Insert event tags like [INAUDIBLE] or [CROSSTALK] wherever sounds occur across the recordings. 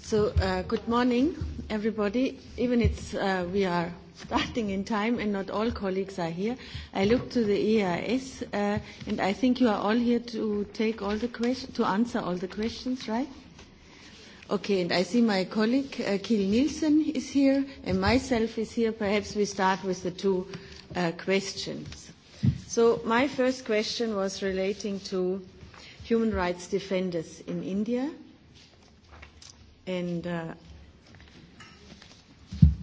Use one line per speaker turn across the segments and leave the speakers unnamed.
So, uh, good morning, everybody. Even it's uh, we are [LAUGHS] starting in time and not all colleagues are here. I look to the EIS, uh, and I think you are all here to take all the questions, to answer all the questions, right? Okay, and I see my colleague uh, Kiel Nielsen is here, and myself is here. Perhaps we start with the two uh, questions. So my first question was relating to human rights defenders in India, and uh,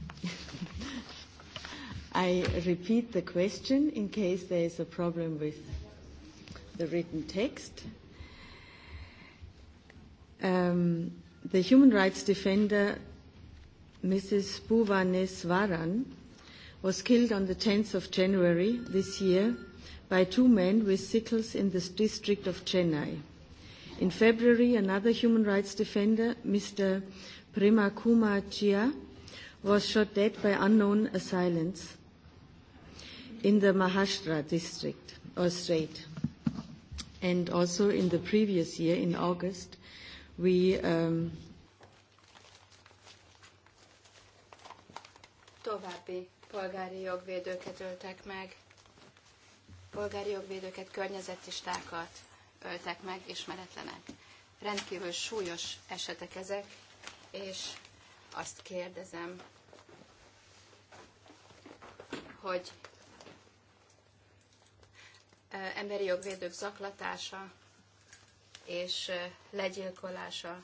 [LAUGHS] I repeat the question in case there is a problem with the written text. Um, the human rights defender Mrs. Bhuvaneswaran was killed on the 10th of January this year by two men with sickles in the district of Chennai. In February, another human rights defender, Mr. Prema Kumar Chia, was shot dead by unknown assailants in the Maharashtra district or state. And also in the previous year, in August, we um,
további polgári jogvédőket öltek meg, polgári jogvédőket, környezetistákat öltek meg, ismeretlenek. Rendkívül súlyos esetek ezek, és azt kérdezem, hogy emberi jogvédők zaklatása és legyilkolása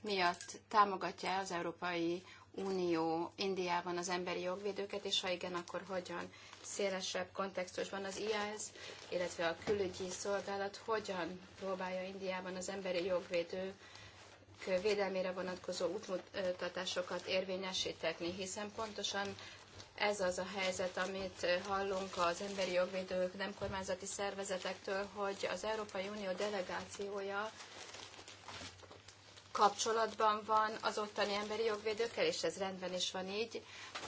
miatt támogatja az Európai Unió Indiában az emberi jogvédőket, és ha igen, akkor hogyan szélesebb kontextusban az IAS, illetve a külügyi szolgálat hogyan próbálja Indiában az emberi jogvédő védelmére vonatkozó útmutatásokat érvényesíteni, hiszen pontosan ez az a helyzet, amit hallunk az emberi jogvédők nem kormányzati szervezetektől, hogy az Európai Unió delegációja kapcsolatban van az ottani emberi jogvédőkkel, és ez rendben is van így,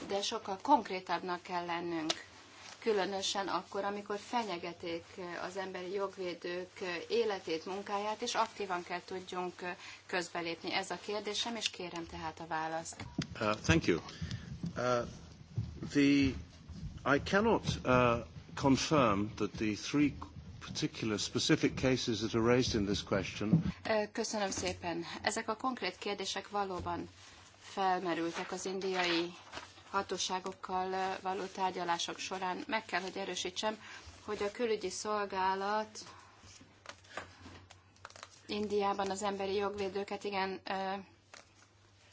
de sokkal konkrétabbnak kell lennünk. Különösen akkor, amikor fenyegetik az emberi jogvédők életét, munkáját, és aktívan kell tudjunk közbelépni. Ez a kérdésem, és kérem tehát a választ.
Uh, thank you. Uh the, I cannot uh, confirm that the three particular specific cases that are raised in this question.
Köszönöm szépen. Ezek a konkrét kérdések valóban felmerültek az indiai hatóságokkal való tárgyalások során. Meg kell, hogy erősítsem, hogy a külügyi szolgálat Indiában az emberi jogvédőket igen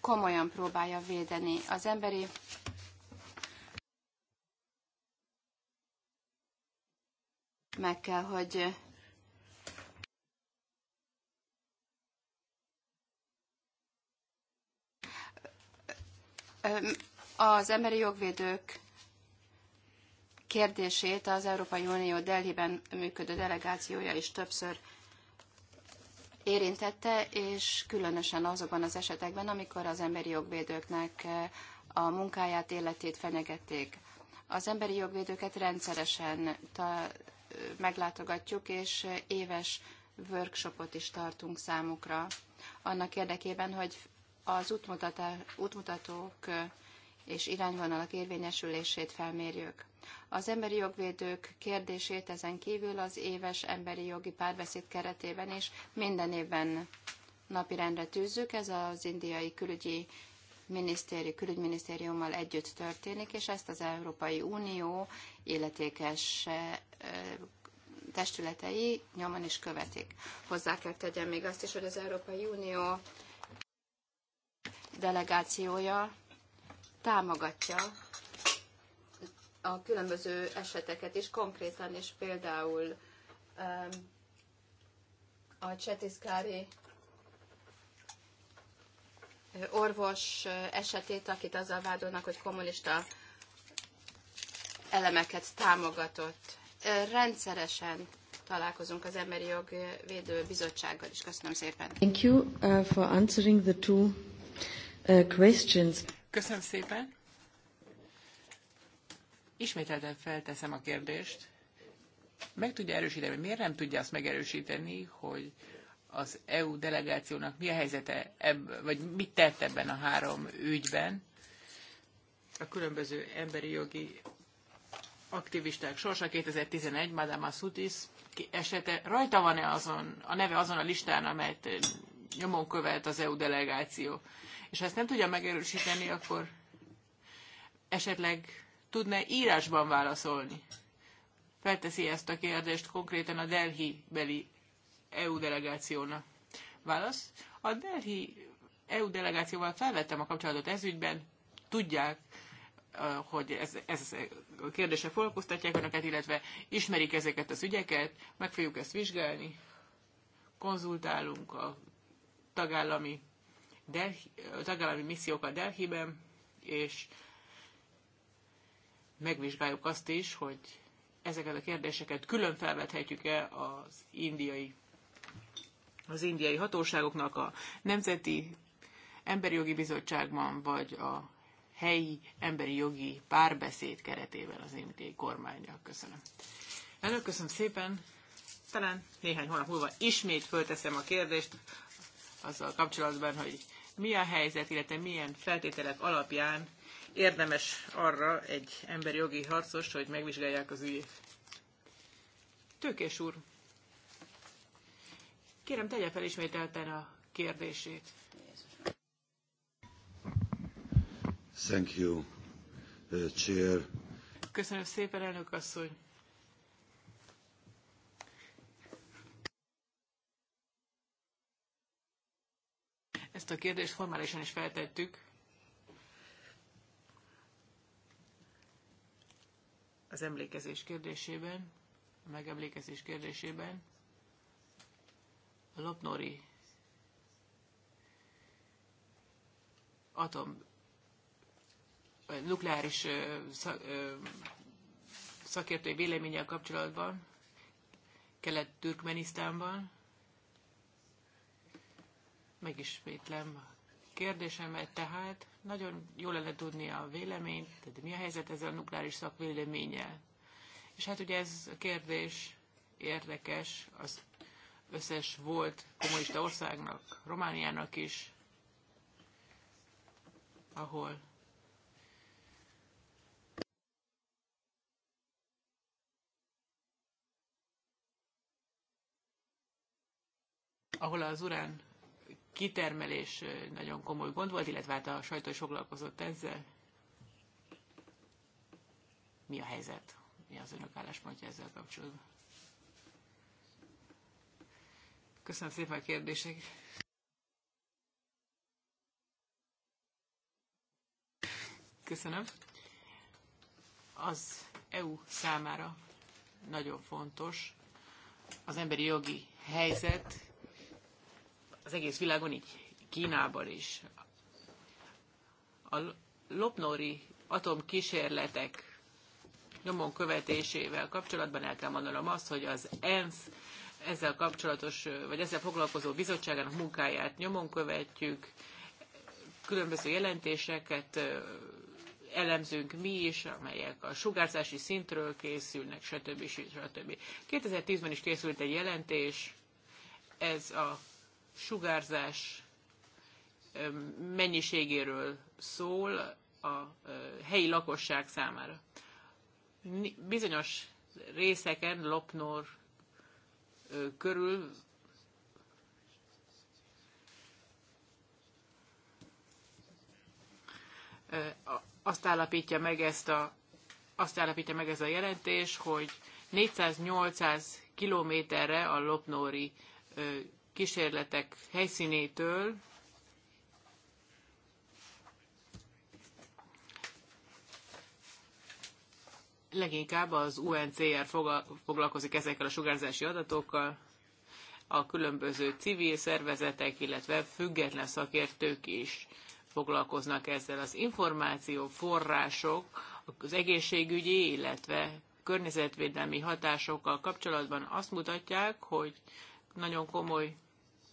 komolyan próbálja védeni. Az emberi meg kell, hogy az emberi jogvédők kérdését az Európai Unió Delhiben működő delegációja is többször érintette, és különösen azokban az esetekben, amikor az emberi jogvédőknek eh, a munkáját, életét fenyegették. Az emberi jogvédőket rendszeresen meglátogatjuk, és éves workshopot is tartunk számukra. Annak érdekében, hogy az útmutatók és irányvonalak érvényesülését felmérjük. Az emberi jogvédők kérdését ezen kívül az éves emberi jogi párbeszéd keretében is minden évben napirendre tűzzük. Ez az indiai külügyi minisztéri, külügyminisztériummal együtt történik, és ezt az Európai Unió életékes eh, testületei nyomon is követik. Hozzá kell tegyem még azt is, hogy az Európai Unió delegációja támogatja a különböző eseteket is konkrétan, és például a Csetiszkári orvos esetét, akit azzal vádolnak, hogy kommunista elemeket támogatott. Rendszeresen találkozunk az Emberi Jogvédő Bizottsággal is. Köszönöm szépen.
Thank you uh, for answering the two uh, questions.
Köszönöm szépen.
Ismételten felteszem a kérdést. Meg tudja erősíteni, miért nem tudja azt megerősíteni, hogy az EU delegációnak mi a helyzete, ebb, vagy mit tett ebben a három ügyben? A különböző emberi jogi aktivisták sorsa 2011, Madame Asutis esete. Rajta van-e azon, a neve azon a listán, amelyet eh, nyomon követ az EU delegáció? És ha ezt nem tudja megerősíteni, akkor esetleg tudna írásban válaszolni? Felteszi ezt a kérdést konkrétan a Delhi beli EU delegációnak? Válasz. A Delhi EU delegációval felvettem a kapcsolatot ezügyben, tudják, hogy ez, ez a kérdése foglalkoztatják önöket, illetve ismerik ezeket az ügyeket, meg fogjuk ezt vizsgálni, konzultálunk a tagállami, Delhi, a tagállami missziók a Delhi-ben, és megvizsgáljuk azt is, hogy ezeket a kérdéseket külön felvethetjük-e az indiai az indiai hatóságoknak a Nemzeti Emberi Jogi Bizottságban, vagy a helyi emberi jogi párbeszéd keretében az indiai kormányjal. Köszönöm. Elnök, köszönöm szépen. Talán néhány hónap múlva ismét fölteszem a kérdést azzal kapcsolatban, hogy mi a helyzet, illetve milyen feltételek alapján érdemes arra egy emberi jogi harcos, hogy megvizsgálják az ügyét. Tökés úr, Kérem, tegye fel ismételten a kérdését.
Thank you, uh, Chair.
Köszönöm szépen, elnök asszony. Ezt a kérdést formálisan is feltettük. Az emlékezés kérdésében, a megemlékezés kérdésében. Lopnori atom nukleáris szak, szakértői véleménnyel kapcsolatban, Kelet-Türkmenisztánban. Megismétlem a kérdésemet, tehát nagyon jó lenne tudni a véleményt, tehát mi a helyzet ezzel a nukleáris szakvéleménnyel. És hát ugye ez a kérdés érdekes az összes volt kommunista országnak, Romániának is, ahol ahol az urán kitermelés nagyon komoly gond volt, illetve hát a sajtó is foglalkozott ezzel. Mi a helyzet? Mi az önök álláspontja ezzel kapcsolatban? Köszönöm szépen a kérdések. Köszönöm. Az EU számára nagyon fontos az emberi jogi helyzet az egész világon, így Kínában is. A lopnori atomkísérletek nyomon követésével kapcsolatban el kell mondanom azt, hogy az ENSZ ezzel kapcsolatos, vagy ezzel foglalkozó bizottságának munkáját nyomon követjük, különböző jelentéseket elemzünk mi is, amelyek a sugárzási szintről készülnek, stb. stb. 2010-ben is készült egy jelentés, ez a sugárzás mennyiségéről szól a helyi lakosság számára. Bizonyos részeken, Lopnor körül azt állapítja meg ezt a, azt állapítja meg ez a jelentés, hogy 400-800 kilométerre a lopnóri kísérletek helyszínétől leginkább az UNCR foglalkozik ezekkel a sugárzási adatokkal, a különböző civil szervezetek, illetve független szakértők is foglalkoznak ezzel. Az információ források az egészségügyi, illetve környezetvédelmi hatásokkal kapcsolatban azt mutatják, hogy nagyon komoly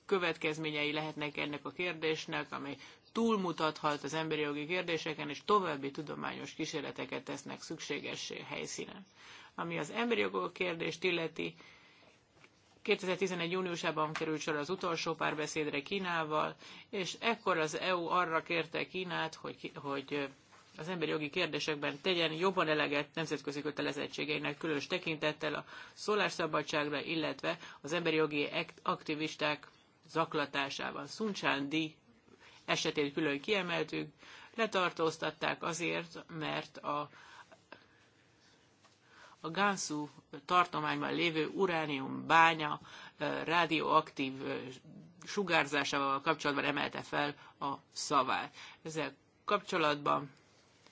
következményei lehetnek ennek a kérdésnek, amely túlmutathat az emberi jogi kérdéseken, és további tudományos kísérleteket tesznek szükségessé helyszínen. Ami az emberi jogok kérdést illeti, 2011. júniusában került sor az utolsó párbeszédre Kínával, és ekkor az EU arra kérte Kínát, hogy, hogy az emberi jogi kérdésekben tegyen jobban eleget nemzetközi kötelezettségeinek, különös tekintettel a szólásszabadságra, illetve az emberi jogi aktivisták zaklatásában. Sun Chan Di esetét külön kiemeltük, letartóztatták azért, mert a, a Gansu tartományban lévő uránium bánya rádióaktív sugárzásával kapcsolatban emelte fel a szavát. Ezzel kapcsolatban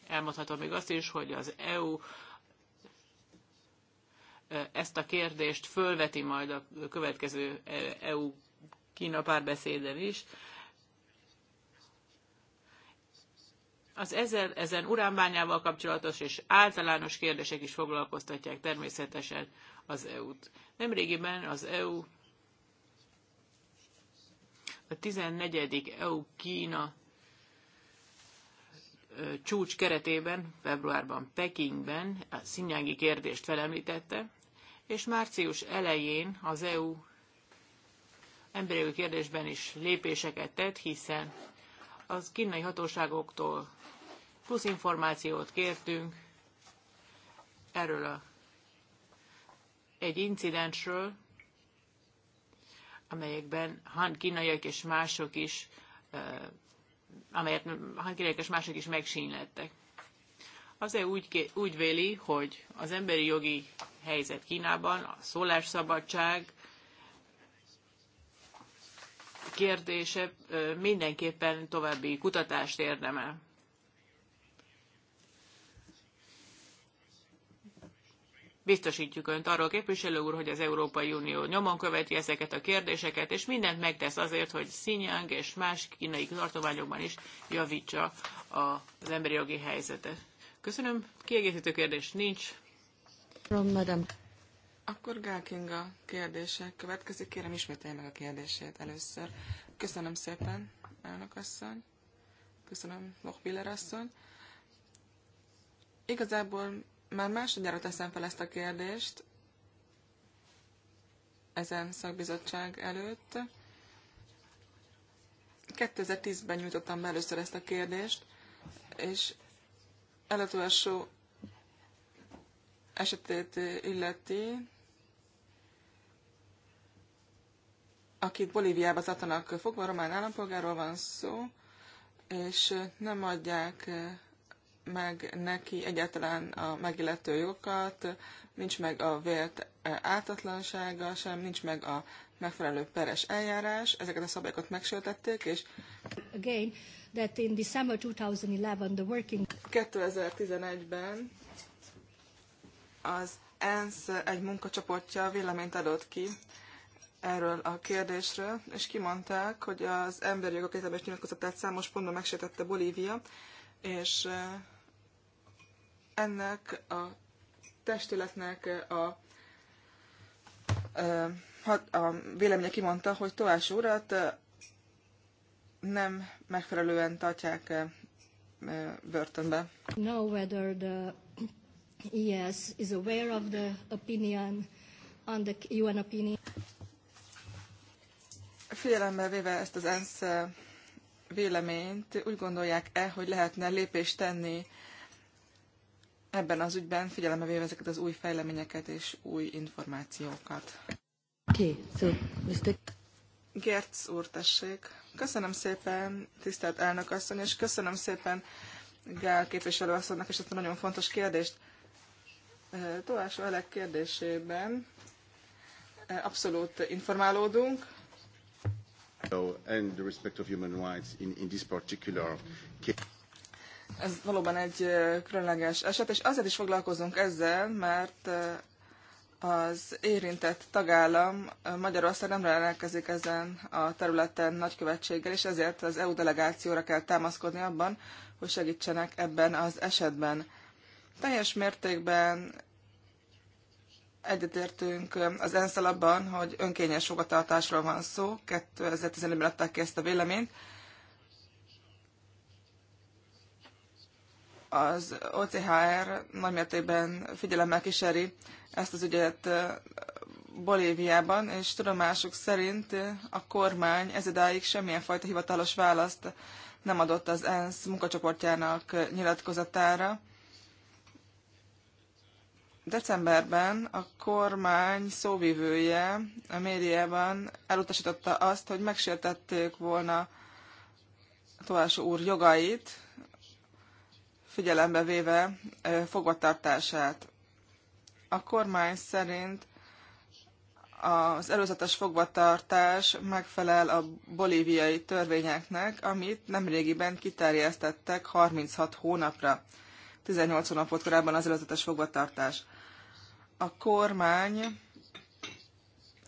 elmondhatom még azt is, hogy az EU ezt a kérdést fölveti majd a következő EU Kína párbeszéden is. Az ezen, ezen uránbányával kapcsolatos és általános kérdések is foglalkoztatják természetesen az EU-t. Nemrégiben az EU a 14. EU-Kína csúcs keretében, februárban Pekingben a szinyági kérdést felemlítette, és március elején az EU emberi kérdésben is lépéseket tett, hiszen az kínai hatóságoktól plusz információt kértünk erről a, egy incidensről, amelyekben han kínaiak és mások is, amelyet han kínaiak és mások is megsínlettek. Az EU úgy, úgy véli, hogy az emberi jogi helyzet Kínában, a szólásszabadság, kérdése mindenképpen további kutatást érdemel. Biztosítjuk Önt arról, képviselő úr, hogy az Európai Unió nyomon követi ezeket a kérdéseket, és mindent megtesz azért, hogy Xinjiang és más kínai tartományokban is javítsa az emberi jogi helyzetet. Köszönöm. Kiegészítő kérdés nincs.
From Madame akkor Gál Kinga kérdése következik. Kérem, ismételje meg a kérdését először. Köszönöm szépen, elnök asszony. Köszönöm, Lochbiller asszony. Igazából már másodjára teszem fel ezt a kérdést ezen szakbizottság előtt. 2010-ben nyújtottam be először ezt a kérdést, és előtt esetét illeti, akit Bolíviába tartanak fogva, román állampolgáról van szó, és nem adják eh, meg neki egyáltalán a megillető jogokat, nincs meg a vélt eh, ártatlansága sem, nincs meg a megfelelő peres eljárás, ezeket a szabályokat megsértették, és Again,
that in December 2011 the working
2011-ben az ENSZ egy munkacsoportja véleményt adott ki erről a kérdésről, és kimondták, hogy az emberi jogok egyetemes nyilatkozatát számos ponton megsértette Bolívia, és ennek a testületnek a, a, a véleménye kimondta, hogy Továs urat nem megfelelően tartják börtönbe.
Know whether the ES [CLEARS THROAT] e is aware of the opinion on the UN opinion.
Figyelembe véve ezt az ENSZ eh, véleményt, úgy gondolják-e, hogy lehetne lépést tenni ebben az ügyben, figyelembe véve ezeket az új fejleményeket és új információkat?
Okay, so, Mr.
Gertz úr, tessék. Köszönöm szépen, tisztelt elnök asszony, és köszönöm szépen Gál képviselő asszonynak és ezt a nagyon fontos kérdést. Eh, tovább a kérdésében eh, abszolút informálódunk, ez valóban egy különleges eset, és azért is foglalkozunk ezzel, mert az érintett tagállam Magyarország nem rendelkezik ezen a területen nagykövetséggel, és ezért az EU delegációra kell támaszkodni abban, hogy segítsenek ebben az esetben. Teljes mértékben egyetértünk az ENSZ abban, hogy önkényes fogatartásról van szó. 2011-ben adták ki ezt a véleményt. Az OCHR nagymértékben figyelemmel kíséri ezt az ügyet Bolíviában, és tudomásuk szerint a kormány idáig semmilyen fajta hivatalos választ nem adott az ENSZ munkacsoportjának nyilatkozatára Decemberben a kormány szóvivője a médiában elutasította azt, hogy megsértették volna Továsó úr jogait, figyelembe véve fogvatartását. A kormány szerint az előzetes fogvatartás megfelel a bolíviai törvényeknek, amit nemrégiben kiterjesztettek 36 hónapra. 18 hónap volt korábban az előzetes fogvatartás a kormány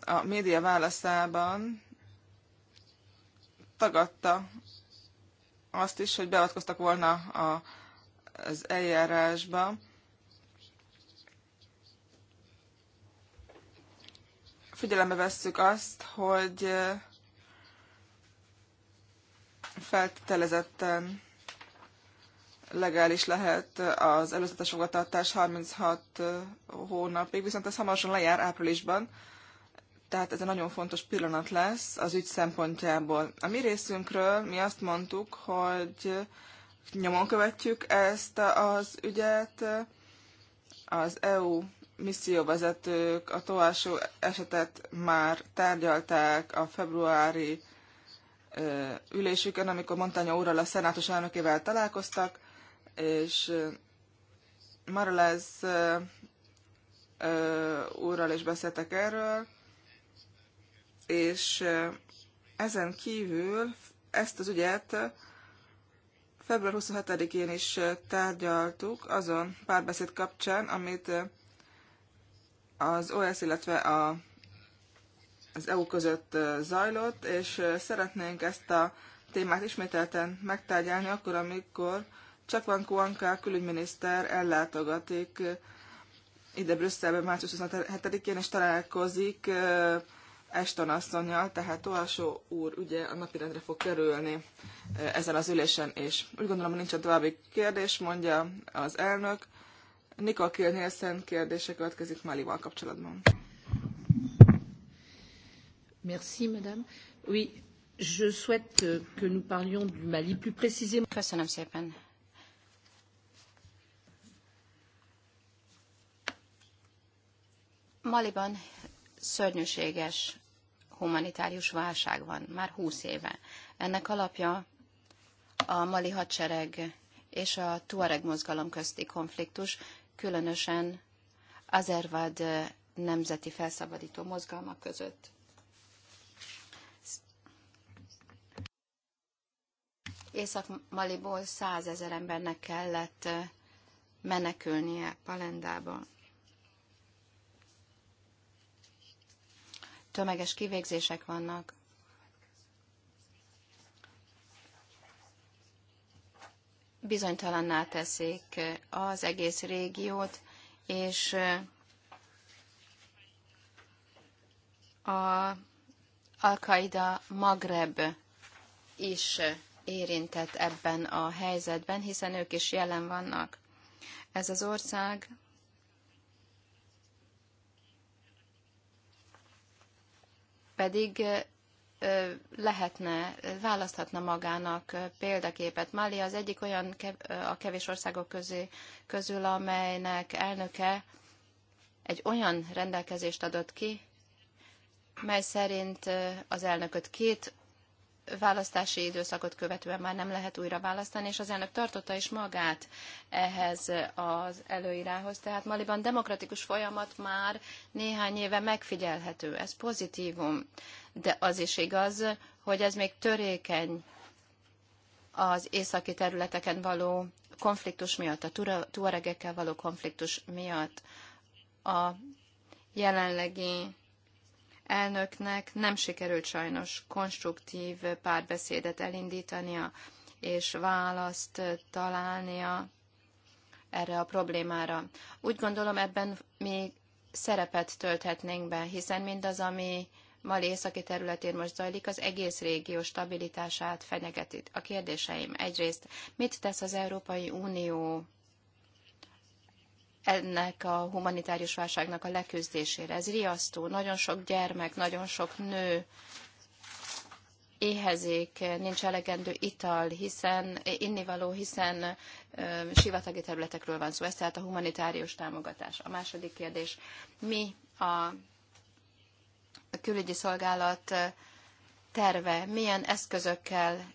a média válaszában tagadta azt is, hogy beavatkoztak volna a, az eljárásba. Figyelembe vesszük azt, hogy feltételezetten legális lehet az előzetes fogadtatás 36 hónapig, viszont ez hamarosan lejár áprilisban, tehát ez egy nagyon fontos pillanat lesz az ügy szempontjából. A mi részünkről mi azt mondtuk, hogy nyomon követjük ezt az ügyet, az EU misszióvezetők a toásó esetet már tárgyalták a februári ülésükön, amikor Montanya úrral a szenátus elnökével találkoztak, és Marlez úrral is beszéltek erről, és ezen kívül ezt az ügyet február 27-én is tárgyaltuk azon párbeszéd kapcsán, amit az OS, illetve a, az EU között zajlott, és szeretnénk ezt a témát ismételten megtárgyalni akkor, amikor Csakvan Kuanka külügyminiszter ellátogatik eh, ide Brüsszelbe március 27-én, és találkozik Eston eh, asszonyjal, tehát Toásó úr ugye a napirendre fog kerülni eh, ezen az ülésen, és úgy gondolom, nincs a további kérdés, mondja az elnök. Nikol Kilnélszen kérdése következik Malival kapcsolatban.
Merci, madame. Oui, je souhaite que nous parlions du Mali plus précisément. Köszönöm szépen, Maliban szörnyűséges humanitárius válság van, már húsz éve. Ennek alapja a mali hadsereg és a Tuareg mozgalom közti konfliktus, különösen Azervad nemzeti felszabadító mozgalmak között. Észak-Maliból százezer embernek kellett menekülnie Palendába. tömeges kivégzések vannak. Bizonytalanná teszik az egész régiót, és a Al-Qaida Magreb is érintett ebben a helyzetben, hiszen ők is jelen vannak. Ez az ország pedig lehetne, választhatna magának példaképet. Mali az egyik olyan kev, a kevés országok közé, közül, amelynek elnöke egy olyan rendelkezést adott ki, mely szerint az elnököt két választási időszakot követően már nem lehet újra választani, és az elnök tartotta is magát ehhez az előírához. Tehát Maliban demokratikus folyamat már néhány éve megfigyelhető. Ez pozitívum, de az is igaz, hogy ez még törékeny az északi területeken való konfliktus miatt, a tuaregekkel való konfliktus miatt, a jelenlegi elnöknek nem sikerült sajnos konstruktív párbeszédet elindítania és választ találnia erre a problémára. Úgy gondolom, ebben még szerepet tölthetnénk be, hiszen mindaz, ami Mali északi területén most zajlik, az egész régió stabilitását fenyegeti. A kérdéseim egyrészt, mit tesz az Európai Unió ennek a humanitárius válságnak a leküzdésére. Ez riasztó. Nagyon sok gyermek, nagyon sok nő éhezik, nincs elegendő ital, hiszen innivaló, hiszen ö, sivatagi területekről van szó. Ez tehát a humanitárius támogatás. A második kérdés. Mi a külügyi szolgálat terve? Milyen eszközökkel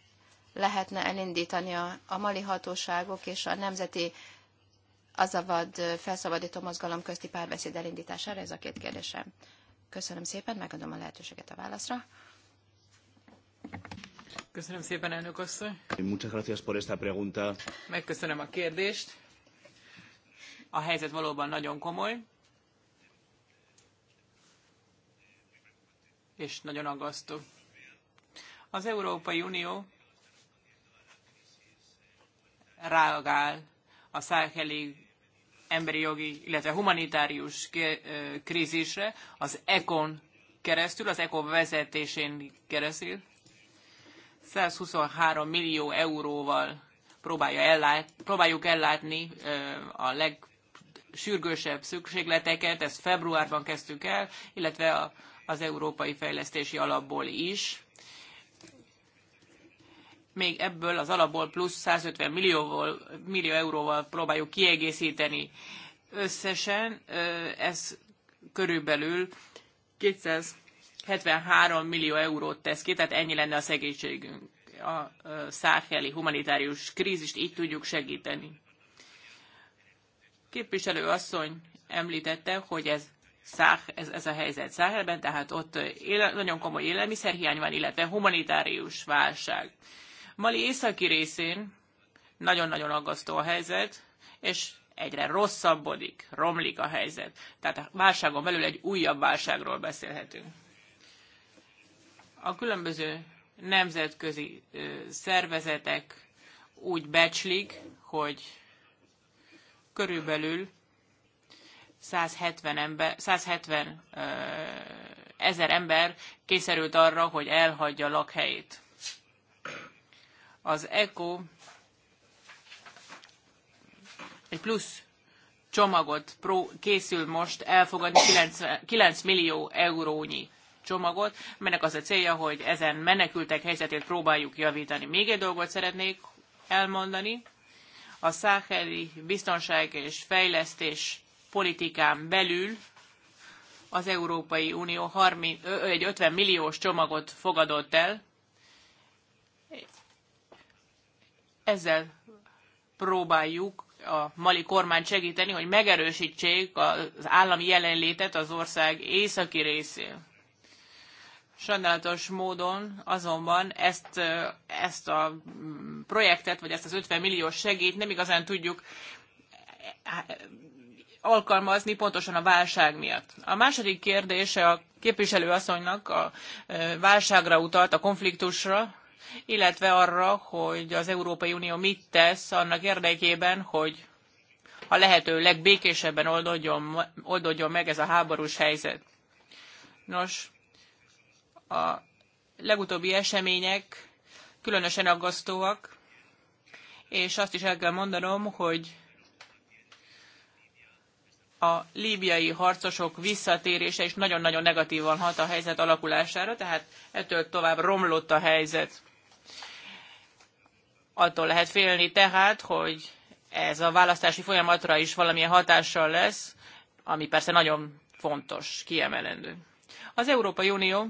lehetne elindítani a, a mali hatóságok és a nemzeti az a vad felszabadító mozgalom közti párbeszéd elindítására, ez a két kérdésem. Köszönöm szépen, megadom a lehetőséget a válaszra.
Köszönöm szépen, elnök asszony.
Muchas gracias por esta pregunta.
Megköszönöm a kérdést. A helyzet valóban nagyon komoly, és nagyon aggasztó. Az Európai Unió reagál a száheli emberi jogi, illetve humanitárius krízisre az ECON keresztül, az ECON vezetésén keresztül 123 millió euróval próbálja ellát, próbáljuk ellátni a legsürgősebb szükségleteket, ezt februárban kezdtük el, illetve az Európai Fejlesztési Alapból is még ebből az alapból plusz 150 millióval, millió euróval próbáljuk kiegészíteni. Összesen ez körülbelül 273 millió eurót tesz ki, tehát ennyi lenne a segítségünk. A száheli humanitárius krízist így tudjuk segíteni. Képviselő asszony említette, hogy ez Száh, ez, ez a helyzet Száhelben, tehát ott éle, nagyon komoly élelmiszerhiány van, illetve humanitárius válság. Mali északi részén nagyon-nagyon aggasztó a helyzet, és egyre rosszabbodik, romlik a helyzet. Tehát a válságon belül egy újabb válságról beszélhetünk. A különböző nemzetközi szervezetek úgy becslik, hogy körülbelül 170, ember, 170 ezer ember kényszerült arra, hogy elhagyja lakhelyét az ECO egy plusz csomagot pró, készül most elfogadni 9, 9 millió eurónyi csomagot, melynek az a célja, hogy ezen menekültek helyzetét próbáljuk javítani. Még egy dolgot szeretnék elmondani. A száheli biztonság és fejlesztés politikán belül az Európai Unió 30, egy 50 milliós csomagot fogadott el, Ezzel próbáljuk a mali kormány segíteni, hogy megerősítsék az állami jelenlétet az ország északi részén. Sajnálatos módon azonban ezt, ezt a projektet, vagy ezt az 50 milliós segélyt nem igazán tudjuk eh, alkalmazni pontosan a válság miatt. A második kérdése a képviselő asszonynak a válságra utalt, a konfliktusra, illetve arra, hogy az Európai Unió mit tesz annak érdekében, hogy a lehető legbékésebben oldódjon, oldódjon meg ez a háborús helyzet. Nos, a legutóbbi események különösen aggasztóak, és azt is el kell mondanom, hogy a líbiai harcosok visszatérése is nagyon-nagyon negatívan hat a helyzet alakulására, tehát ettől tovább romlott a helyzet. Attól lehet félni tehát, hogy ez a választási folyamatra is valamilyen hatással lesz, ami persze nagyon fontos, kiemelendő. Az Európai Unió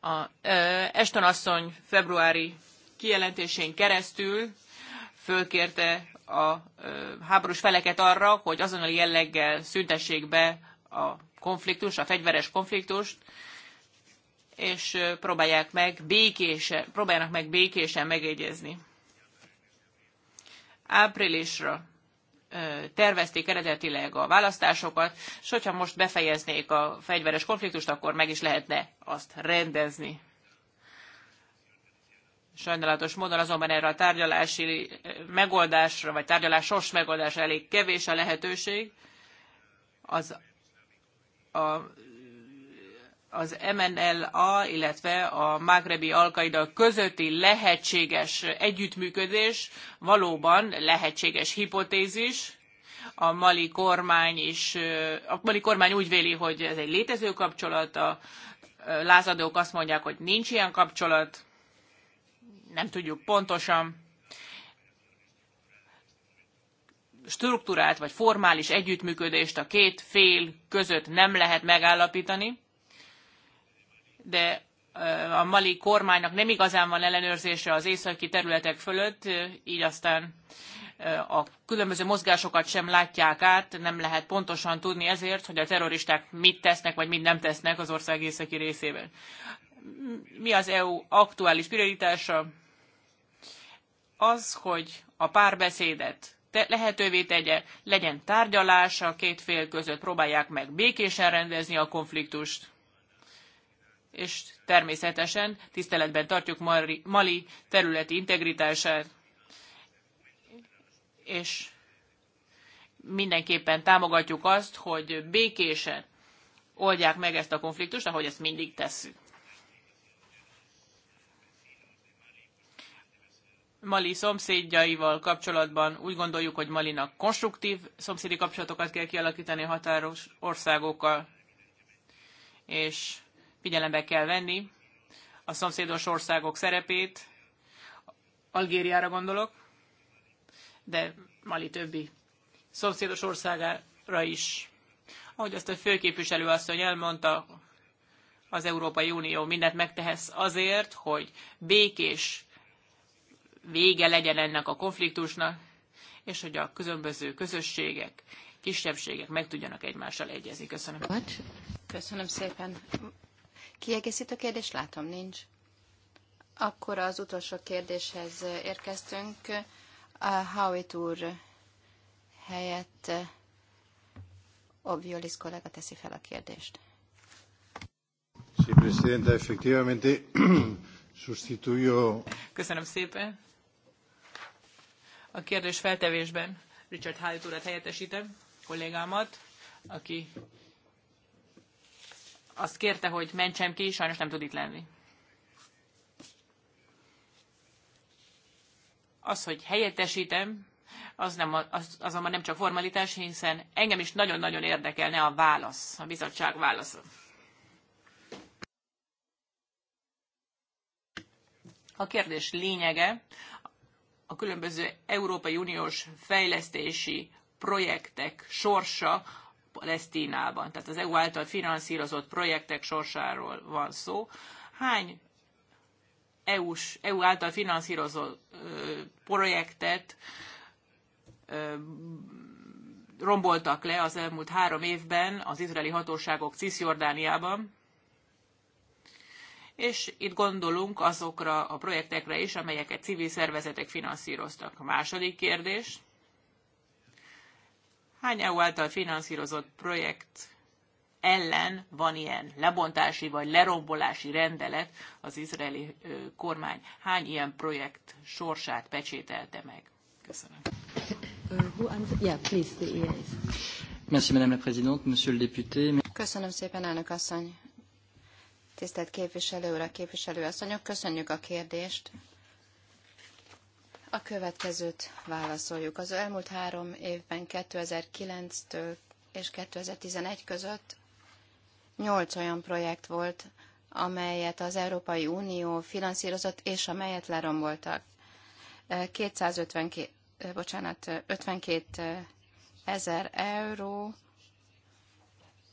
a Eston asszony februári kijelentésén keresztül fölkérte a háborús feleket arra, hogy azonnal jelleggel szüntessék be a konfliktus, a fegyveres konfliktust, és próbálják meg békésen, próbálnak meg békésen megegyezni. Áprilisra tervezték eredetileg a választásokat, és hogyha most befejeznék a fegyveres konfliktust, akkor meg is lehetne azt rendezni. Sajnálatos módon azonban erre a tárgyalási megoldásra, vagy tárgyalásos megoldásra elég kevés a lehetőség. Az a az MNLA, illetve a Magrebi Alkaida közötti lehetséges együttműködés valóban lehetséges hipotézis. A mali kormány is, a mali kormány úgy véli, hogy ez egy létező kapcsolat, a lázadók azt mondják, hogy nincs ilyen kapcsolat, nem tudjuk pontosan. Struktúrát vagy formális együttműködést a két fél között nem lehet megállapítani de a mali kormánynak nem igazán van ellenőrzése az északi területek fölött, így aztán a különböző mozgásokat sem látják át, nem lehet pontosan tudni ezért, hogy a terroristák mit tesznek, vagy mit nem tesznek az ország északi részében. Mi az EU aktuális prioritása? Az, hogy a párbeszédet lehetővé tegye, legyen tárgyalás a két fél között, próbálják meg békésen rendezni a konfliktust és természetesen tiszteletben tartjuk Mali területi integritását, és mindenképpen támogatjuk azt, hogy békésen oldják meg ezt a konfliktust, ahogy ezt mindig tesszük. Mali szomszédjaival kapcsolatban úgy gondoljuk, hogy Malinak konstruktív szomszédi kapcsolatokat kell kialakítani határos országokkal, és Figyelembe kell venni a szomszédos országok szerepét, Algériára gondolok, de Mali többi szomszédos országára is. Ahogy azt a főképviselő asszony elmondta, az Európai Unió mindent megtehesz azért, hogy békés vége legyen ennek a konfliktusnak, és hogy a különböző közösségek, kisebbségek meg tudjanak egymással egyezni. Köszönöm.
Köszönöm szépen. Kiegészítő kérdés látom nincs. Akkor az utolsó kérdéshez érkeztünk. A Howitt úr helyett Obviolis kollega teszi fel a kérdést. [CLEARS THROAT]
Köszönöm szépen. A kérdés feltevésben Richard Howitt urat helyettesítem, kollégámat, aki azt kérte, hogy mentsem ki, sajnos nem tud itt lenni. Az, hogy helyettesítem, az, nem, az, az azonban nem csak formalitás, hiszen engem is nagyon-nagyon érdekelne a válasz, a bizottság válasza. A kérdés lényege a különböző Európai Uniós fejlesztési projektek sorsa Palesztinában. Tehát az EU által finanszírozott projektek sorsáról van szó. Hány EU-s, EU által finanszírozott ö, projektet ö, romboltak le az elmúlt három évben az izraeli hatóságok Cisjordániában, és itt gondolunk azokra a projektekre is, amelyeket civil szervezetek finanszíroztak. A második kérdés – Hány EU által finanszírozott projekt ellen van ilyen lebontási vagy lerombolási rendelet az izraeli kormány? Hány ilyen projekt sorsát pecsételte
meg? Köszönöm. E Köszönöm szépen, elnök asszony. Tisztelt képviselő úr, képviselő asszonyok, köszönjük a kérdést. A következőt válaszoljuk. Az elmúlt három évben 2009-től és 2011 között nyolc olyan projekt volt, amelyet az Európai Unió finanszírozott, és amelyet leromboltak. 252, bocsánat, 52 eh, ezer euró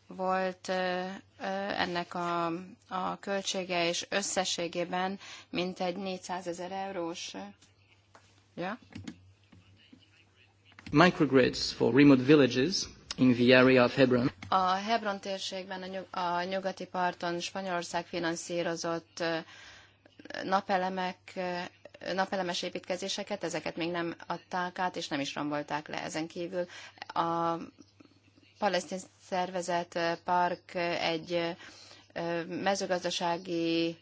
volt eh, eh, ennek a, a költsége, és összességében mintegy 400 ezer eurós Yeah?
Microgrids for remote villages in the area
of Hebron. A Hebron térségben, a, nyug- a nyugati parton Spanyolország finanszírozott napelemek napelemes építkezéseket, ezeket még nem adták át, és nem is rombolták le ezen kívül. A palesztin szervezet park egy mezőgazdasági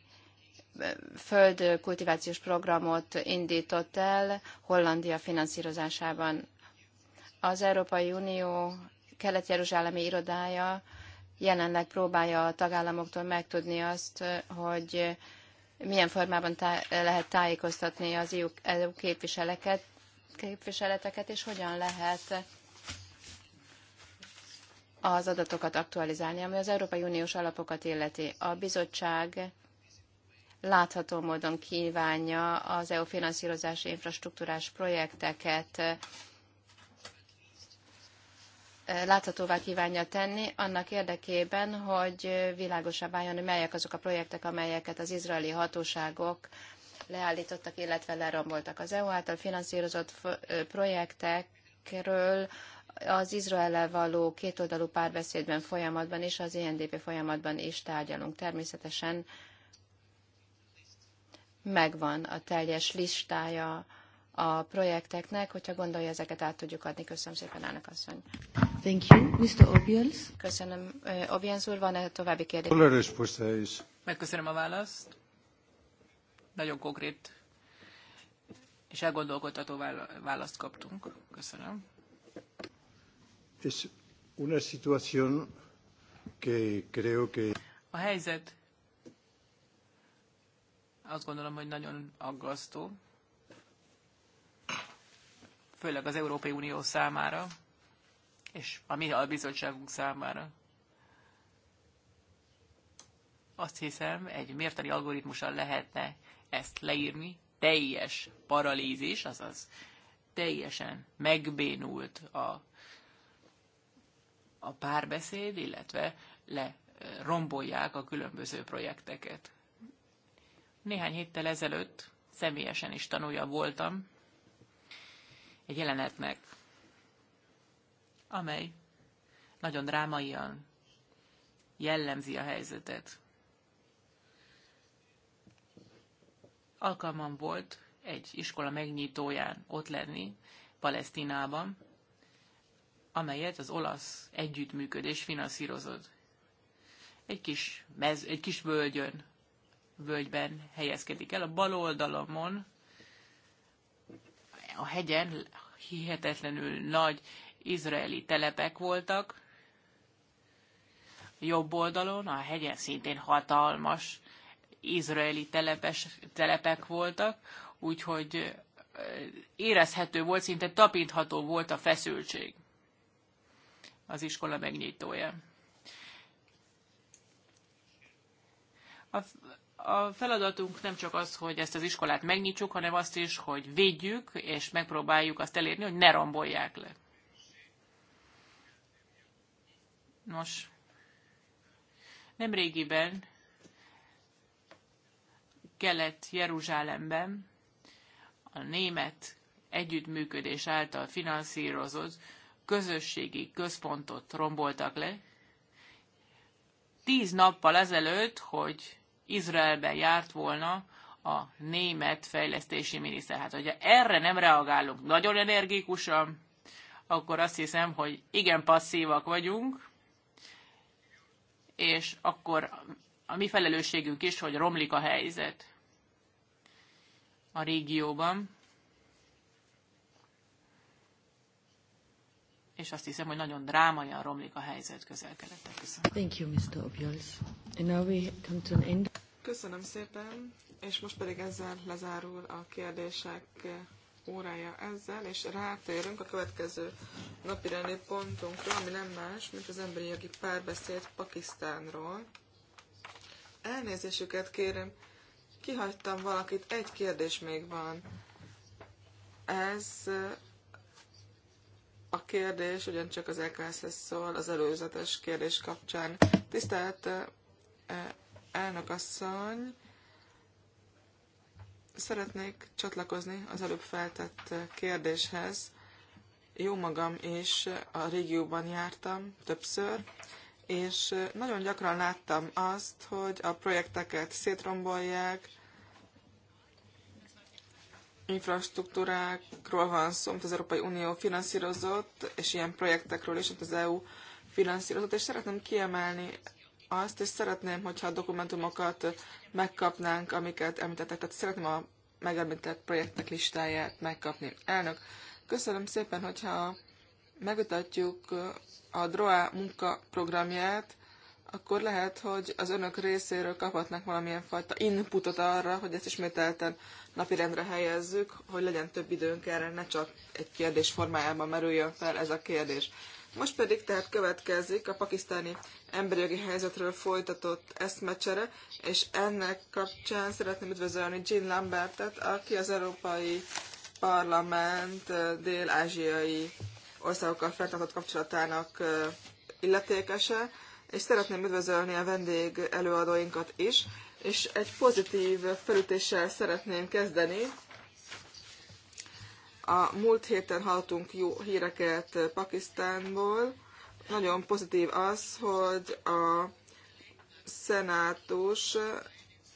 földkultivációs programot indított el Hollandia finanszírozásában. Az Európai Unió kelet-jeruzsálemi irodája jelenleg próbálja a tagállamoktól megtudni azt, hogy milyen formában tá- lehet tájékoztatni az EU, képviseleket, képviseleteket, és hogyan lehet az adatokat aktualizálni, ami az Európai Uniós alapokat illeti. A bizottság látható módon kívánja az EU finanszírozási infrastruktúrás projekteket láthatóvá kívánja tenni, annak érdekében, hogy világosá váljon, hogy melyek azok a projektek, amelyeket az izraeli hatóságok leállítottak, illetve leromboltak. Az EU által finanszírozott projektekről az izrael való kétoldalú párbeszédben folyamatban és az INDP folyamatban is tárgyalunk. Természetesen megvan a teljes listája a projekteknek, hogyha gondolja, ezeket át tudjuk adni. Köszönöm szépen, elnök asszony. Thank you. Mr. Obiels. Köszönöm. Obiels úr, van-e további
kérdés?
Megköszönöm a választ. Nagyon konkrét és elgondolkodható választ kaptunk. Köszönöm.
Es una situación que creo que...
A helyzet azt gondolom, hogy nagyon aggasztó, főleg az Európai Unió számára, és a mi bizottságunk számára. Azt hiszem, egy mértani algoritmussal lehetne ezt leírni, teljes paralízis, azaz teljesen megbénult a, a párbeszéd, illetve le rombolják a különböző projekteket. Néhány héttel ezelőtt személyesen is tanulja voltam egy jelenetnek, amely nagyon drámaian jellemzi a helyzetet. Alkalmam volt egy iskola megnyitóján ott lenni, Palesztinában, amelyet az olasz együttműködés finanszírozott. Egy kis, mez, egy kis völgyön völgyben helyezkedik el. A bal oldalamon, a hegyen hihetetlenül nagy izraeli telepek voltak, a jobb oldalon, a hegyen szintén hatalmas izraeli telepes, telepek voltak, úgyhogy érezhető volt, szinte tapintható volt a feszültség az iskola megnyitója a feladatunk nem csak az, hogy ezt az iskolát megnyitsuk, hanem azt is, hogy védjük, és megpróbáljuk azt elérni, hogy ne rombolják le. Nos, nem régiben Kelet-Jeruzsálemben a német együttműködés által finanszírozott közösségi központot romboltak le. Tíz nappal ezelőtt, hogy Izraelbe járt volna a német fejlesztési miniszter. Hát, hogyha erre nem reagálunk nagyon energikusan, akkor azt hiszem, hogy igen passzívak vagyunk, és akkor a mi felelősségünk is, hogy romlik a helyzet a régióban. és azt hiszem, hogy nagyon drámaian romlik a helyzet közel-keleten. Köszönöm.
Thank you, Mr. Obiols. And now we come to an end.
Köszönöm
szépen, és most pedig ezzel lezárul a kérdések órája ezzel, és rátérünk a következő napi rendi pontunkra, ami nem más, mint az emberi jogi párbeszéd Pakisztánról. Elnézésüket kérem, kihagytam valakit, egy kérdés még van. Ez a kérdés ugyancsak az EKS-hez szól az előzetes kérdés kapcsán. Tisztelt eh, elnökasszony, szeretnék csatlakozni az előbb feltett kérdéshez. Jó magam is a régióban jártam többször, és nagyon gyakran láttam azt, hogy a projekteket szétrombolják, infrastruktúrákról van szó, amit az Európai Unió finanszírozott, és ilyen projektekről is, amit az EU finanszírozott, és szeretném kiemelni azt, és szeretném, hogyha a dokumentumokat megkapnánk, amiket említettek, tehát szeretném a megemlített projektek listáját megkapni. Elnök, köszönöm szépen, hogyha megutatjuk a DROA munkaprogramját, akkor lehet, hogy az önök részéről kaphatnak valamilyen fajta inputot arra, hogy ezt ismételten napirendre helyezzük, hogy legyen több időnk erre, ne csak egy kérdés formájában merüljön fel ez a kérdés. Most pedig tehát következik a pakisztáni jogi helyzetről folytatott eszmecsere, és ennek kapcsán szeretném üdvözölni Jean Lambertet, aki az Európai Parlament dél-ázsiai országokkal fenntartott kapcsolatának illetékese és szeretném üdvözölni a vendég előadóinkat is, és egy pozitív felütéssel szeretném kezdeni. A múlt héten hallottunk jó híreket Pakisztánból. Nagyon pozitív az, hogy a szenátus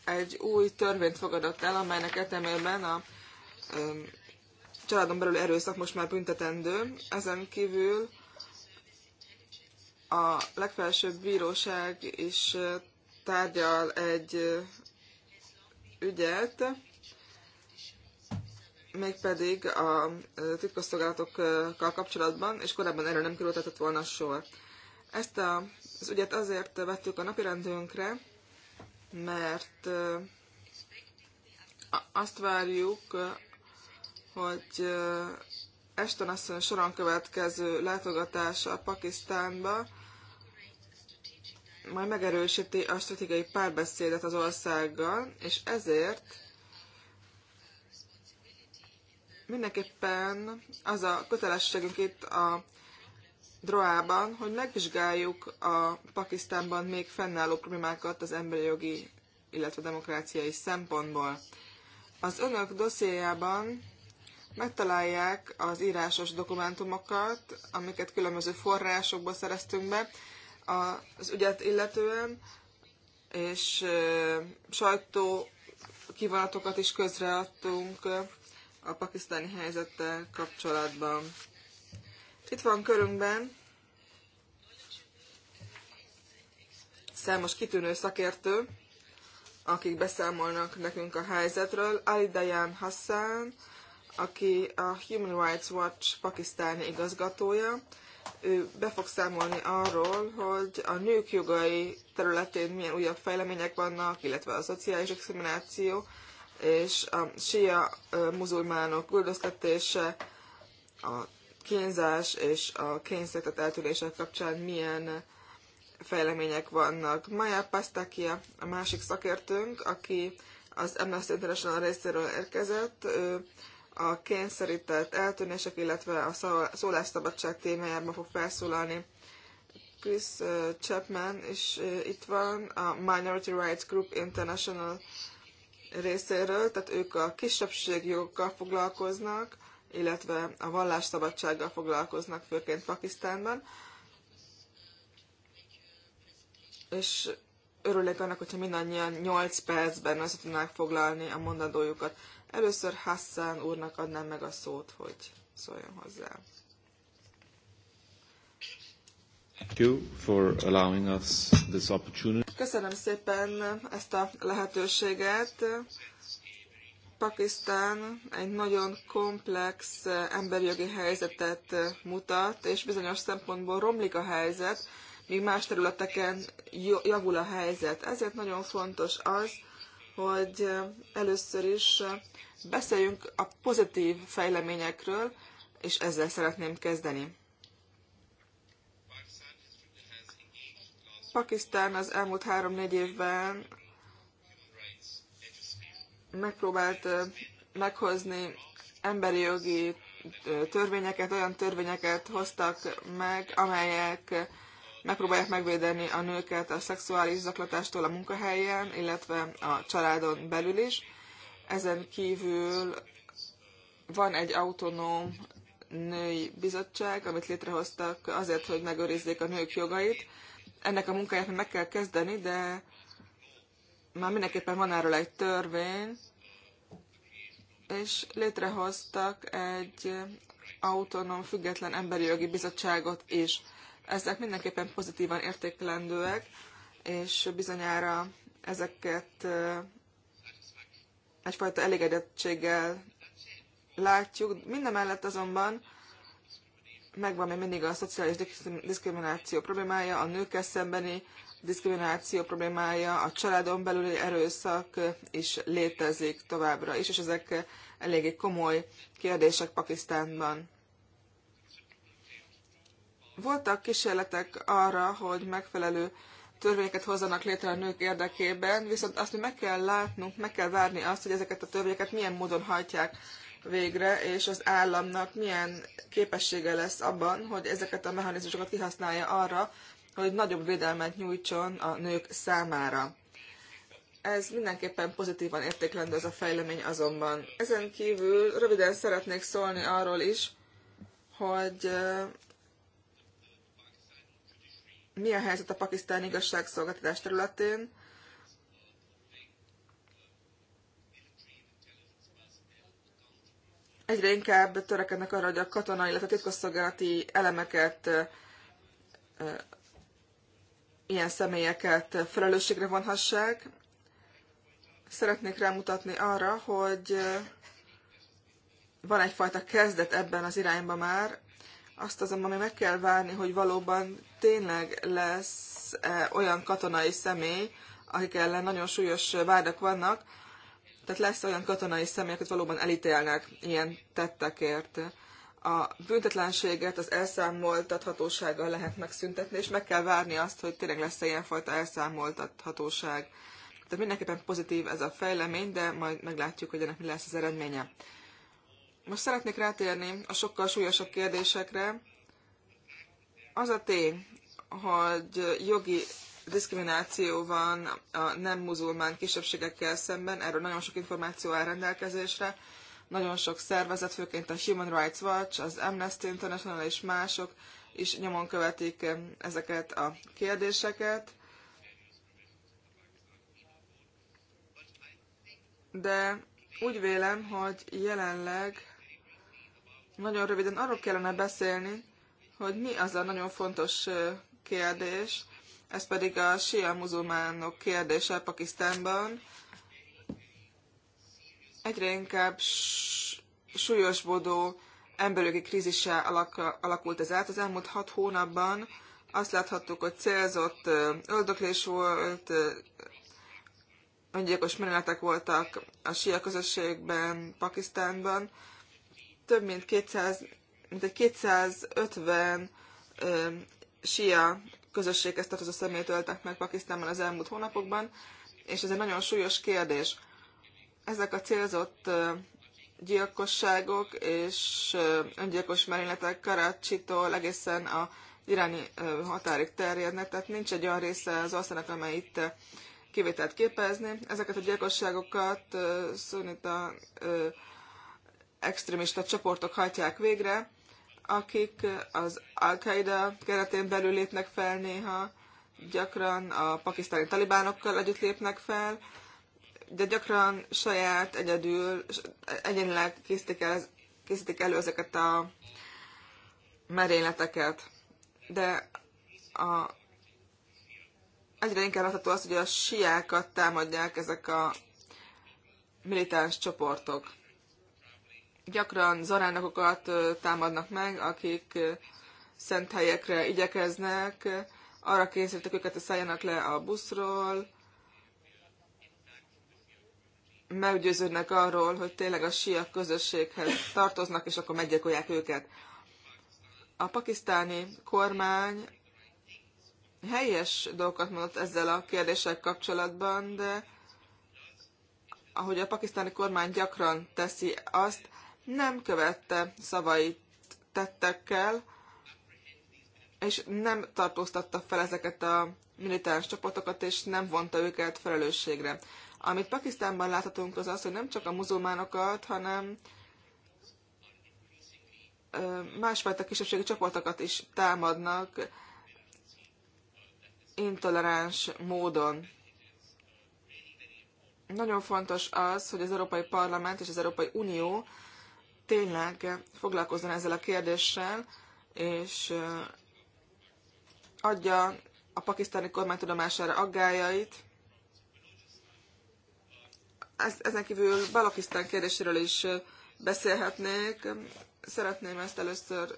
egy új törvényt fogadott el, amelynek értelmében a családon belül erőszak most már büntetendő. Ezen kívül a legfelsőbb bíróság is tárgyal egy ügyet, mégpedig a titkosszolgálatokkal kapcsolatban, és korábban erről nem kerültetett volna sor. Ezt a, az ügyet azért vettük a napirendünkre, mert azt várjuk, hogy Eston asszony soron következő látogatása Pakisztánba majd megerősíti a stratégiai párbeszédet az országgal, és ezért mindenképpen az a kötelességünk itt a Droában, hogy megvizsgáljuk a Pakisztánban még fennálló problémákat az emberi jogi, illetve demokráciai szempontból. Az önök dossziéjában megtalálják az írásos dokumentumokat, amiket különböző forrásokból szereztünk be, az ügyet illetően, és sajtó kivonatokat is közreadtunk a pakisztáni helyzettel kapcsolatban. Itt van körünkben számos kitűnő szakértő, akik beszámolnak nekünk a helyzetről. Ali Dayan Hassan, aki a Human Rights Watch pakisztáni igazgatója, ő be fog számolni arról, hogy a nők jogai területén milyen újabb fejlemények vannak, illetve a szociális examináció és a sia muzulmánok üldöztetése, a kínzás és a kényszerített eltűnése kapcsán milyen fejlemények vannak. Maja Pastakia, a másik szakértőnk, aki az Amnesty International részéről érkezett, ő a kényszerített eltűnések, illetve a szólásszabadság témájában fog felszólalni. Chris Chapman is itt van, a Minority Rights Group International részéről, tehát ők a kisebbségjogokkal foglalkoznak, illetve a vallásszabadsággal foglalkoznak, főként Pakisztánban. És örülnék annak, hogyha mindannyian 8 percben össze tudnák foglalni a mondandójukat. Először Hassan úrnak adnám meg a szót, hogy szóljon hozzá. Köszönöm szépen ezt a lehetőséget. Pakisztán egy nagyon komplex emberjogi helyzetet mutat, és bizonyos szempontból romlik a helyzet, míg más területeken javul a helyzet. Ezért nagyon fontos az, hogy először is beszéljünk a pozitív fejleményekről, és ezzel szeretném kezdeni. Pakisztán az elmúlt három-négy évben megpróbált meghozni emberi jogi törvényeket, olyan törvényeket hoztak meg, amelyek megpróbálják megvédeni a nőket a szexuális zaklatástól a munkahelyen, illetve a családon belül is. Ezen kívül van egy autonóm női bizottság, amit létrehoztak azért, hogy megőrizzék a nők jogait. Ennek a munkáját meg kell kezdeni, de már mindenképpen van erről egy törvény, és létrehoztak egy autonóm, független emberi jogi bizottságot is ezek mindenképpen pozitívan értékelendőek, és bizonyára ezeket egyfajta elégedettséggel látjuk. mellett azonban megvan még mindig a szociális diszkrimináció problémája, a nőkkel szembeni diszkrimináció problémája, a családon belüli erőszak is létezik továbbra is, és ezek eléggé komoly kérdések Pakisztánban. Voltak kísérletek arra, hogy megfelelő törvényeket hozzanak létre a nők érdekében, viszont azt, hogy meg kell látnunk, meg kell várni azt, hogy ezeket a törvényeket milyen módon hajtják végre, és az államnak milyen képessége lesz abban, hogy ezeket a mechanizmusokat kihasználja arra, hogy nagyobb védelmet nyújtson a nők számára. Ez mindenképpen pozitívan értékelendő ez a fejlemény azonban. Ezen kívül röviden szeretnék szólni arról is, hogy mi a helyzet a pakisztáni igazságszolgáltatás területén. Egyre inkább törekednek arra, hogy a katonai, illetve titkosszolgálati elemeket ilyen személyeket felelősségre vonhassák. Szeretnék rámutatni arra, hogy van egyfajta kezdet ebben az irányban már, azt azonban még meg kell várni, hogy valóban tényleg lesz -e olyan katonai személy, akik ellen nagyon súlyos vádak vannak, tehát lesz olyan katonai személy, akit valóban elítélnek ilyen tettekért. A büntetlenséget az elszámoltathatósággal lehet megszüntetni, és meg kell várni azt, hogy tényleg lesz-e ilyenfajta elszámoltathatóság. Tehát mindenképpen pozitív ez a fejlemény, de majd meglátjuk, hogy ennek mi lesz az eredménye. Most szeretnék rátérni a sokkal súlyosabb kérdésekre, az a tény, hogy jogi diszkrimináció van a nem muzulmán kisebbségekkel szemben, erről nagyon sok információ áll rendelkezésre, nagyon sok szervezet, főként a Human Rights Watch, az Amnesty International és mások is nyomon követik ezeket a kérdéseket. De úgy vélem, hogy jelenleg nagyon röviden arról kellene beszélni, hogy mi az a nagyon fontos kérdés, ez pedig a sia muzulmánok kérdése Pakisztánban. Egyre inkább súlyosbodó emberjogi krízissá alakult ez át. Az elmúlt hat hónapban azt láthattuk, hogy célzott öldöklés volt, öngyilkos merényletek voltak a sia közösségben, Pakisztánban. Több mint 200 mintegy 250 ö, sia közösséghez tartozó személyt öltek meg Pakisztánban az elmúlt hónapokban, és ez egy nagyon súlyos kérdés. Ezek a célzott ö, gyilkosságok és öngyilkos merényletek Karácsitól egészen a iráni határig terjednek, tehát nincs egy olyan része az országnak, amely itt kivételt képezni. Ezeket a gyilkosságokat szunita extrémista csoportok hajtják végre, akik az Al-Qaeda keretén belül lépnek fel néha, gyakran a pakisztáni talibánokkal együtt lépnek fel, de gyakran saját, egyedül, egyenileg készítik, el, készítik elő ezeket a merényleteket. De a, egyre inkább látható az, hogy a siákat támadják ezek a militáns csoportok gyakran zarándokokat támadnak meg, akik szent helyekre igyekeznek, arra kényszerítik őket, hogy szálljanak le a buszról, meggyőződnek arról, hogy tényleg a síak közösséghez tartoznak, és akkor meggyilkolják őket. A pakisztáni kormány helyes dolgokat mondott ezzel a kérdéssel kapcsolatban, de ahogy a pakisztáni kormány gyakran teszi azt, nem követte szavait tettekkel, és nem tartóztatta fel ezeket a militáns csoportokat, és nem vonta őket felelősségre. Amit Pakisztánban láthatunk, az az, hogy nem csak a muzulmánokat, hanem másfajta kisebbségi csoportokat is támadnak intoleráns módon. Nagyon fontos az, hogy az Európai Parlament és az Európai Unió tényleg foglalkozzon ezzel a kérdéssel, és adja a pakisztáni kormány tudomására aggájait. Ezen kívül Balakisztán kérdéséről is beszélhetnék. Szeretném ezt először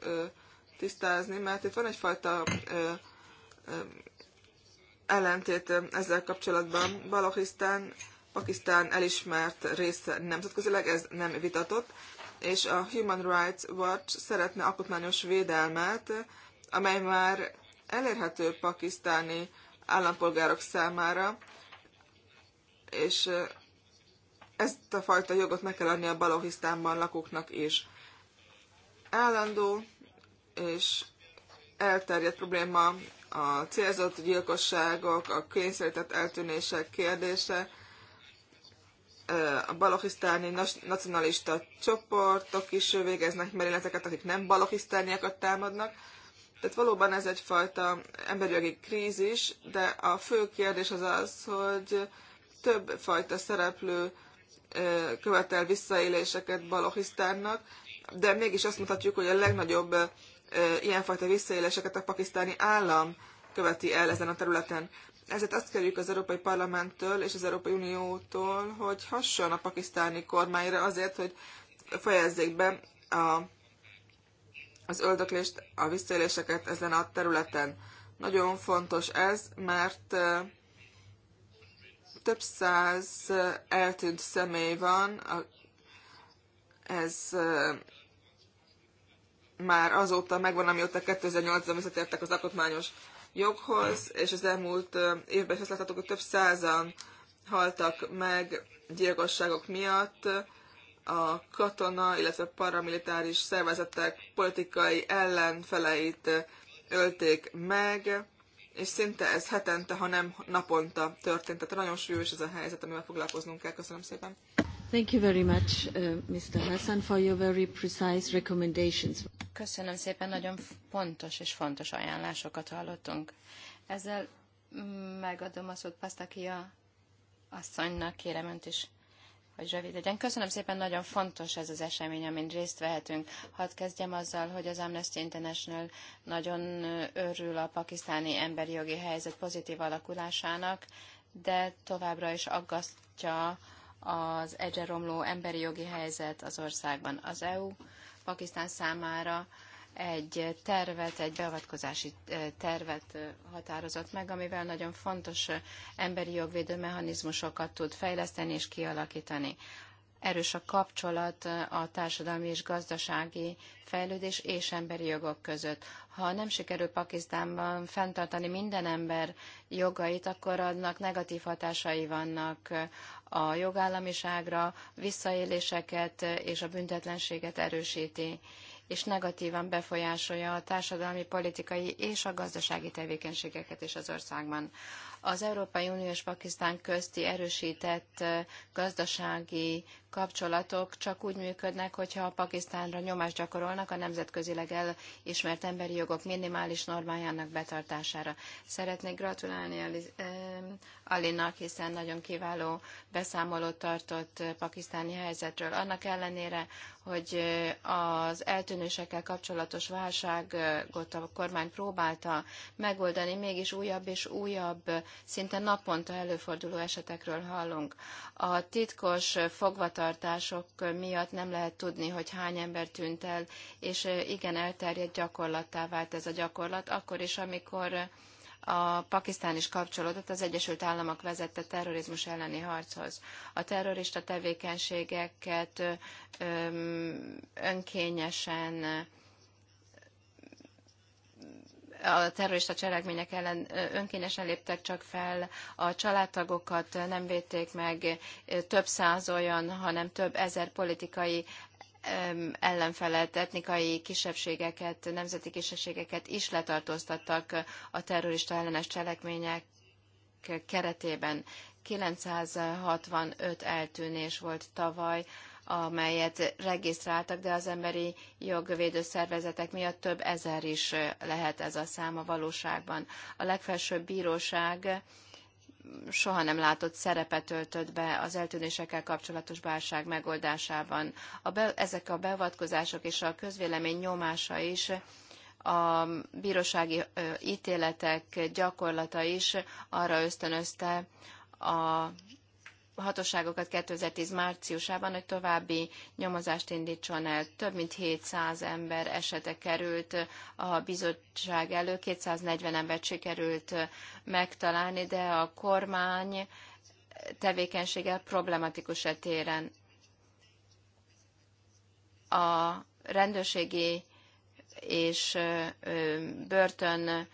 tisztázni, mert itt van egyfajta ellentét ezzel kapcsolatban. Balakisztán Pakisztán elismert része nemzetközileg, ez nem vitatott, és a Human Rights Watch szeretne alkotmányos védelmet, amely már elérhető pakisztáni állampolgárok számára, és ezt a fajta jogot meg kell adni a Balohisztánban lakóknak is. Állandó és elterjedt probléma a célzott gyilkosságok, a kényszerített eltűnések kérdése, a balochisztáni nacionalista csoportok is végeznek merényleteket, akik nem balochisztániakat támadnak. Tehát valóban ez egyfajta emberjogi krízis, de a fő kérdés az az, hogy több fajta szereplő követel visszaéléseket Balochisztánnak, de mégis azt mutatjuk, hogy a legnagyobb ilyenfajta visszaéléseket a pakisztáni állam követi el ezen a területen ezért azt kérjük az Európai Parlamenttől és az Európai Uniótól, hogy hasson a pakisztáni kormányra azért, hogy fejezzék be a, az öldöklést, a visszaéléseket ezen a területen. Nagyon fontos ez, mert több száz eltűnt személy van, ez már azóta megvan, amióta 2008-ban visszatértek az alkotmányos joghoz, és az elmúlt évben is azt hogy több százan haltak meg gyilkosságok miatt. A katona, illetve paramilitáris szervezetek politikai ellenfeleit ölték meg, és szinte ez hetente, ha nem naponta történt. Tehát nagyon súlyos ez a helyzet, amivel foglalkoznunk kell. Köszönöm
szépen.
Thank you very much, uh, Mr. Hassan, for your very precise recommendations.
Köszönöm szépen, nagyon pontos és fontos ajánlásokat hallottunk. Ezzel mm, megadom a szót Pasztakia asszonynak, kérem önt is hogy rövid legyen. Köszönöm szépen, nagyon fontos ez az esemény, amin részt vehetünk. Hadd kezdjem azzal, hogy az Amnesty International nagyon örül a pakisztáni emberi jogi helyzet pozitív alakulásának, de továbbra is aggasztja az egyre romló emberi jogi helyzet az országban. Az EU Pakisztán számára egy tervet, egy beavatkozási tervet határozott meg, amivel nagyon fontos emberi jogvédő mechanizmusokat tud fejleszteni és kialakítani. Erős a kapcsolat a társadalmi és gazdasági fejlődés és emberi jogok között. Ha nem sikerül Pakisztánban fenntartani minden ember jogait, akkor annak negatív hatásai vannak a jogállamiságra, visszaéléseket és a büntetlenséget erősíti, és negatívan befolyásolja a társadalmi, politikai és a gazdasági tevékenységeket is az országban. Az Európai Unió és Pakisztán közti erősített gazdasági kapcsolatok csak úgy működnek, hogyha a Pakisztánra nyomást gyakorolnak a nemzetközileg elismert emberi jogok minimális normájának betartására. Szeretnék gratulálni Alinak, hiszen nagyon kiváló beszámolót tartott pakisztáni helyzetről. Annak ellenére, hogy az eltűnésekkel kapcsolatos válságot a kormány próbálta megoldani, mégis újabb és újabb szinte naponta előforduló esetekről hallunk. A titkos fogvatartások miatt nem lehet tudni, hogy hány ember tűnt el, és igen elterjedt gyakorlattá vált ez a gyakorlat, akkor is, amikor a Pakisztán is kapcsolódott az Egyesült Államok vezette terrorizmus elleni harchoz. A terrorista tevékenységeket önkényesen a terrorista cselekmények ellen önkényesen léptek csak fel, a családtagokat nem védték meg, több száz olyan, hanem több ezer politikai ellenfelet, etnikai kisebbségeket, nemzeti kisebbségeket is letartóztattak a terrorista ellenes cselekmények keretében. 965 eltűnés volt tavaly amelyet regisztráltak, de az emberi jogvédő szervezetek miatt több ezer is lehet ez a szám a valóságban. A legfelsőbb bíróság soha nem látott szerepet töltött be az eltűnésekkel kapcsolatos válság megoldásában. A be, ezek a beavatkozások és a közvélemény nyomása is a bírósági ítéletek gyakorlata is arra ösztönözte a hatóságokat 2010 márciusában, hogy további nyomozást indítson el. Több mint 700 ember esete került a bizottság elő, 240 embert sikerült megtalálni, de a kormány tevékenysége problematikus -e téren. A rendőrségi és börtön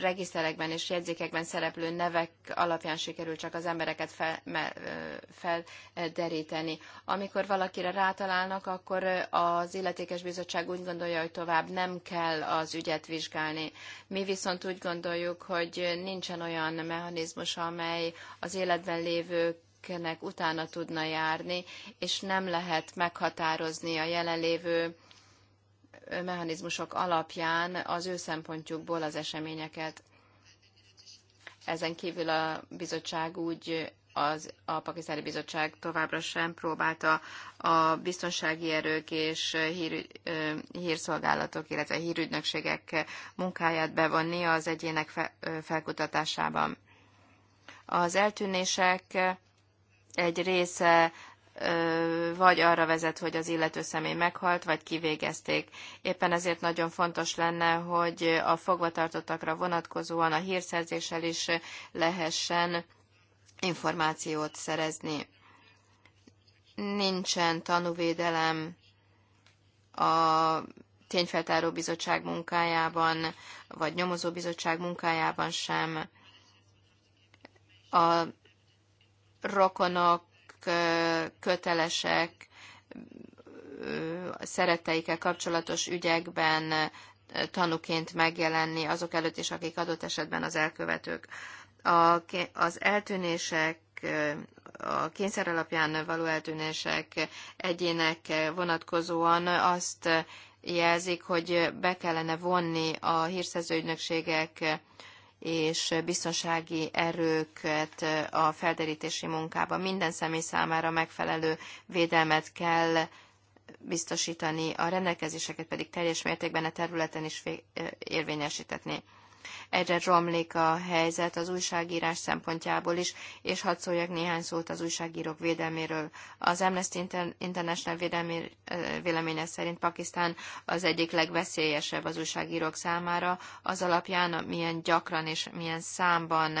regiszterekben és jegyzékekben szereplő nevek alapján sikerül csak az embereket fel, me, felderíteni. Amikor valakire rátalálnak, akkor az illetékes bizottság úgy gondolja, hogy tovább nem kell az ügyet vizsgálni. Mi viszont úgy gondoljuk, hogy nincsen olyan mechanizmus, amely az életben lévők utána tudna járni, és nem lehet meghatározni a jelenlévő mechanizmusok alapján az ő szempontjukból az eseményeket. Ezen kívül a bizottság úgy az, a pakisztáni bizottság továbbra sem próbálta a biztonsági erők és hír, hírszolgálatok, illetve hírügynökségek munkáját bevonni az egyének felkutatásában. Az eltűnések egy része vagy arra vezet, hogy az illető személy meghalt, vagy kivégezték. Éppen ezért nagyon fontos lenne, hogy a fogvatartottakra vonatkozóan a hírszerzéssel is lehessen információt szerezni. Nincsen tanúvédelem a tényfeltáró bizottság munkájában, vagy nyomozó bizottság munkájában sem. A rokonok kötelesek szeretteikkel kapcsolatos ügyekben tanuként megjelenni azok előtt is, akik adott esetben az elkövetők. A, az eltűnések, a kényszer alapján való eltűnések egyének vonatkozóan azt jelzik, hogy be kellene vonni a hírszerző ügynökségek és biztonsági erőket a felderítési munkában minden személy számára megfelelő védelmet kell biztosítani, a rendelkezéseket pedig teljes mértékben a területen is érvényesítetni. Egyre romlik a helyzet az újságírás szempontjából is, és hadd szóljak néhány szót az újságírók védelméről. Az Amnesty International védelmi, véleménye szerint Pakisztán az egyik legveszélyesebb az újságírók számára, az alapján milyen gyakran és milyen számban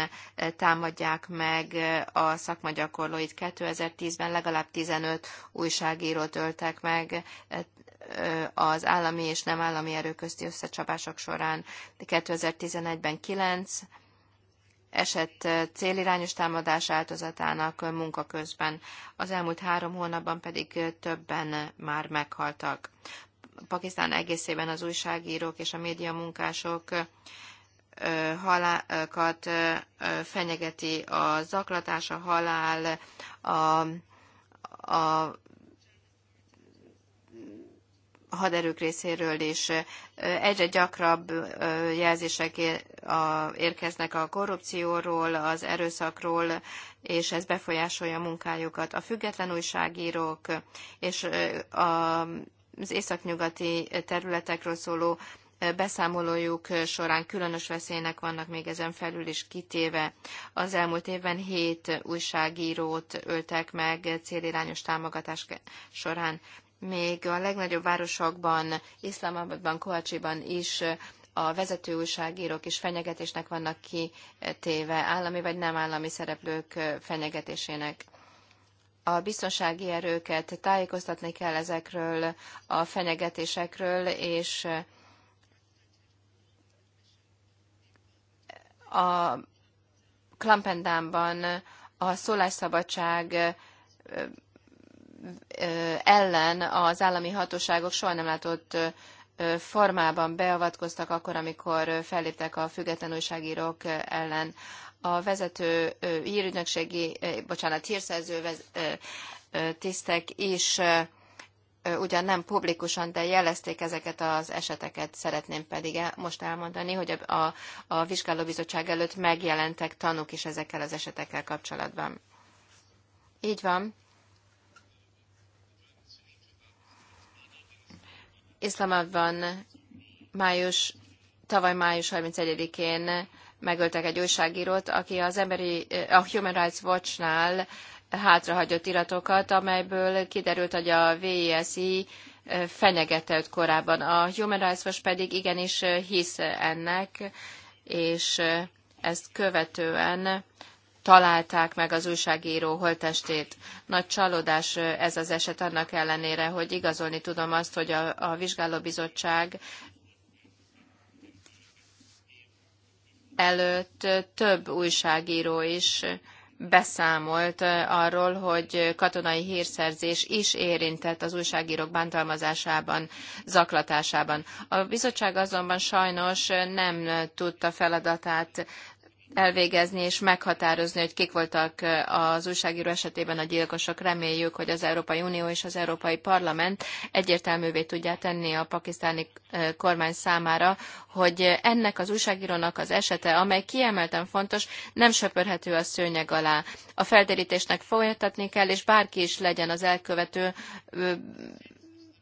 támadják meg a szakmagyakorlóit. 2010-ben legalább 15 újságírót öltek meg, az állami és nem állami erők közti összecsapások során 2011-ben 9 eset célirányos támadás áldozatának munka közben, az elmúlt három hónapban pedig többen már meghaltak. Pakisztán egészében az újságírók és a média munkások halákat fenyegeti a zaklatás, a halál, a, a a haderők részéről is egyre gyakrabb jelzések érkeznek a korrupcióról, az erőszakról, és ez befolyásolja a munkájukat. A független újságírók és az északnyugati területekről szóló beszámolójuk során különös veszélynek vannak még ezen felül is kitéve. Az elmúlt évben hét újságírót öltek meg célirányos támogatás során még a legnagyobb városokban, Iszlámabadban, Kohácsiban is a vezető újságírók is fenyegetésnek vannak kitéve, állami vagy nem állami szereplők fenyegetésének. A biztonsági erőket tájékoztatni kell ezekről a fenyegetésekről, és a Klampendámban a szólásszabadság ellen az állami hatóságok soha nem látott formában beavatkoztak akkor, amikor felléptek a független újságírók ellen. A vezető hírügynökségi, bocsánat, hírszerző tisztek is ugyan nem publikusan, de jelezték ezeket az eseteket. Szeretném pedig e, most elmondani, hogy a, a, vizsgálóbizottság előtt megjelentek tanúk is ezekkel az esetekkel kapcsolatban. Így van. Iszlamabadban május, tavaly május 31-én megöltek egy újságírót, aki az emberi, eh, a Human Rights Watch-nál hátrahagyott iratokat, amelyből kiderült, hogy a VISI eh, fenyegetett korábban. A Human Rights Watch pedig igenis eh, hisz ennek, és ezt követően találták meg az újságíró holttestét. Nagy csalódás ez az eset annak ellenére, hogy igazolni tudom azt, hogy a, a vizsgálóbizottság előtt több újságíró is beszámolt arról, hogy katonai hírszerzés is érintett az újságírók bántalmazásában, zaklatásában. A bizottság azonban sajnos nem tudta feladatát elvégezni és meghatározni, hogy kik voltak az újságíró esetében a gyilkosok. Reméljük, hogy az Európai Unió és az Európai Parlament egyértelművé tudja tenni a pakisztáni kormány számára, hogy ennek az újságírónak az esete, amely kiemelten fontos, nem söpörhető a szőnyeg alá. A felderítésnek folytatni kell, és bárki is legyen az elkövető,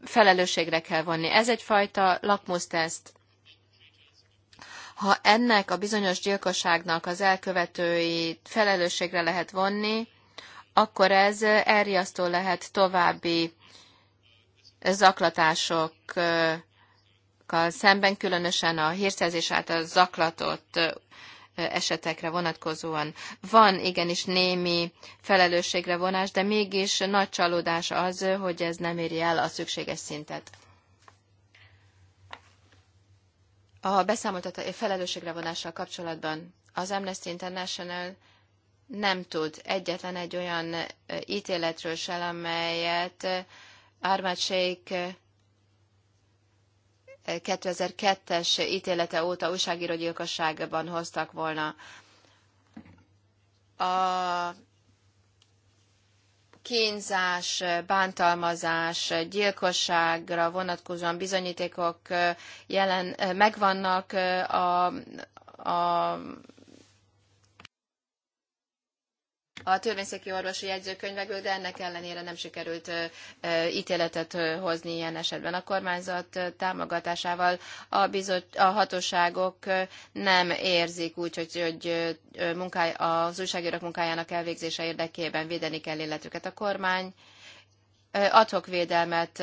felelősségre kell vonni. Ez egyfajta lakmuszteszt ha ennek a bizonyos gyilkosságnak az elkövetői felelősségre lehet vonni, akkor ez elriasztó lehet további zaklatásokkal szemben, különösen a hírszerzés által zaklatott esetekre vonatkozóan. Van igenis némi felelősségre vonás, de mégis nagy csalódás az, hogy ez nem éri el a szükséges szintet. a beszámoltató felelősségre vonással kapcsolatban az Amnesty International nem tud egyetlen egy olyan e, ítéletről sem, amelyet e, Armad Sheikh 2002-es e, ítélete óta újságírógyilkosságban hoztak volna. A kínzás, bántalmazás, gyilkosságra vonatkozóan bizonyítékok jelen megvannak a, a a törvényszéki orvosi jegyzőkönyvekből, de ennek ellenére nem sikerült ítéletet hozni ilyen esetben. A kormányzat támogatásával a, bizot, a hatóságok nem érzik úgy, hogy, hogy munkáj, az újságírók munkájának elvégzése érdekében védeni kell életüket. A kormány adhok védelmet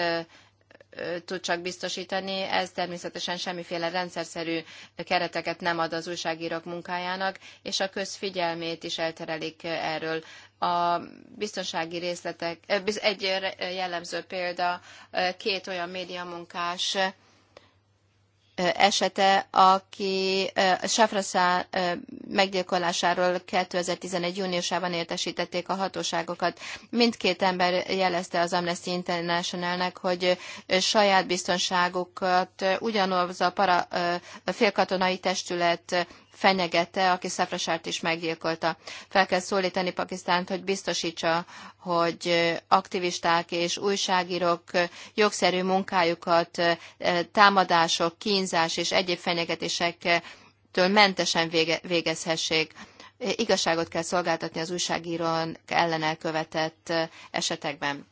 tud csak biztosítani, ez természetesen semmiféle rendszerszerű kereteket nem ad az újságírók munkájának, és a közfigyelmét is elterelik erről. A biztonsági részletek, egy jellemző példa, két olyan médiamunkás, esete, aki Safraszá meggyilkolásáról 2011. júniusában értesítették a hatóságokat. Mindkét ember jelezte az Amnesty Internationalnek, hogy saját biztonságukat ugyanaz a para, a félkatonai testület fenyegette, aki Szefresárt is meggyilkolta. Fel kell szólítani Pakisztánt, hogy biztosítsa, hogy aktivisták és újságírók jogszerű munkájukat eh, támadások, kínzás és egyéb fenyegetésektől mentesen vége, végezhessék. Igazságot kell szolgáltatni az újságírók ellen elkövetett eh, esetekben.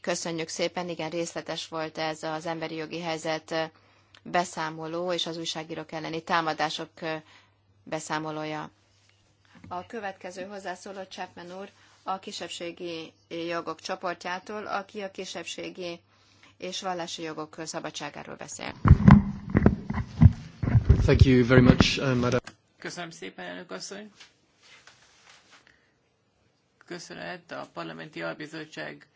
Köszönjük szépen, igen, részletes volt ez az emberi jogi helyzet eh, beszámoló és az újságírók elleni támadások beszámolója. A következő hozzászóló Chapman úr a kisebbségi jogok csoportjától, aki a kisebbségi és vallási jogok szabadságáról beszél.
Thank you very much, uh, madam.
Köszönöm szépen, elnök asszony. Köszönet a Parlamenti Albizottság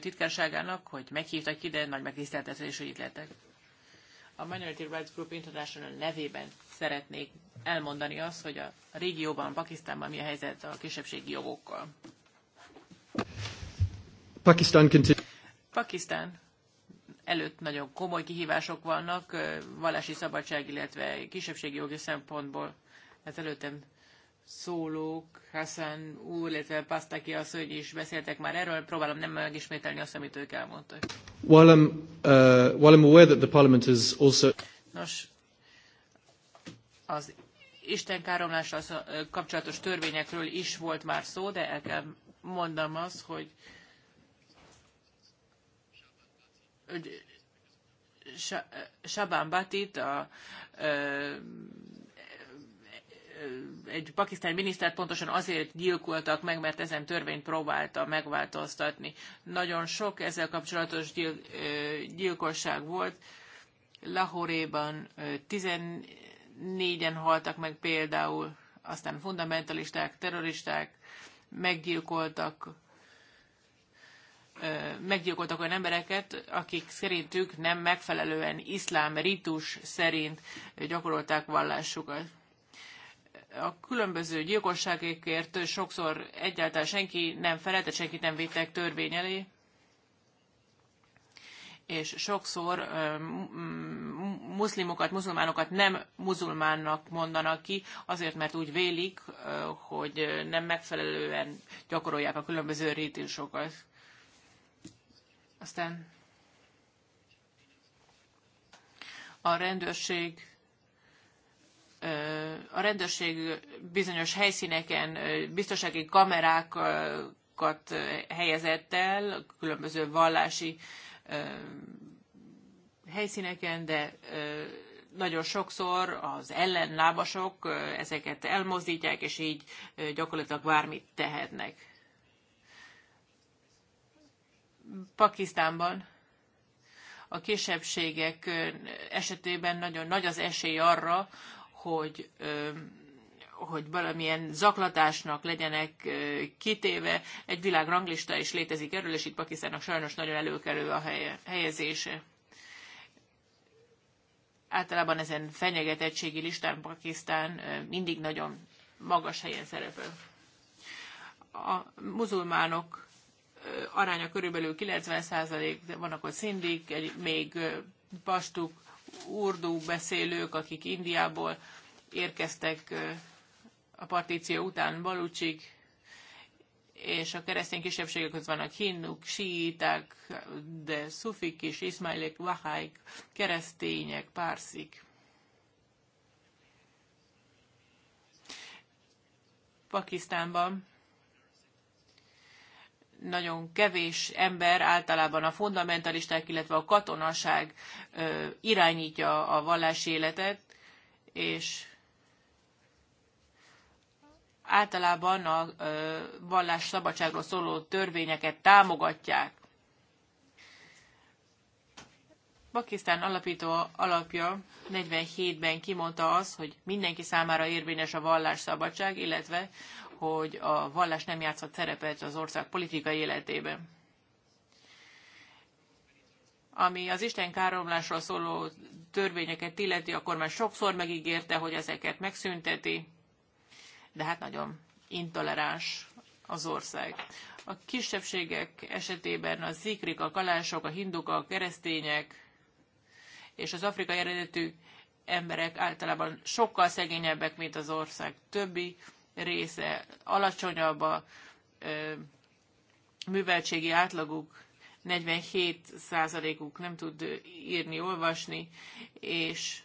titkárságának, hogy meghívtak ide, nagy megtiszteltetés, hogy itt lehetek a Minority Rights Group International nevében szeretnék elmondani azt, hogy a régióban, Pakisztánban mi a helyzet a kisebbségi jogokkal. Pakisztán, Pakisztán előtt nagyon komoly kihívások vannak, vallási szabadság, illetve kisebbségi jogi szempontból. Ez hát előttem szólók, Hassan úr, illetve Pasztaki hogy is beszéltek már erről, próbálom nem megismételni azt, amit ők elmondtak.
While I'm, uh, while I'm aware that the parliament
is also... Nos, az Isten káromlással kapcsolatos törvényekről is volt már szó, de el kell mondanom azt, hogy, hogy Sabán Batit, a, a egy pakisztáni minisztert pontosan azért gyilkoltak meg, mert ezen törvényt próbálta megváltoztatni. Nagyon sok ezzel kapcsolatos gyil, gyilkosság volt. Lahoréban 14-en haltak meg például, aztán fundamentalisták, terroristák meggyilkoltak, meggyilkoltak olyan embereket, akik szerintük nem megfelelően iszlám ritus szerint gyakorolták vallásukat a különböző gyilkosságokért sokszor egyáltalán senki nem felelt, senkit nem vittek törvény elé, és sokszor muszlimokat, muzulmánokat nem muzulmánnak mondanak ki, azért mert úgy vélik, hogy nem megfelelően gyakorolják a különböző rítusokat. Aztán a rendőrség a rendőrség bizonyos helyszíneken biztonsági kamerákat helyezett el, különböző vallási helyszíneken, de nagyon sokszor az ellenlábasok ezeket elmozdítják, és így gyakorlatilag bármit tehetnek. Pakisztánban a kisebbségek esetében nagyon nagy az esély arra, hogy hogy valamilyen zaklatásnak legyenek kitéve. Egy világranglista is létezik erről, és itt Pakisztánnak sajnos nagyon előkelő a helyezése. Általában ezen fenyegetettségi listán Pakisztán mindig nagyon magas helyen szerepel. A muzulmánok aránya körülbelül 90%, de vannak ott szindik, még pastuk, urdú beszélők, akik Indiából érkeztek a partíció után, balucsik, és a keresztény kisebbségek között vannak hinnuk, síiták, de szufik is, iszmájlek, vahájk, keresztények, párszik. Pakisztánban nagyon kevés ember, általában a fundamentalisták, illetve a katonaság irányítja a vallási életet, és általában a vallás szabadságról szóló törvényeket támogatják. Pakisztán alapító alapja 47-ben kimondta az, hogy mindenki számára érvényes a vallás szabadság, illetve hogy a vallás nem játszott szerepet az ország politikai életében. Ami az Isten káromlásról szóló törvényeket illeti, akkor már sokszor megígérte, hogy ezeket megszünteti, de hát nagyon intoleráns az ország. A kisebbségek esetében a zikrik, a kalások, a hinduk, a keresztények és az afrikai eredetű emberek általában sokkal szegényebbek, mint az ország többi része, alacsonyabb a műveltségi átlaguk, 47%-uk nem tud írni, olvasni, és,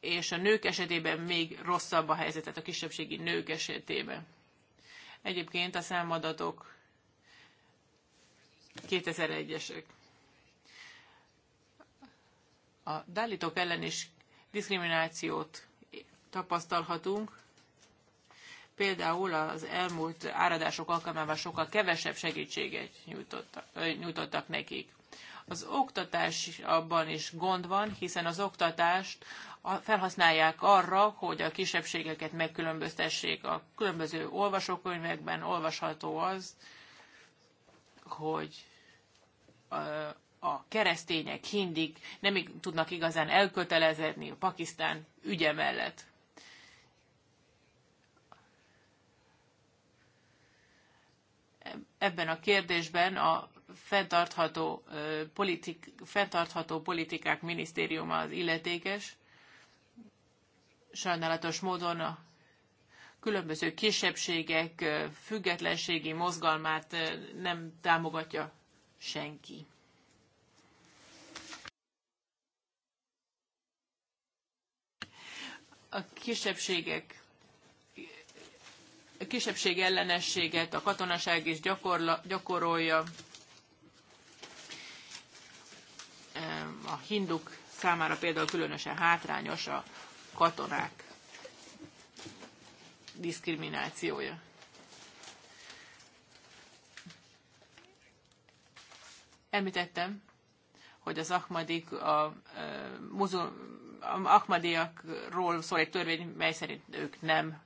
és a nők esetében még rosszabb a helyzet, tehát a kisebbségi nők esetében. Egyébként a számadatok 2001-esek. A dálitok ellen is diszkriminációt tapasztalhatunk például az elmúlt áradások alkalmával sokkal kevesebb segítséget nyújtottak, nyújtottak nekik. Az oktatás abban is gond van, hiszen az oktatást felhasználják arra, hogy a kisebbségeket megkülönböztessék. A különböző olvasókönyvekben olvasható az, hogy a keresztények hindig nem tudnak igazán elkötelezedni a Pakisztán ügye mellett. ebben a kérdésben a fenntartható, politik, fenntartható politikák minisztériuma az illetékes. Sajnálatos módon a különböző kisebbségek függetlenségi mozgalmát nem támogatja senki. A kisebbségek kisebbség ellenességet a katonaság is gyakorla, gyakorolja. A hinduk számára például különösen hátrányos a katonák diszkriminációja. Említettem, hogy az Ahmadik, a, a, e, muzul, a Ahmadiakról szól egy törvény, mely szerint ők nem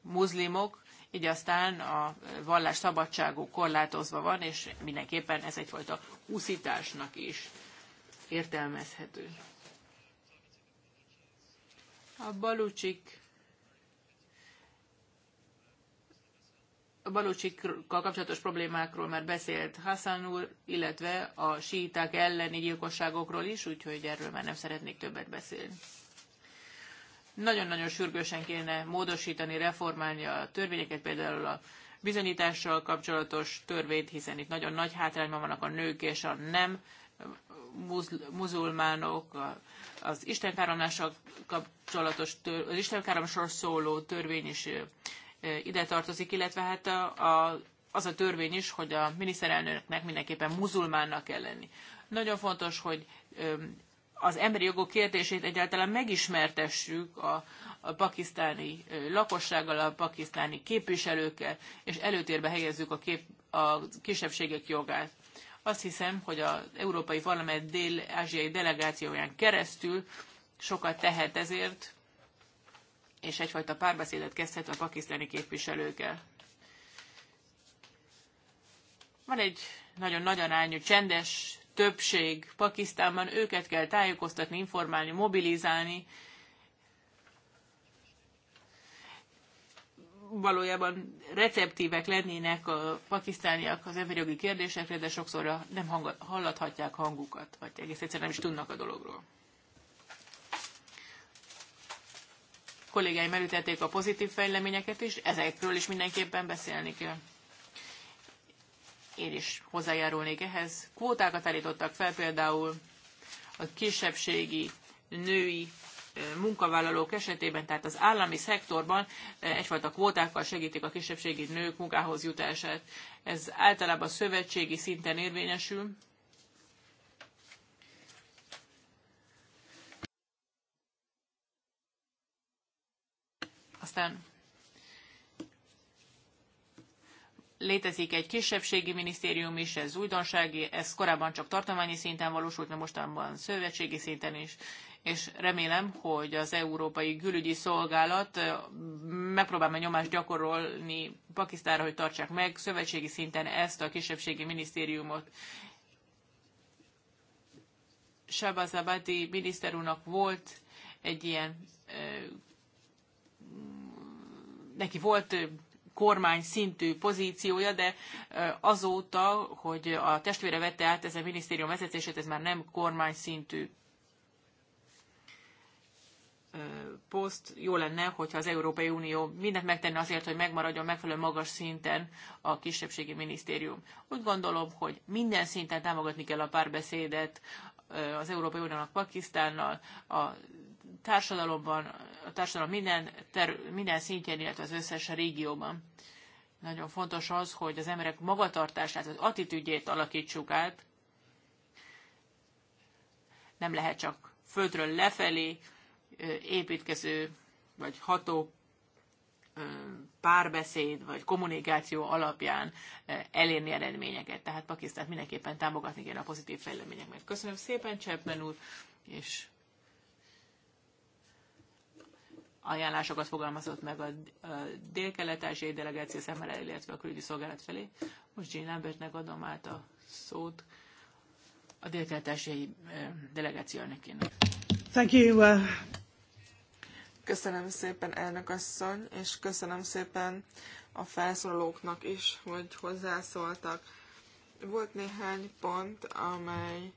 muzlimok, így aztán a vallás szabadságuk korlátozva van, és mindenképpen ez egyfajta úszításnak is értelmezhető. A balucsik a balucsikkal kapcsolatos problémákról már beszélt Hassan úr, illetve a síták elleni gyilkosságokról is, úgyhogy erről már nem szeretnék többet beszélni. Nagyon-nagyon sürgősen kéne módosítani, reformálni a törvényeket, például a bizonyítással kapcsolatos törvényt, hiszen itt nagyon nagy hátrányban vannak a nők és a nem muzulmánok, az istenkáromlással kapcsolatos, az istenkáromsor szóló törvény is ide tartozik, illetve hát a, a, az a törvény is, hogy a miniszterelnöknek mindenképpen muzulmánnak kell lenni. Nagyon fontos, hogy az emberi jogok kérdését egyáltalán megismertessük a, a pakisztáni lakossággal, a pakisztáni képviselőkkel, és előtérbe helyezzük a, kép, a kisebbségek jogát. Azt hiszem, hogy az Európai Parlament dél-ázsiai delegációján keresztül sokat tehet ezért, és egyfajta párbeszédet kezdhet a pakisztáni képviselőkkel. Van egy nagyon nagy arányú csendes többség Pakisztánban, őket kell tájékoztatni, informálni, mobilizálni. Valójában receptívek lennének a pakisztániak az emberi jogi kérdésekre, de sokszor nem hallathatják hangukat, vagy egész egyszerűen nem is tudnak a dologról. kollégáim előtették a pozitív fejleményeket is, ezekről is mindenképpen beszélni kell én is hozzájárulnék ehhez. Kvótákat állítottak fel például a kisebbségi női munkavállalók esetében, tehát az állami szektorban egyfajta kvótákkal segítik a kisebbségi nők munkához jutását. Ez általában szövetségi szinten érvényesül. Aztán létezik egy kisebbségi minisztérium is, ez újdonsági, ez korábban csak tartományi szinten valósult, mert mostanában szövetségi szinten is, és remélem, hogy az Európai Gülügyi Szolgálat megpróbál meg nyomást gyakorolni Pakisztánra, hogy tartsák meg szövetségi szinten ezt a kisebbségi minisztériumot. Sabazabadi miniszter volt egy ilyen, neki volt kormány szintű pozíciója, de azóta, hogy a testvére vette át ezen minisztérium vezetését, ez már nem kormány szintű poszt, jó lenne, hogyha az Európai Unió mindent megtenne azért, hogy megmaradjon megfelelő magas szinten a kisebbségi minisztérium. Úgy gondolom, hogy minden szinten támogatni kell a párbeszédet az Európai Uniónak Pakisztánnal, a társadalomban, a társadalom minden, ter- minden szintjén, illetve az összes régióban. Nagyon fontos az, hogy az emberek magatartását, az attitűdjét alakítsuk át. Nem lehet csak földről lefelé építkező vagy ható párbeszéd vagy kommunikáció alapján elérni eredményeket. Tehát Pakisztánt mindenképpen támogatni kell a pozitív fejlemények. köszönöm szépen, Cseppmen úr, és ajánlásokat fogalmazott meg a dél-kelet-ázsiai delegáció szemmel, illetve a külügyi szolgálat felé. Most Jean Lambertnek adom át a szót a dél-kelet-ázsiai delegáció elnökének.
Thank you. Uh,
köszönöm szépen, elnök asszony, és köszönöm
szépen a felszólalóknak is, hogy hozzászóltak. Volt néhány pont, amely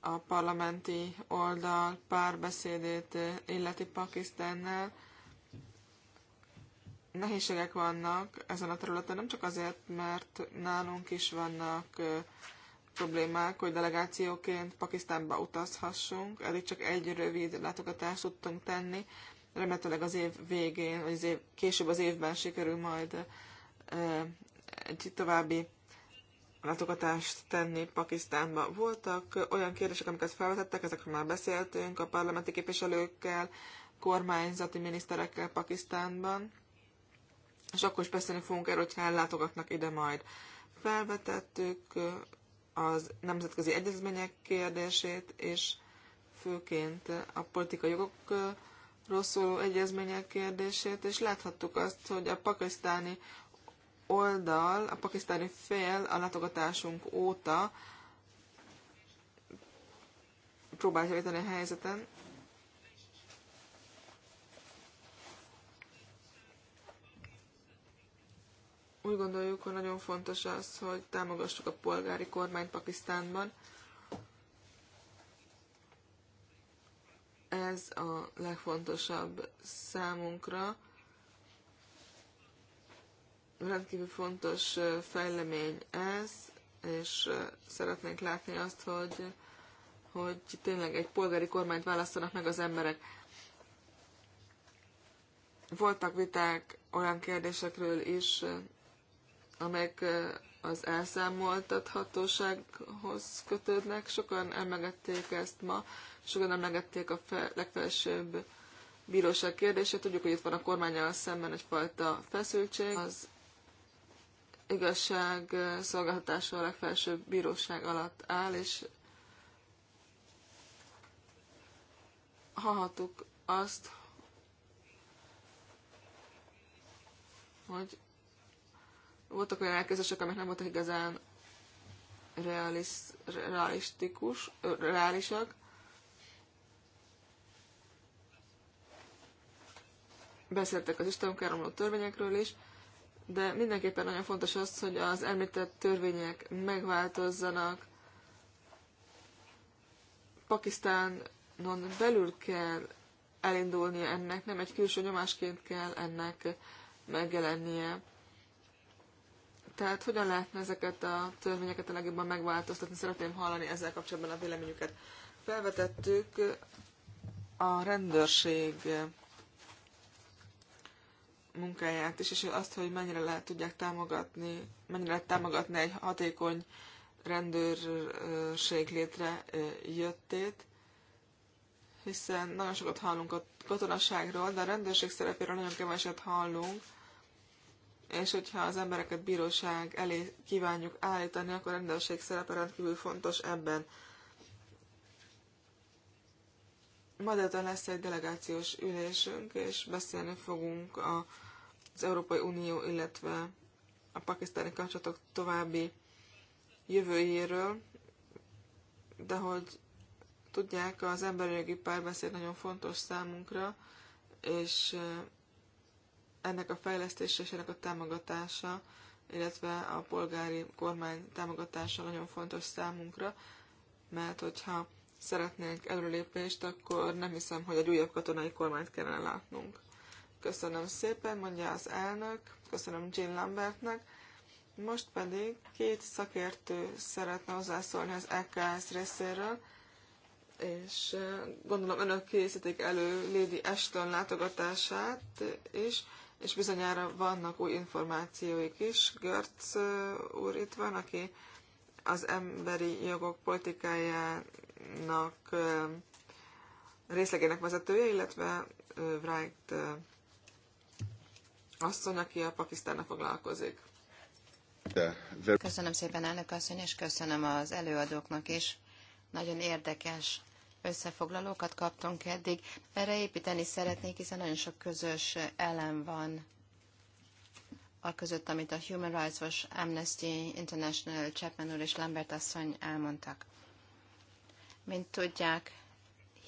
a parlamenti oldal párbeszédét illeti Pakisztánnál. Nehézségek vannak ezen a területen, nem csak azért, mert nálunk is vannak problémák, hogy delegációként Pakisztánba utazhassunk. Eddig csak egy rövid látogatást tudtunk tenni. Remélhetőleg az év végén, vagy az év, később az évben sikerül majd egy további látogatást tenni Pakisztánba. Voltak olyan kérdések, amiket felvetettek, ezekről már beszéltünk a parlamenti képviselőkkel, kormányzati miniszterekkel Pakisztánban, és akkor is beszélni fogunk erről, hogyha ellátogatnak ide majd. Felvetettük az nemzetközi egyezmények kérdését, és főként a politikai jogokról szóló egyezmények kérdését, és láthattuk azt, hogy a pakisztáni oldal, a pakisztáni fél a látogatásunk óta próbálja javítani a helyzeten. Úgy gondoljuk, hogy nagyon fontos az, hogy támogassuk a polgári kormányt Pakisztánban. Ez a legfontosabb számunkra rendkívül fontos fejlemény ez, és szeretnénk látni azt, hogy, hogy tényleg egy polgári kormányt választanak meg az emberek. Voltak viták olyan kérdésekről is, amelyek az elszámoltathatósághoz kötődnek. Sokan emlegették ezt ma, sokan emlegették a fel, legfelsőbb bíróság kérdését. Tudjuk, hogy itt van a kormányal szemben egyfajta feszültség. Az igazság szolgáltatása a legfelsőbb bíróság alatt áll, és hallhattuk azt, hogy voltak olyan elképzelések, amik nem voltak igazán realistikus, reálisak. Beszéltek az Istenkáromló törvényekről is, de mindenképpen nagyon fontos az, hogy az említett törvények megváltozzanak. Pakisztánon belül kell elindulnia ennek, nem egy külső nyomásként kell ennek megjelennie. Tehát hogyan lehetne ezeket a törvényeket a legjobban megváltoztatni? Szeretném hallani ezzel kapcsolatban a véleményüket. Felvetettük a rendőrség munkáját is, és azt, hogy mennyire lehet tudják támogatni, mennyire lehet támogatni egy hatékony rendőrség létre jöttét, hiszen nagyon sokat hallunk a katonaságról, de a rendőrség szerepéről nagyon keveset hallunk, és hogyha az embereket bíróság elé kívánjuk állítani, akkor a rendőrség szerepe rendkívül fontos ebben. Ma délután lesz egy delegációs ülésünk, és beszélni fogunk a, az Európai Unió, illetve a pakisztáni kapcsolatok további jövőjéről, de hogy tudják, az emberi jogi párbeszéd nagyon fontos számunkra, és eh, ennek a fejlesztése és ennek a támogatása, illetve a polgári kormány támogatása nagyon fontos számunkra, mert hogyha szeretnénk előlépést, akkor nem hiszem, hogy egy újabb katonai kormányt kellene látnunk. Köszönöm szépen, mondja az elnök, köszönöm Jean Lambertnek. Most pedig két szakértő szeretne hozzászólni az EKS részéről, és eh, gondolom önök készítik elő Lady Ashton látogatását is, és bizonyára vannak új információik is. Görc eh, úr itt van, aki az emberi jogok politikájának részlegének vezetője, illetve Wright asszony, aki a Pakisztánnak foglalkozik.
Köszönöm szépen, elnök asszony, és köszönöm az előadóknak is. Nagyon érdekes összefoglalókat kaptunk eddig. Erre építeni szeretnék, hiszen nagyon sok közös elem van a között, amit a Human Rights Watch, Amnesty International, Chapman úr és Lambert asszony elmondtak. Mint tudják,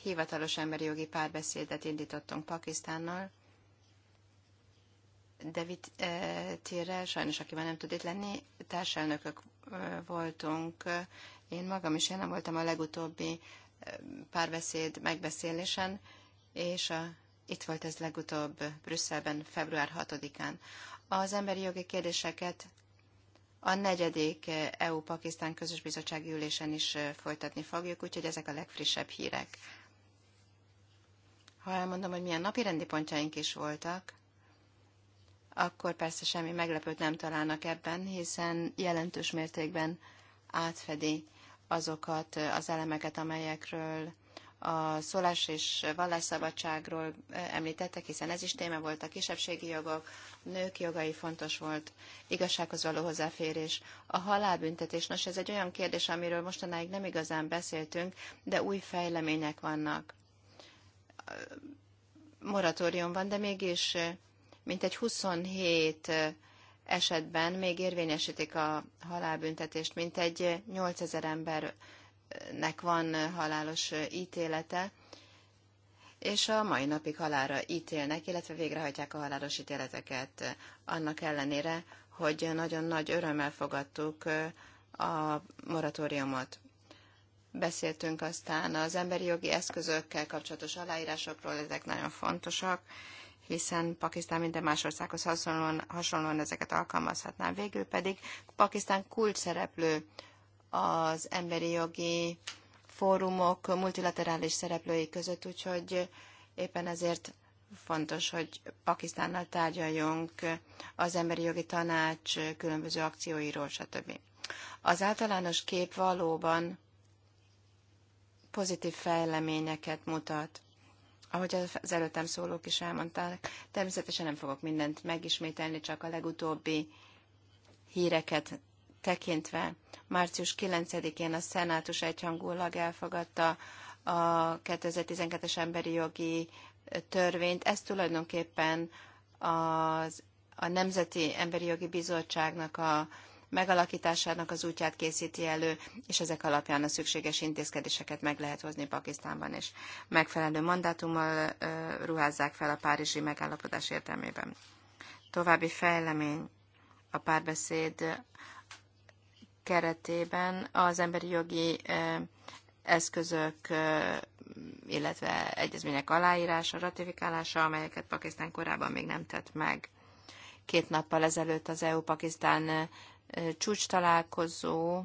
hivatalos emberi jogi párbeszédet indítottunk Pakisztánnal, David eh, Térrel, sajnos aki már nem tud itt lenni, társelnökök eh, voltunk. Én magam is jelen voltam a legutóbbi eh, párbeszéd megbeszélésen, és a, itt volt ez legutóbb Brüsszelben, február 6-án az emberi jogi kérdéseket a negyedik EU-Pakisztán közös bizottsági ülésen is folytatni fogjuk, úgyhogy ezek a legfrissebb hírek. Ha elmondom, hogy milyen napi rendi pontjaink is voltak, akkor persze semmi meglepőt nem találnak ebben, hiszen jelentős mértékben átfedi azokat az elemeket, amelyekről a szólás és vallásszabadságról említettek, hiszen ez is téma volt, a kisebbségi jogok, a nők jogai fontos volt, igazsághoz való hozzáférés, a halálbüntetés. Nos, ez egy olyan kérdés, amiről mostanáig nem igazán beszéltünk, de új fejlemények vannak. Moratórium van, de mégis mintegy 27 esetben még érvényesítik a halálbüntetést, mintegy 8000 ember nek van halálos ítélete, és a mai napig halára ítélnek, illetve végrehajtják a halálos ítéleteket. Annak ellenére, hogy nagyon nagy örömmel fogadtuk a moratóriumot. Beszéltünk aztán az emberi jogi eszközökkel kapcsolatos aláírásokról, ezek nagyon fontosak, hiszen Pakisztán minden más országhoz hasonlóan, hasonlóan ezeket alkalmazhatná. Végül pedig Pakisztán kulcs szereplő az emberi jogi fórumok multilaterális szereplői között, úgyhogy éppen ezért fontos, hogy Pakisztánnal tárgyaljunk az emberi jogi tanács különböző akcióiról, stb. Az általános kép valóban pozitív fejleményeket mutat. Ahogy az előttem szólók is elmondták, természetesen nem fogok mindent megismételni, csak a legutóbbi híreket tekintve március 9-én a szenátus egyhangulag elfogadta a 2012-es emberi jogi törvényt. Ez tulajdonképpen az, a Nemzeti Emberi Jogi Bizottságnak a megalakításának az útját készíti elő, és ezek alapján a szükséges intézkedéseket meg lehet hozni Pakisztánban, és megfelelő mandátummal ruházzák fel a párizsi megállapodás értelmében. További fejlemény a párbeszéd keretében az emberi jogi eszközök, illetve egyezmények aláírása, ratifikálása, amelyeket Pakisztán korábban még nem tett meg. Két nappal ezelőtt az EU-Pakisztán csúcs találkozó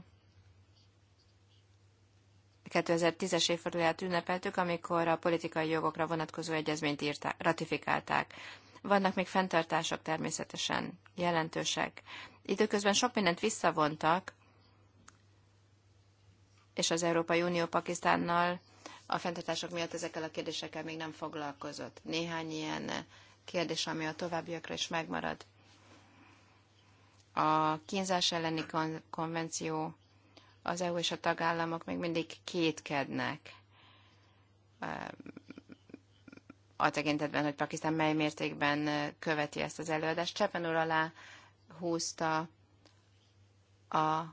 2010-es évfordulját ünnepeltük, amikor a politikai jogokra vonatkozó egyezményt írták, ratifikálták. Vannak még fenntartások természetesen jelentősek. Időközben sok mindent visszavontak, és az Európai Unió Pakisztánnal a fenntartások miatt ezekkel a kérdésekkel még nem foglalkozott. Néhány ilyen kérdés, ami a továbbiakra is megmarad. A kínzás elleni konvenció, az EU és a tagállamok még mindig kétkednek eh, a tekintetben, hogy Pakisztán mely mértékben eh, követi ezt az előadást. Csepen úr alá húzta a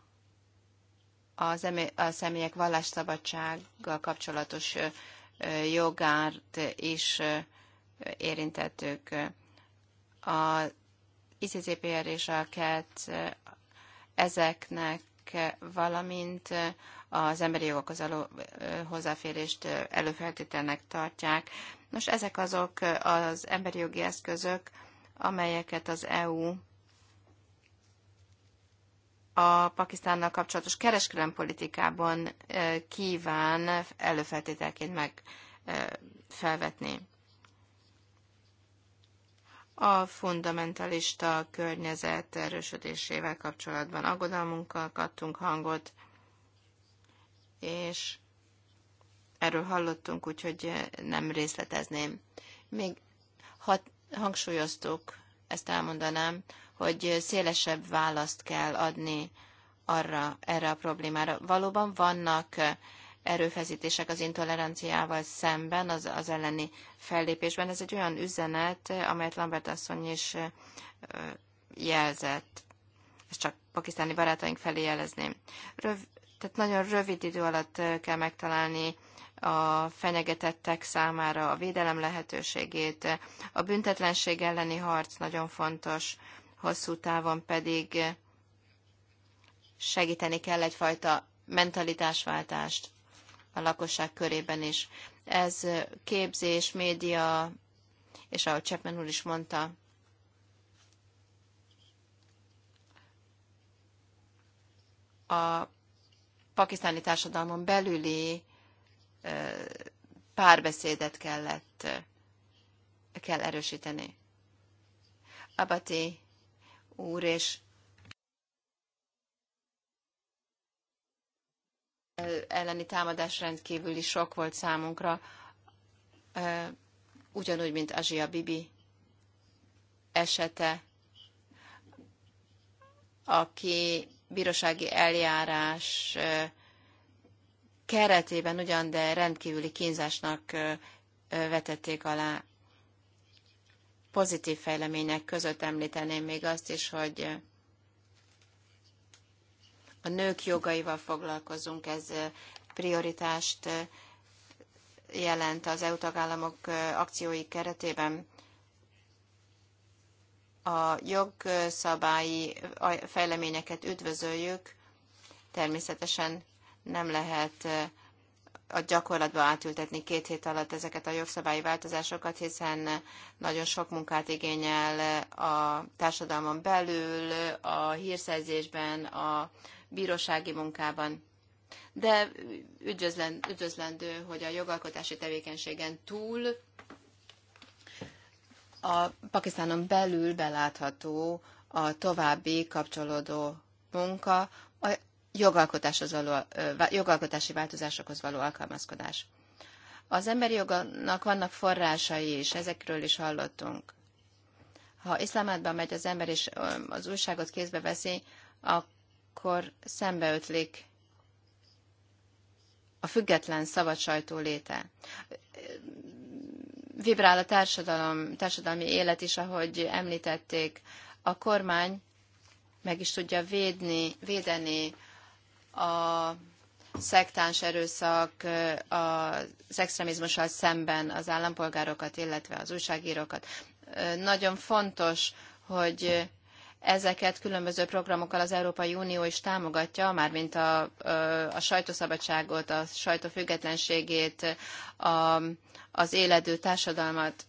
az a személyek vallásszabadsággal kapcsolatos jogárt is érintettük. A ICCPR és a KET ezeknek, valamint az emberi jogokhoz való hozzáférést előfeltételnek tartják. Nos, ezek azok az emberi jogi eszközök, amelyeket az EU a Pakisztánnal kapcsolatos kereskedelempolitikában kíván előfeltételként meg felvetni. A fundamentalista környezet erősödésével kapcsolatban aggodalmunkkal adtunk hangot, és erről hallottunk, úgyhogy nem részletezném. Még hat, hangsúlyoztuk, ezt elmondanám, hogy szélesebb választ kell adni arra, erre a problémára. Valóban vannak erőfeszítések az intoleranciával szemben, az, az elleni fellépésben. Ez egy olyan üzenet, amelyet Lambert asszony is jelzett. Ezt csak pakisztáni barátaink felé jelezném. Röv, tehát nagyon rövid idő alatt kell megtalálni a fenyegetettek számára a védelem lehetőségét. A büntetlenség elleni harc nagyon fontos hosszú távon pedig segíteni kell egyfajta mentalitásváltást a lakosság körében is. Ez képzés, média, és ahogy Chapman úr is mondta, a pakisztáni társadalmon belüli párbeszédet kellett, kell erősíteni. Abati úr, és elleni támadás rendkívüli sok volt számunkra, ugyanúgy, mint Azsia Bibi esete, aki bírósági eljárás keretében ugyan, de rendkívüli kínzásnak vetették alá pozitív fejlemények között említeném még azt is, hogy a nők jogaival foglalkozunk, ez prioritást jelent az EU tagállamok akciói keretében. A jogszabályi fejleményeket üdvözöljük, természetesen nem lehet a gyakorlatba átültetni két hét alatt ezeket a jogszabályi változásokat, hiszen nagyon sok munkát igényel a társadalmon belül, a hírszerzésben, a bírósági munkában. De üdvözlendő, hogy a jogalkotási tevékenységen túl a Pakisztánon belül belátható a további kapcsolódó munka, jogalkotáshoz való, jogalkotási változásokhoz való alkalmazkodás. Az emberi jogoknak vannak forrásai is, ezekről is hallottunk. Ha iszlámádban megy az ember és az újságot kézbe veszi, akkor szembeötlik a független szabad sajtó léte. Vibrál a társadalom, társadalmi élet is, ahogy említették. A kormány meg is tudja védni, védeni a szektáns erőszak az extremizmussal szemben az állampolgárokat, illetve az újságírókat. Nagyon fontos, hogy ezeket különböző programokkal az Európai Unió is támogatja, mármint a, a sajtószabadságot, a sajtó függetlenségét, a, az éledő társadalmat.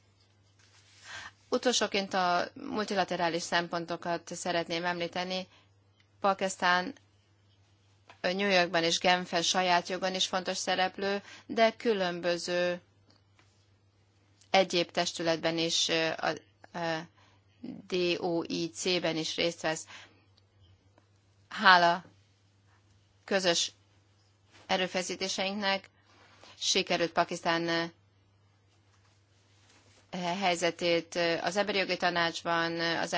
Utolsóként a multilaterális szempontokat szeretném említeni. Pakisztán New Yorkban és Genfen saját jogon is fontos szereplő, de különböző egyéb testületben is, a, DOIC-ben is részt vesz. Hála közös erőfeszítéseinknek sikerült Pakisztán helyzetét az emberi jogi tanácsban, az,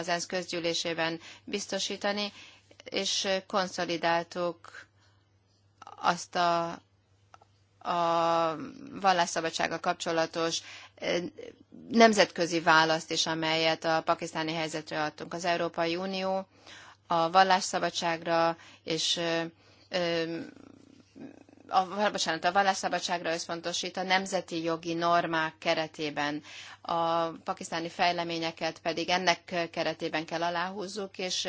az ENSZ közgyűlésében biztosítani, és konszolidáltuk azt a, a vallásszabadsága kapcsolatos nemzetközi választ is, amelyet a pakisztáni helyzetre adtunk. Az Európai Unió a vallásszabadságra és a, bocsánat, a vallásszabadságra összpontosít a nemzeti jogi normák keretében. A pakisztáni fejleményeket pedig ennek keretében kell aláhúzzuk, és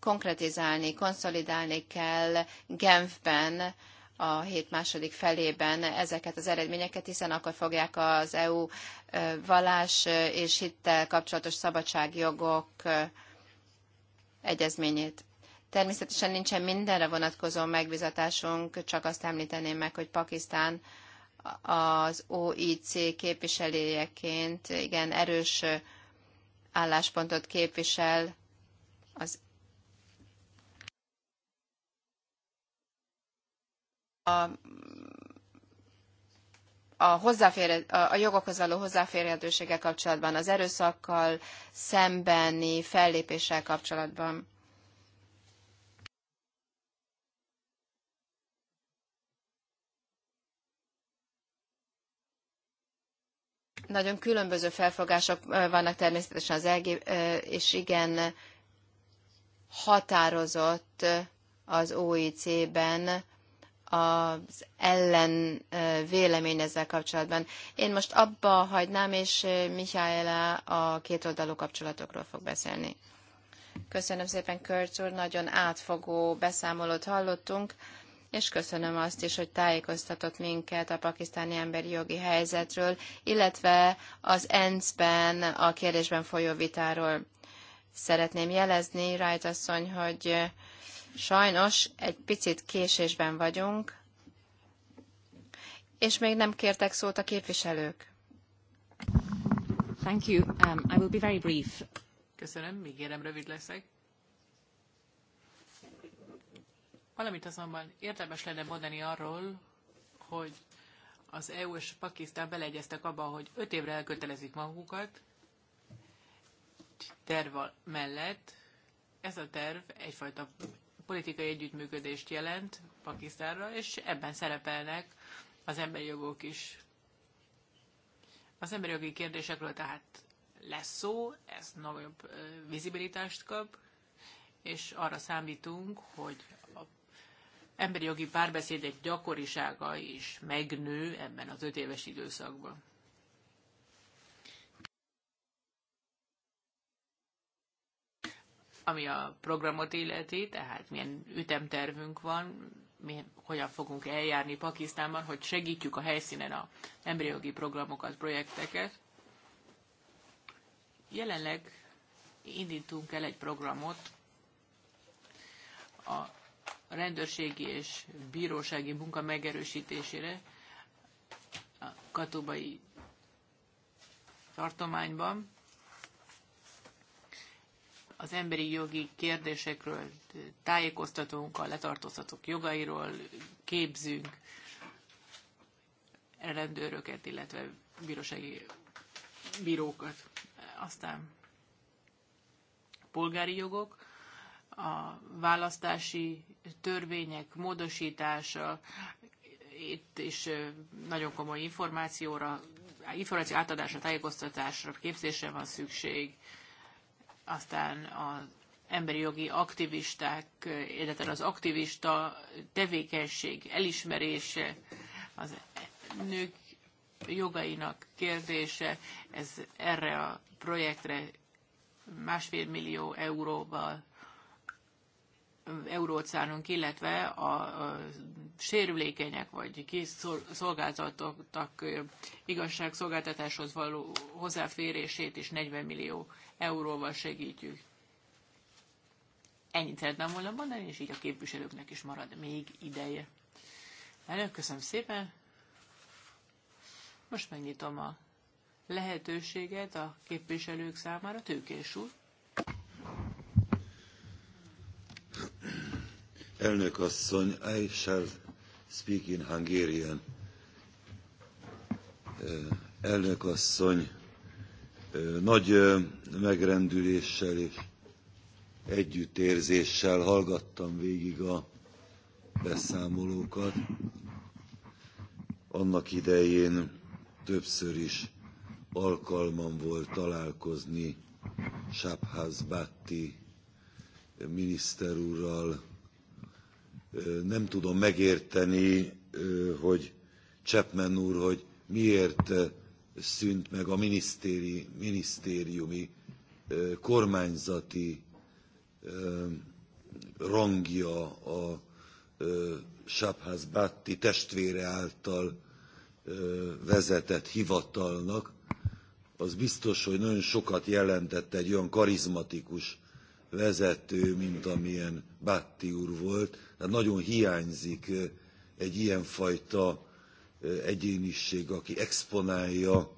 konkretizálni, konszolidálni kell Genfben, a hét második felében ezeket az eredményeket, hiszen akkor fogják az EU vallás és hittel kapcsolatos szabadságjogok egyezményét. Természetesen nincsen mindenre vonatkozó megbizatásunk, csak azt említeném meg, hogy Pakisztán az OIC képviselőjeként igen erős álláspontot képvisel az a, a, hozzáfér, a, a jogokhoz való hozzáférhetőséggel kapcsolatban, az erőszakkal szembeni fellépéssel kapcsolatban. Nagyon különböző felfogások vannak természetesen az LG, és igen, határozott az OIC-ben az ellen vélemény ezzel kapcsolatban. Én most abba hagynám, és Mihályla a két oldalú kapcsolatokról fog beszélni. Köszönöm szépen, Körcs úr, nagyon átfogó beszámolót hallottunk és köszönöm azt is, hogy tájékoztatott minket a pakisztáni emberi jogi helyzetről, illetve az ENSZ-ben a kérdésben folyó vitáról. Szeretném jelezni, Rájt asszony, hogy sajnos egy picit késésben vagyunk, és még nem kértek szót a képviselők. Thank you. Um, I will be very brief.
Köszönöm, ígérem, rövid leszek. Valamit azonban érdemes lenne mondani arról, hogy az EU és Pakisztán beleegyeztek abba, hogy öt évre elkötelezik magukat terv mellett. Ez a terv egyfajta politikai együttműködést jelent Pakisztánra, és ebben szerepelnek az emberi jogok is. Az emberi jogi kérdésekről tehát lesz szó, ez nagyobb vizibilitást kap, és arra számítunk, hogy emberi jogi párbeszéd egy gyakorisága is megnő ebben az öt éves időszakban. Ami a programot illeti, tehát milyen ütemtervünk van, mi hogyan fogunk eljárni Pakisztánban, hogy segítjük a helyszínen a emberi jogi programokat, projekteket. Jelenleg indítunk el egy programot a a rendőrségi és bírósági munka megerősítésére a katobai tartományban. Az emberi jogi kérdésekről tájékoztatunk, a letartóztatók jogairól képzünk rendőröket, illetve bírósági bírókat. Aztán polgári jogok, a választási törvények módosítása, itt is nagyon komoly információra, információ átadásra, tájékoztatásra, képzésre van szükség. Aztán az emberi jogi aktivisták, illetve az aktivista tevékenység elismerése, az nők jogainak kérdése, ez erre a projektre másfél millió euróval euróceánunk, illetve a, a sérülékenyek vagy szolgáltatottak igazságszolgáltatáshoz való hozzáférését is 40 millió euróval segítjük. Ennyit szeretném volna mondani, és így a képviselőknek is marad még ideje. Elnök, köszönöm szépen. Most megnyitom a lehetőséget a képviselők számára. Tőkés út.
Elnök asszony, I shall speak in Hungarian. Elnök asszony, nagy megrendüléssel és együttérzéssel hallgattam végig a beszámolókat. Annak idején többször is alkalmam volt találkozni Sábház Batti miniszter úrral, nem tudom megérteni, hogy Chapman úr, hogy miért szűnt meg a minisztéri, minisztériumi kormányzati rangja a Sábház Bátti testvére által vezetett hivatalnak, az biztos, hogy nagyon sokat jelentett egy olyan karizmatikus vezető, mint amilyen Batti úr volt. Tehát nagyon hiányzik egy ilyenfajta egyéniség, aki exponálja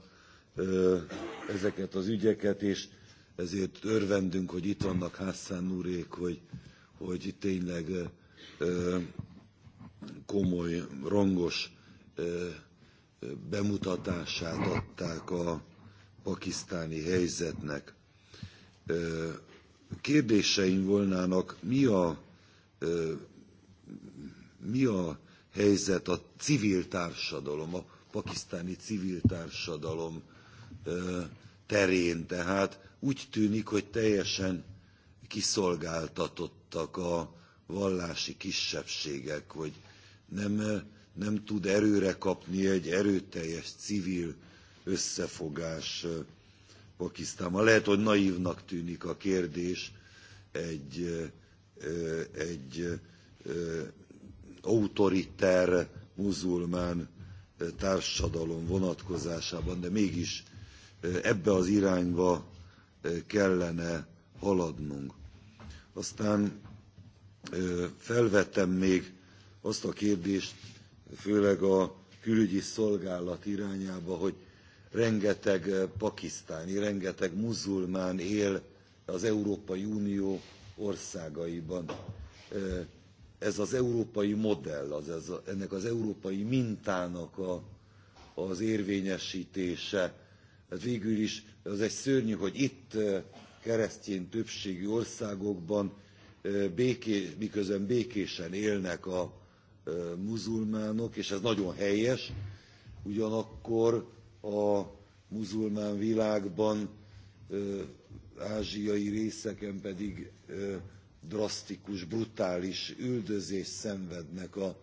ezeket az ügyeket, és ezért örvendünk, hogy itt vannak Hassan úrék, hogy, hogy tényleg komoly, rongos bemutatását adták a pakisztáni helyzetnek kérdéseim volnának, mi a, mi a helyzet a civil társadalom, a pakisztáni civil társadalom terén. Tehát úgy tűnik, hogy teljesen kiszolgáltatottak a vallási kisebbségek, hogy nem, nem tud erőre kapni egy erőteljes civil összefogás Pakisztánban. Lehet, hogy naívnak tűnik a kérdés egy, egy autoriter muzulmán társadalom vonatkozásában, de mégis ebbe az irányba kellene haladnunk. Aztán felvettem még azt a kérdést, főleg a külügyi szolgálat irányába, hogy rengeteg eh, pakisztáni, rengeteg muzulmán él az Európai Unió országaiban. Eh, ez az európai modell, az ez, ennek az európai mintának a, az érvényesítése. Hát végül is az egy szörnyű, hogy itt eh, keresztény többségű országokban béké, miközben békésen élnek a muzulmánok, és ez nagyon helyes, ugyanakkor a muzulmán világban, ázsiai részeken pedig drasztikus, brutális üldözést szenvednek a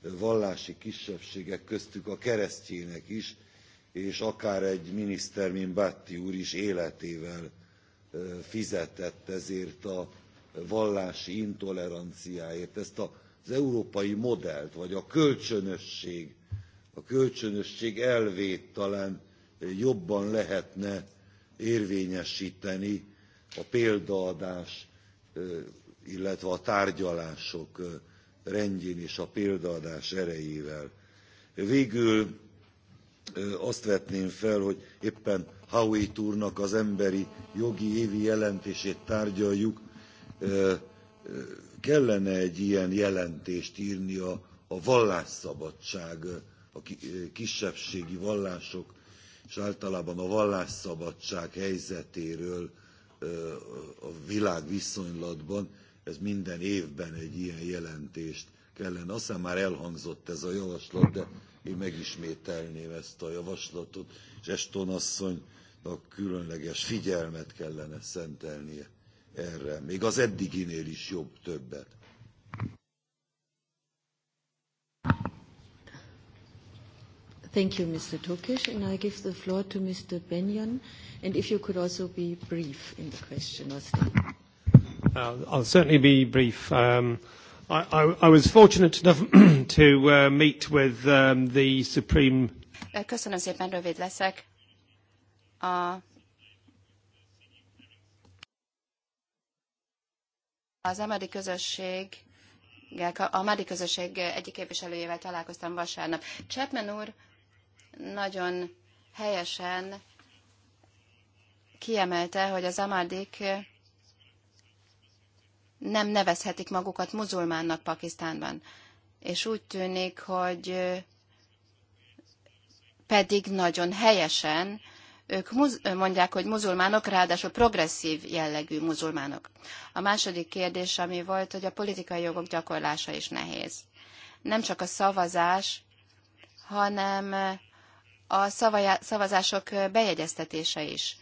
vallási kisebbségek, köztük a keresztjének is, és akár egy miniszter, mint Batti úr is életével fizetett ezért a vallási intoleranciáért. Ezt az európai modellt, vagy a kölcsönösség a kölcsönösség elvét talán jobban lehetne érvényesíteni a példaadás, illetve a tárgyalások rendjén és a példaadás erejével. Végül azt vetném fel, hogy éppen Howitt úrnak az emberi jogi évi jelentését tárgyaljuk, kellene egy ilyen jelentést írnia a, a vallásszabadság a kisebbségi vallások és általában a vallásszabadság helyzetéről a világ viszonylatban, ez minden évben egy ilyen jelentést kellene. Aztán már elhangzott ez a javaslat, de én megismételném ezt a javaslatot, és Eston asszonynak különleges figyelmet kellene szentelnie erre, még az eddiginél is jobb többet.
Thank you, Mr. Tokish. And I give the floor to Mr. Benyon. And if you could also be brief in the question or statement. Uh, I'll certainly be brief. Um, I, I, I was fortunate enough [CLEARS THROAT] to uh, meet with um, the Supreme.
Köszönöm szépen, rövid leszek. A az emedi közösség a Madi közösség egyik képviselőjével találkoztam vasárnap. Chapman úr nagyon helyesen kiemelte, hogy az amádik nem nevezhetik magukat muzulmánnak Pakisztánban. És úgy tűnik, hogy pedig nagyon helyesen ők mondják, hogy muzulmánok, ráadásul progresszív jellegű muzulmánok. A második kérdés, ami volt, hogy a politikai jogok gyakorlása is nehéz. Nem csak a szavazás, hanem a szavazások bejegyeztetése is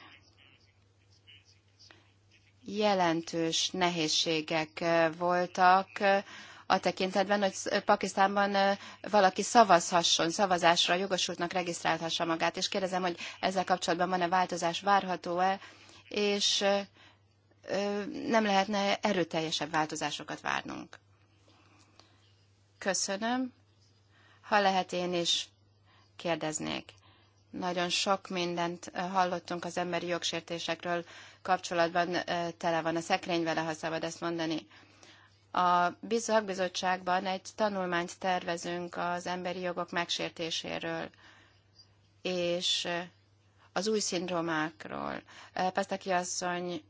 jelentős nehézségek voltak a tekintetben, hogy Pakisztánban valaki szavazhasson, szavazásra jogosultnak regisztrálhassa magát, és kérdezem, hogy ezzel kapcsolatban van-e változás, várható-e, és nem lehetne erőteljesebb változásokat várnunk. Köszönöm. Ha lehet, én is kérdeznék. Nagyon sok mindent hallottunk az emberi jogsértésekről kapcsolatban, tele van a szekrény vele, ha szabad ezt mondani. A szakbizottságban egy tanulmányt tervezünk az emberi jogok megsértéséről, és az új szindrómákról. Pesztaki asszony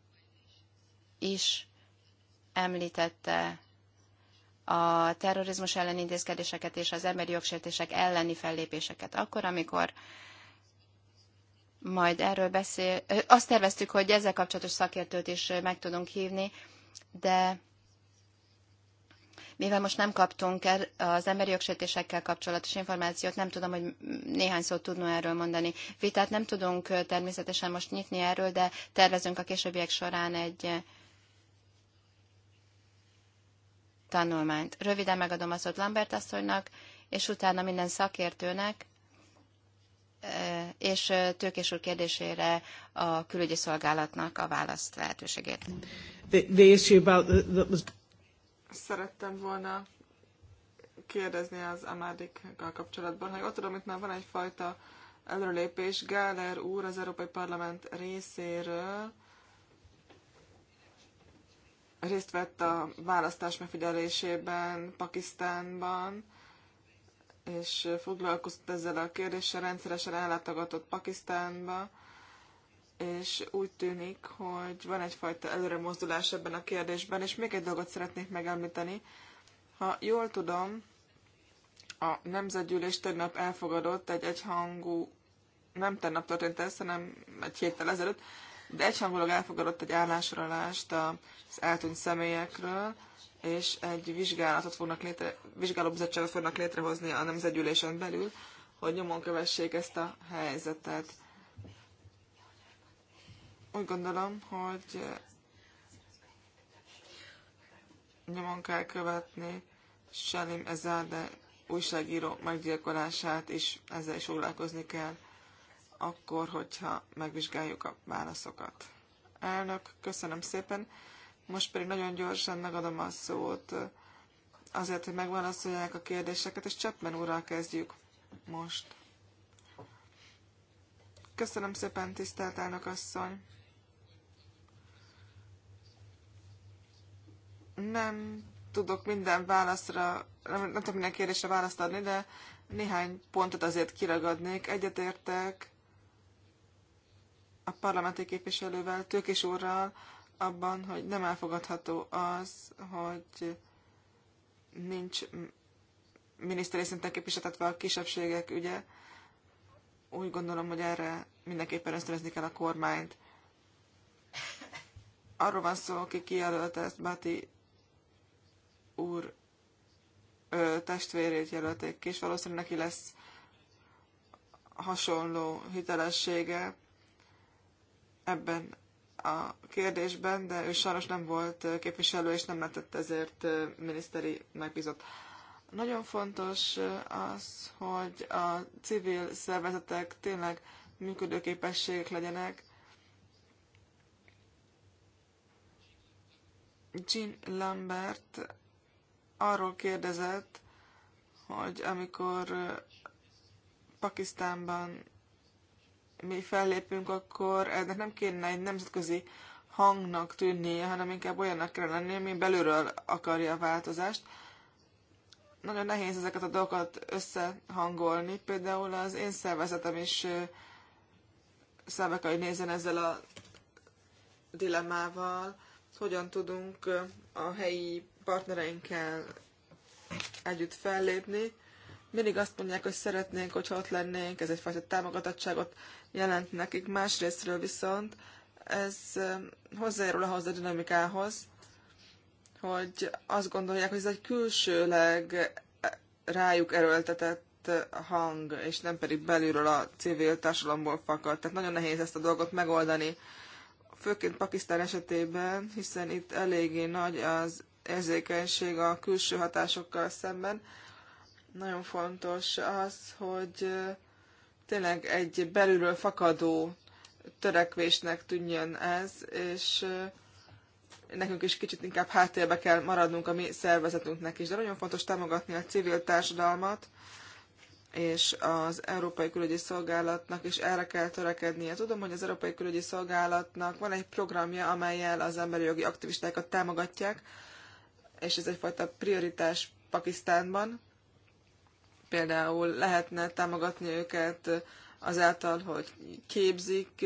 is említette a terrorizmus elleni intézkedéseket és az emberi jogsértések elleni fellépéseket akkor, amikor majd erről beszél. Azt terveztük, hogy ezzel kapcsolatos szakértőt is meg tudunk hívni, de mivel most nem kaptunk el az emberi jogsértésekkel kapcsolatos információt, nem tudom, hogy néhány szót tudna erről mondani. Vitát nem tudunk természetesen most nyitni erről, de tervezünk a későbbiek során egy tanulmányt. Röviden megadom a szót Lambert asszonynak, és utána minden szakértőnek, és Tőkés úr kérdésére a külügyi szolgálatnak a választ lehetőségét.
The, the issue about the, the was...
Szerettem volna kérdezni az Amádikkal kapcsolatban, hogy ott tudom, itt már van egyfajta előlépés. Gáler úr az Európai Parlament részéről részt vett a választás megfigyelésében Pakisztánban, és foglalkozott ezzel a kérdéssel, rendszeresen ellátogatott Pakisztánba, és úgy tűnik, hogy van egyfajta előremozdulás ebben a kérdésben, és még egy dolgot szeretnék megemlíteni. Ha jól tudom, a Nemzetgyűlés tegnap elfogadott egy egyhangú, nem tegnap történt ez, hanem egy héttel ezelőtt, de egyhangulag elfogadott egy állásralást az eltűnt személyekről, és egy vizsgálatot fognak létre, vizsgálóbizottságot fognak létrehozni a nemzetgyűlésen belül, hogy nyomon kövessék ezt a helyzetet. Úgy gondolom, hogy eh, nyomon kell követni Salim Ezade újságíró meggyilkolását, és ezzel is foglalkozni kell akkor, hogyha megvizsgáljuk a válaszokat. Elnök, köszönöm szépen. Most pedig nagyon gyorsan megadom a szót azért, hogy megválaszolják a kérdéseket, és Csepmen úrral kezdjük most. Köszönöm szépen, tisztelt elnök asszony. Nem tudok minden válaszra, nem, nem tudok minden kérdésre választ adni, de néhány pontot azért kiragadnék. Egyetértek a parlamenti képviselővel, Tőkés úrral abban, hogy nem elfogadható az, hogy nincs miniszteri szinten képviseltetve a kisebbségek ügye. Úgy gondolom, hogy erre mindenképpen ösztönözni kell a kormányt. Arról van szó, aki kijelölte ezt, Báti úr ö, testvérét jelölték és valószínűleg neki lesz hasonló hitelessége, ebben a kérdésben, de ő sajnos nem volt képviselő, és nem lehetett ezért miniszteri megbízott. Nagyon fontos az, hogy a civil szervezetek tényleg működőképességek legyenek. Jean Lambert arról kérdezett, hogy amikor Pakisztánban mi fellépünk, akkor ennek nem kéne egy nemzetközi hangnak tűnnie, hanem inkább olyannak kell lennie, ami belülről akarja a változást. Nagyon nehéz ezeket a dolgokat összehangolni. Például az én szervezetem is szembe kell, hogy nézzen ezzel a dilemmával, hogyan tudunk a helyi partnereinkkel együtt fellépni, mindig azt mondják, hogy szeretnénk, hogy ott lennénk, ez egyfajta támogatottságot jelent nekik. Másrésztről viszont ez hozzájárul ahhoz a dinamikához, hogy azt gondolják, hogy ez egy külsőleg rájuk erőltetett hang, és nem pedig belülről a civil társadalomból fakad. Tehát nagyon nehéz ezt a dolgot megoldani, főként Pakisztán esetében, hiszen itt eléggé nagy az érzékenység a külső hatásokkal szemben, nagyon fontos az, hogy tényleg egy belülről fakadó törekvésnek tűnjön ez, és nekünk is kicsit inkább háttérbe kell maradnunk a mi szervezetünknek is, de nagyon fontos támogatni a civil társadalmat, és az Európai Külügyi Szolgálatnak is erre kell törekednie. Tudom, hogy az Európai Külügyi Szolgálatnak van egy programja, amelyel az emberi jogi aktivistákat támogatják, és ez egyfajta prioritás Pakisztánban. Például lehetne támogatni őket azáltal, hogy képzik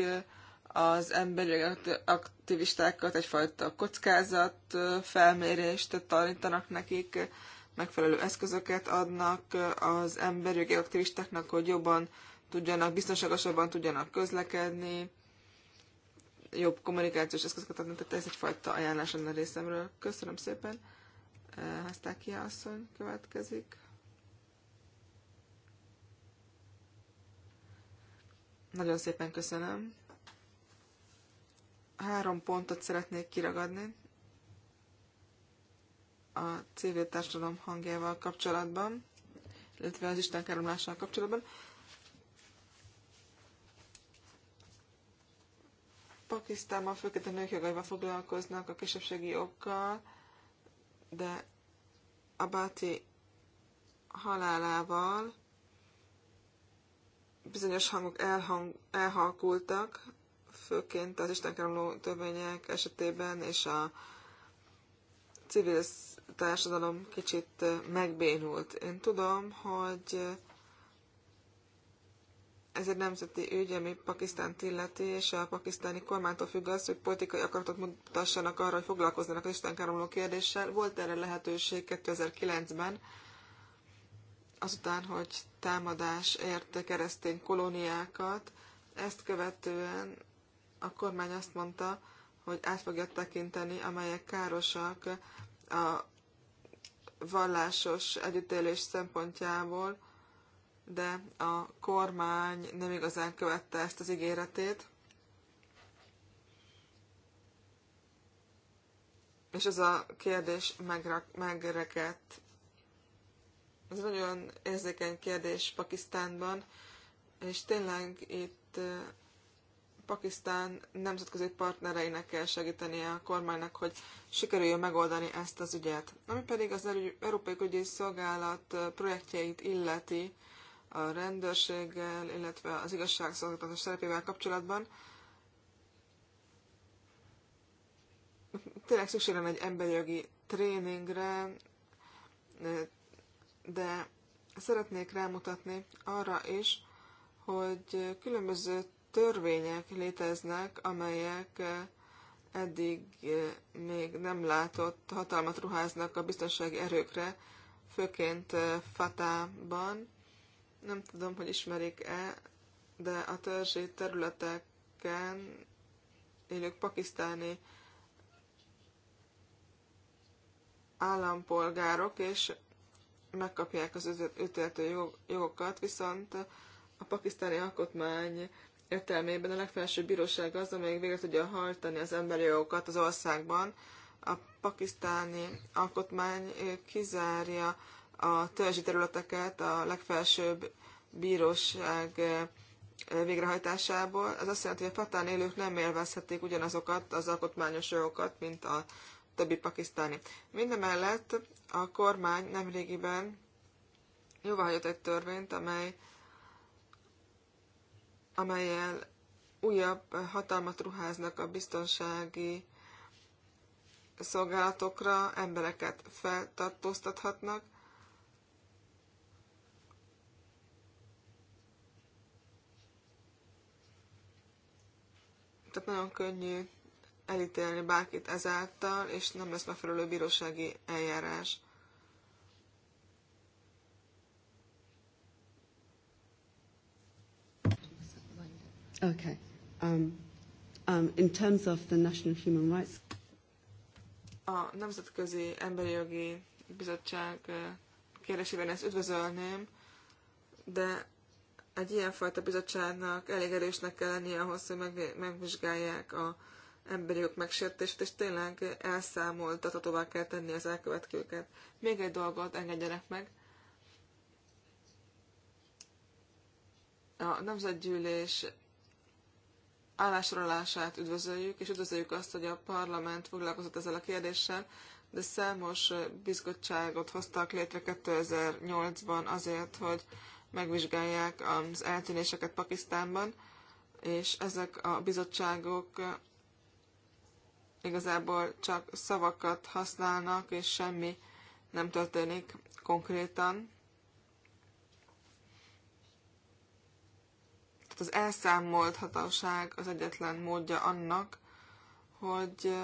az emberi aktivistákat, egyfajta kockázat felmérést tanítanak nekik, megfelelő eszközöket adnak az emberi aktivistáknak, hogy jobban tudjanak, biztonságosabban tudjanak közlekedni, jobb kommunikációs eszközöket adnak, tehát ez egyfajta ajánlás lenne részemről. Köszönöm szépen. Hasztákia asszony következik. Nagyon szépen köszönöm. Három pontot szeretnék kiragadni a civil társadalom hangjával kapcsolatban, illetve az Isten káromlással kapcsolatban. Pakisztánban főként a nők jogaival foglalkoznak, a kisebbségi okkal, de Abáti halálával bizonyos hangok elhang, elhalkultak, főként az istenkerülő törvények esetében, és a civil társadalom kicsit megbénult. Én tudom, hogy ez egy nemzeti ügy, ami Pakisztánt illeti, és a pakisztáni kormánytól függ az, hogy politikai akaratot mutassanak arra, hogy foglalkozzanak az istenkáromló kérdéssel. Volt erre lehetőség 2009-ben, azután, hogy támadás érte keresztény kolóniákat, ezt követően a kormány azt mondta, hogy át fogja tekinteni, amelyek károsak a vallásos együttélés szempontjából, de a kormány nem igazán követte ezt az ígéretét. És ez a kérdés megrekedt ez nagyon érzékeny kérdés Pakisztánban, és tényleg itt Pakisztán nemzetközi partnereinek kell segítenie a kormánynak, hogy sikerüljön megoldani ezt az ügyet. Ami pedig az Európai Ügyi Szolgálat projektjeit illeti a rendőrséggel, illetve az igazságszolgáltatás szerepével kapcsolatban, tényleg szükség van egy emberjogi tréningre, de szeretnék rámutatni arra is, hogy különböző törvények léteznek, amelyek eh, eddig eh, még nem látott hatalmat ruháznak a biztonsági erőkre, főként eh, Fatában. Nem tudom, hogy ismerik-e, de a törzsi területeken élők pakisztáni állampolgárok, és megkapják az ütéltő jogokat, viszont a pakisztáni alkotmány értelmében a legfelsőbb bíróság az, amelyik végre tudja hajtani az emberi jogokat az országban. A pakisztáni alkotmány kizárja a törzsi területeket a legfelsőbb bíróság végrehajtásából. Ez azt jelenti, hogy a patán élők nem élvezhetik ugyanazokat az alkotmányos jogokat, mint a többi pakisztáni. Mindemellett a kormány nemrégiben jóváhagyott egy törvényt, amely, amelyel újabb hatalmat ruháznak a biztonsági szolgálatokra, embereket feltartóztathatnak, tehát nagyon könnyű elítélni bárkit ezáltal, és nem lesz megfelelő bírósági eljárás. Okay. Um, um, in terms of the National Human Rights a Nemzetközi Emberi Jogi Bizottság uh, kérdésében ezt üdvözölném, de egy ilyenfajta bizottságnak elég erősnek kell lennie ahhoz, hogy megvizsgálják a emberi jog megsértését, és tényleg tovább kell tenni az elkövetőket. Még egy dolgot engedjenek meg. A Nemzetgyűlés állásrólását üdvözöljük, és üdvözöljük azt, hogy a parlament foglalkozott ezzel a kérdéssel, de számos bizottságot hoztak létre 2008-ban azért, hogy megvizsgálják az eltűnéseket Pakisztánban, és ezek a bizottságok igazából csak szavakat használnak, és semmi nem történik konkrétan. Tehát az elszámolt hatóság az egyetlen módja annak, hogy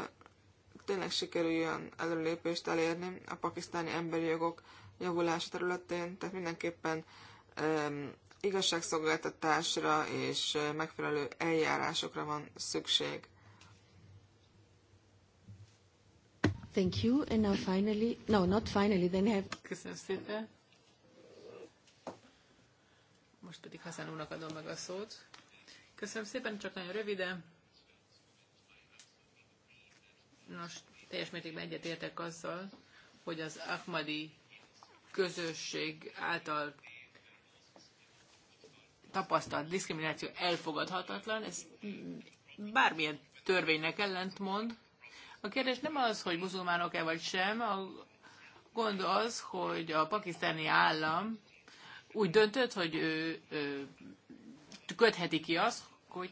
tényleg sikerüljön előlépést elérni a pakisztáni emberi jogok javulása területén, tehát mindenképpen um, igazságszolgáltatásra és megfelelő eljárásokra van szükség.
Thank you. And now finally, no, not finally, then have...
Köszönöm szépen. Most pedig Hasan úrnak adom meg a szót. Köszönöm szépen, csak nagyon röviden. Nos, teljes mértékben egyetértek azzal, hogy az Ahmadi közösség által tapasztalt diszkrimináció elfogadhatatlan, ez bármilyen törvénynek ellentmond, a kérdés nem az, hogy muzulmánok-e vagy sem, a gond az, hogy a pakisztáni állam úgy döntött, hogy ő, ő kötheti ki azt, hogy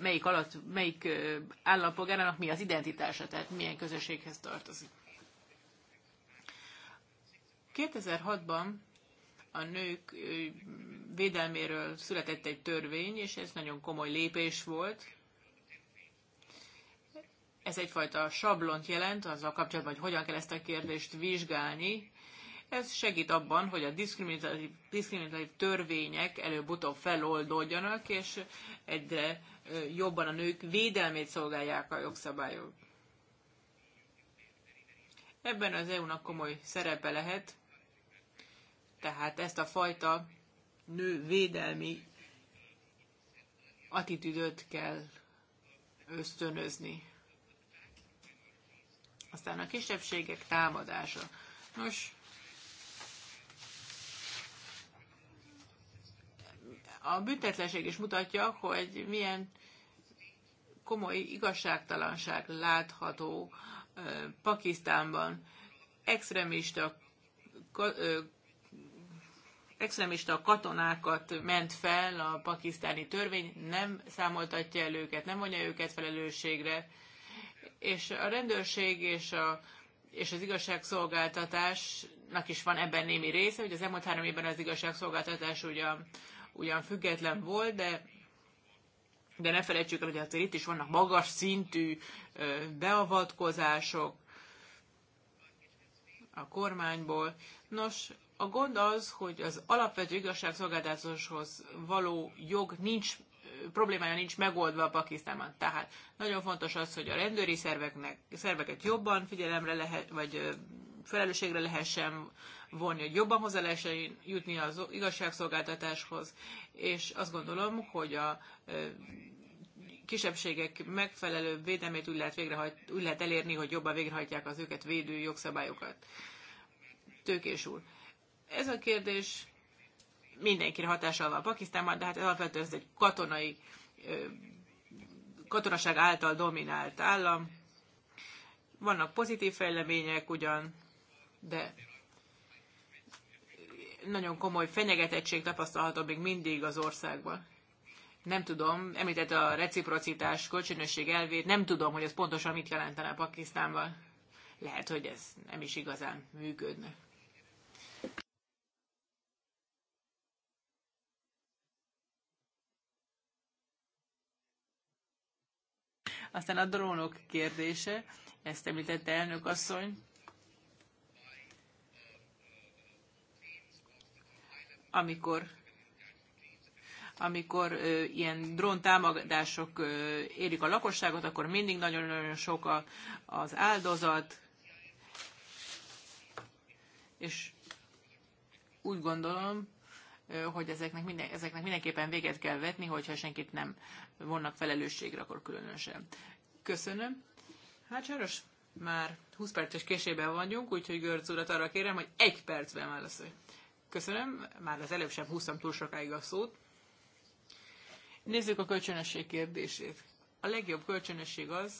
melyik, alatt, melyik állampolgárának mi az identitása, tehát milyen közösséghez tartozik. 2006-ban a nők védelméről született egy törvény, és ez nagyon komoly lépés volt, ez egyfajta sablont jelent azzal kapcsolatban, hogy hogyan kell ezt a kérdést vizsgálni. Ez segít abban, hogy a diszkriminatív, diszkriminatív törvények előbb-utóbb feloldódjanak, és egyre jobban a nők védelmét szolgálják a jogszabályok. Ebben az EU-nak komoly szerepe lehet, tehát ezt a fajta nővédelmi attitűdöt kell ösztönözni. Aztán a kisebbségek támadása. Nos, a büntetlenség is mutatja, hogy milyen komoly igazságtalanság látható Pakisztánban. Extremista, ka, extremista katonákat ment fel a pakisztáni törvény, nem számoltatja el őket, nem vonja őket felelősségre és a rendőrség és, a, és az igazságszolgáltatásnak is van ebben némi része, hogy az elmúlt három évben az igazságszolgáltatás ugyan, ugyan független volt, de de ne felejtsük el, hogy azért itt is vannak magas szintű beavatkozások a kormányból. Nos, a gond az, hogy az alapvető igazságszolgáltatáshoz való jog nincs problémája nincs megoldva a Pakisztánban. Tehát nagyon fontos az, hogy a rendőri szerveknek, szerveket jobban figyelemre lehet, vagy felelősségre lehessen vonni, hogy jobban hozzá lehessen jutni az igazságszolgáltatáshoz, és azt gondolom, hogy a kisebbségek megfelelő védelmét úgy lehet, végrehajt, úgy lehet elérni, hogy jobban végrehajtják az őket védő jogszabályokat. Tőkés úr, ez a kérdés mindenkire hatással van Pakisztánban, de hát alapvetően ez egy katonai, katonaság által dominált állam. Vannak pozitív fejlemények ugyan, de nagyon komoly fenyegetettség tapasztalható még mindig az országban. Nem tudom, említett a reciprocitás, kölcsönösség elvét, nem tudom, hogy ez pontosan mit jelentene Pakisztánban. Lehet, hogy ez nem is igazán működne. Aztán a drónok kérdése, ezt említette elnök asszony, amikor amikor ö, ilyen dróntámadások ö, érik a lakosságot, akkor mindig nagyon-nagyon sok a, az áldozat, és úgy gondolom, hogy ezeknek, minden, ezeknek mindenképpen véget kell vetni, hogyha senkit nem vonnak felelősségre, akkor különösen. Köszönöm. Hát Sáros, már 20 perces késében vagyunk, úgyhogy Görc urat arra kérem, hogy egy percben válaszolj. Köszönöm, már az előbb sem húztam túl sokáig a szót. Nézzük a kölcsönösség kérdését. A legjobb kölcsönösség az,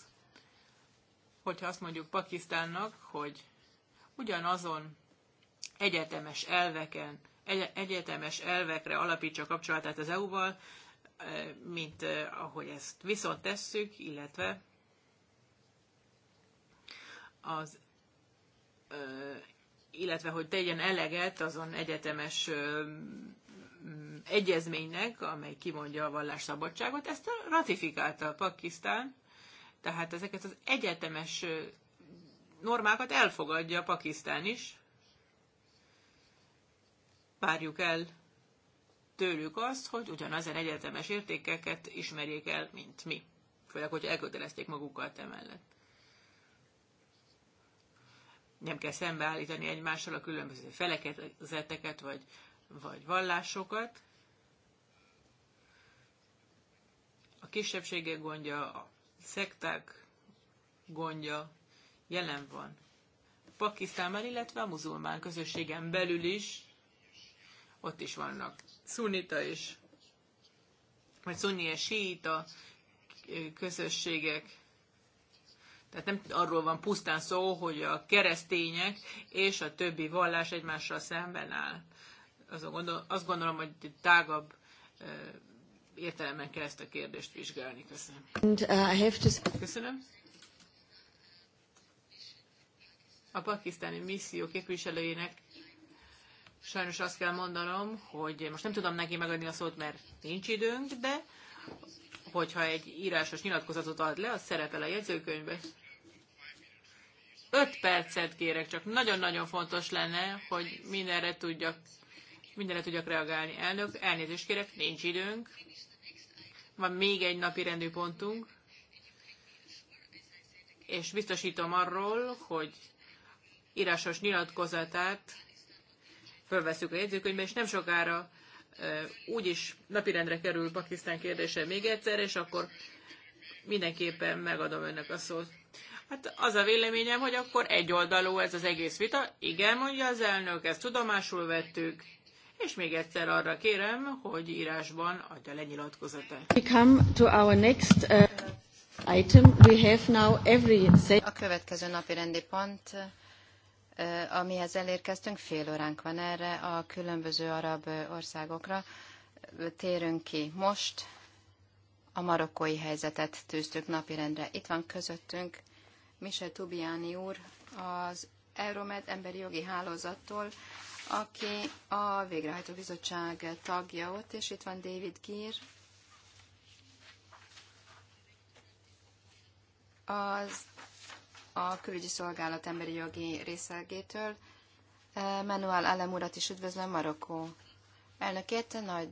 hogyha azt mondjuk Pakisztánnak, hogy ugyanazon egyetemes elveken egy- egyetemes elvekre alapítsa kapcsolatát az EU-val, eh, mint eh, ahogy ezt viszont tesszük, illetve az eh, illetve hogy tegyen eleget azon egyetemes mm, egyezménynek, amely kimondja a vallásszabadságot, ezt ratifikálta a Pakisztán, tehát ezeket az egyetemes normákat elfogadja a Pakisztán is, várjuk el tőlük azt, hogy ugyanazen egyetemes értékeket ismerjék el, mint mi. Főleg, hogy elkötelezték magukat emellett. Nem kell szembeállítani egymással a különböző felekezeteket, vagy, vagy vallásokat. A kisebbségek gondja, a szekták gondja jelen van Pakisztánban, illetve a muzulmán közösségen belül is ott is vannak szunita és vagy szunni és síita közösségek. Tehát nem arról van pusztán szó, hogy a keresztények és a többi vallás egymással szemben áll. Azon azt gondolom, hogy tágabb értelemben kell ezt a kérdést vizsgálni. Köszönöm.
And, uh, I have to...
Köszönöm. A pakisztáni misszió képviselőjének sajnos azt kell mondanom, hogy most nem tudom neki megadni a szót, mert nincs időnk, de hogyha egy írásos nyilatkozatot ad le, az szerepel a jegyzőkönyvbe. Öt percet kérek, csak nagyon-nagyon fontos lenne, hogy mindenre tudjak, mindenre tudjak reagálni. Elnök, elnézést kérek, nincs időnk. Van még egy napi rendű pontunk. És biztosítom arról, hogy írásos nyilatkozatát fölveszük a jegyzőkönyvbe, és nem sokára úgyis napirendre kerül Pakisztán kérdése még egyszer, és akkor mindenképpen megadom önnek a szót. Hát az a véleményem, hogy akkor egyoldalú ez az egész vita. Igen, mondja az elnök, ezt tudomásul vettük, és még egyszer arra kérem, hogy írásban adja le nyilatkozatát. We come
to our next uh, item. We have now every... A következő napi rendi pont amihez elérkeztünk, fél óránk van erre a különböző arab országokra. Térünk ki most, a marokkói helyzetet tűztük napirendre. Itt van közöttünk Michel Tubiani úr az Euromed emberi jogi hálózattól, aki a végrehajtó bizottság tagja ott, és itt van David Gír, az a külügyi szolgálat emberi jogi részlegétől. E, Manuel Alem urat is üdvözlöm, Marokkó elnökét. Nagy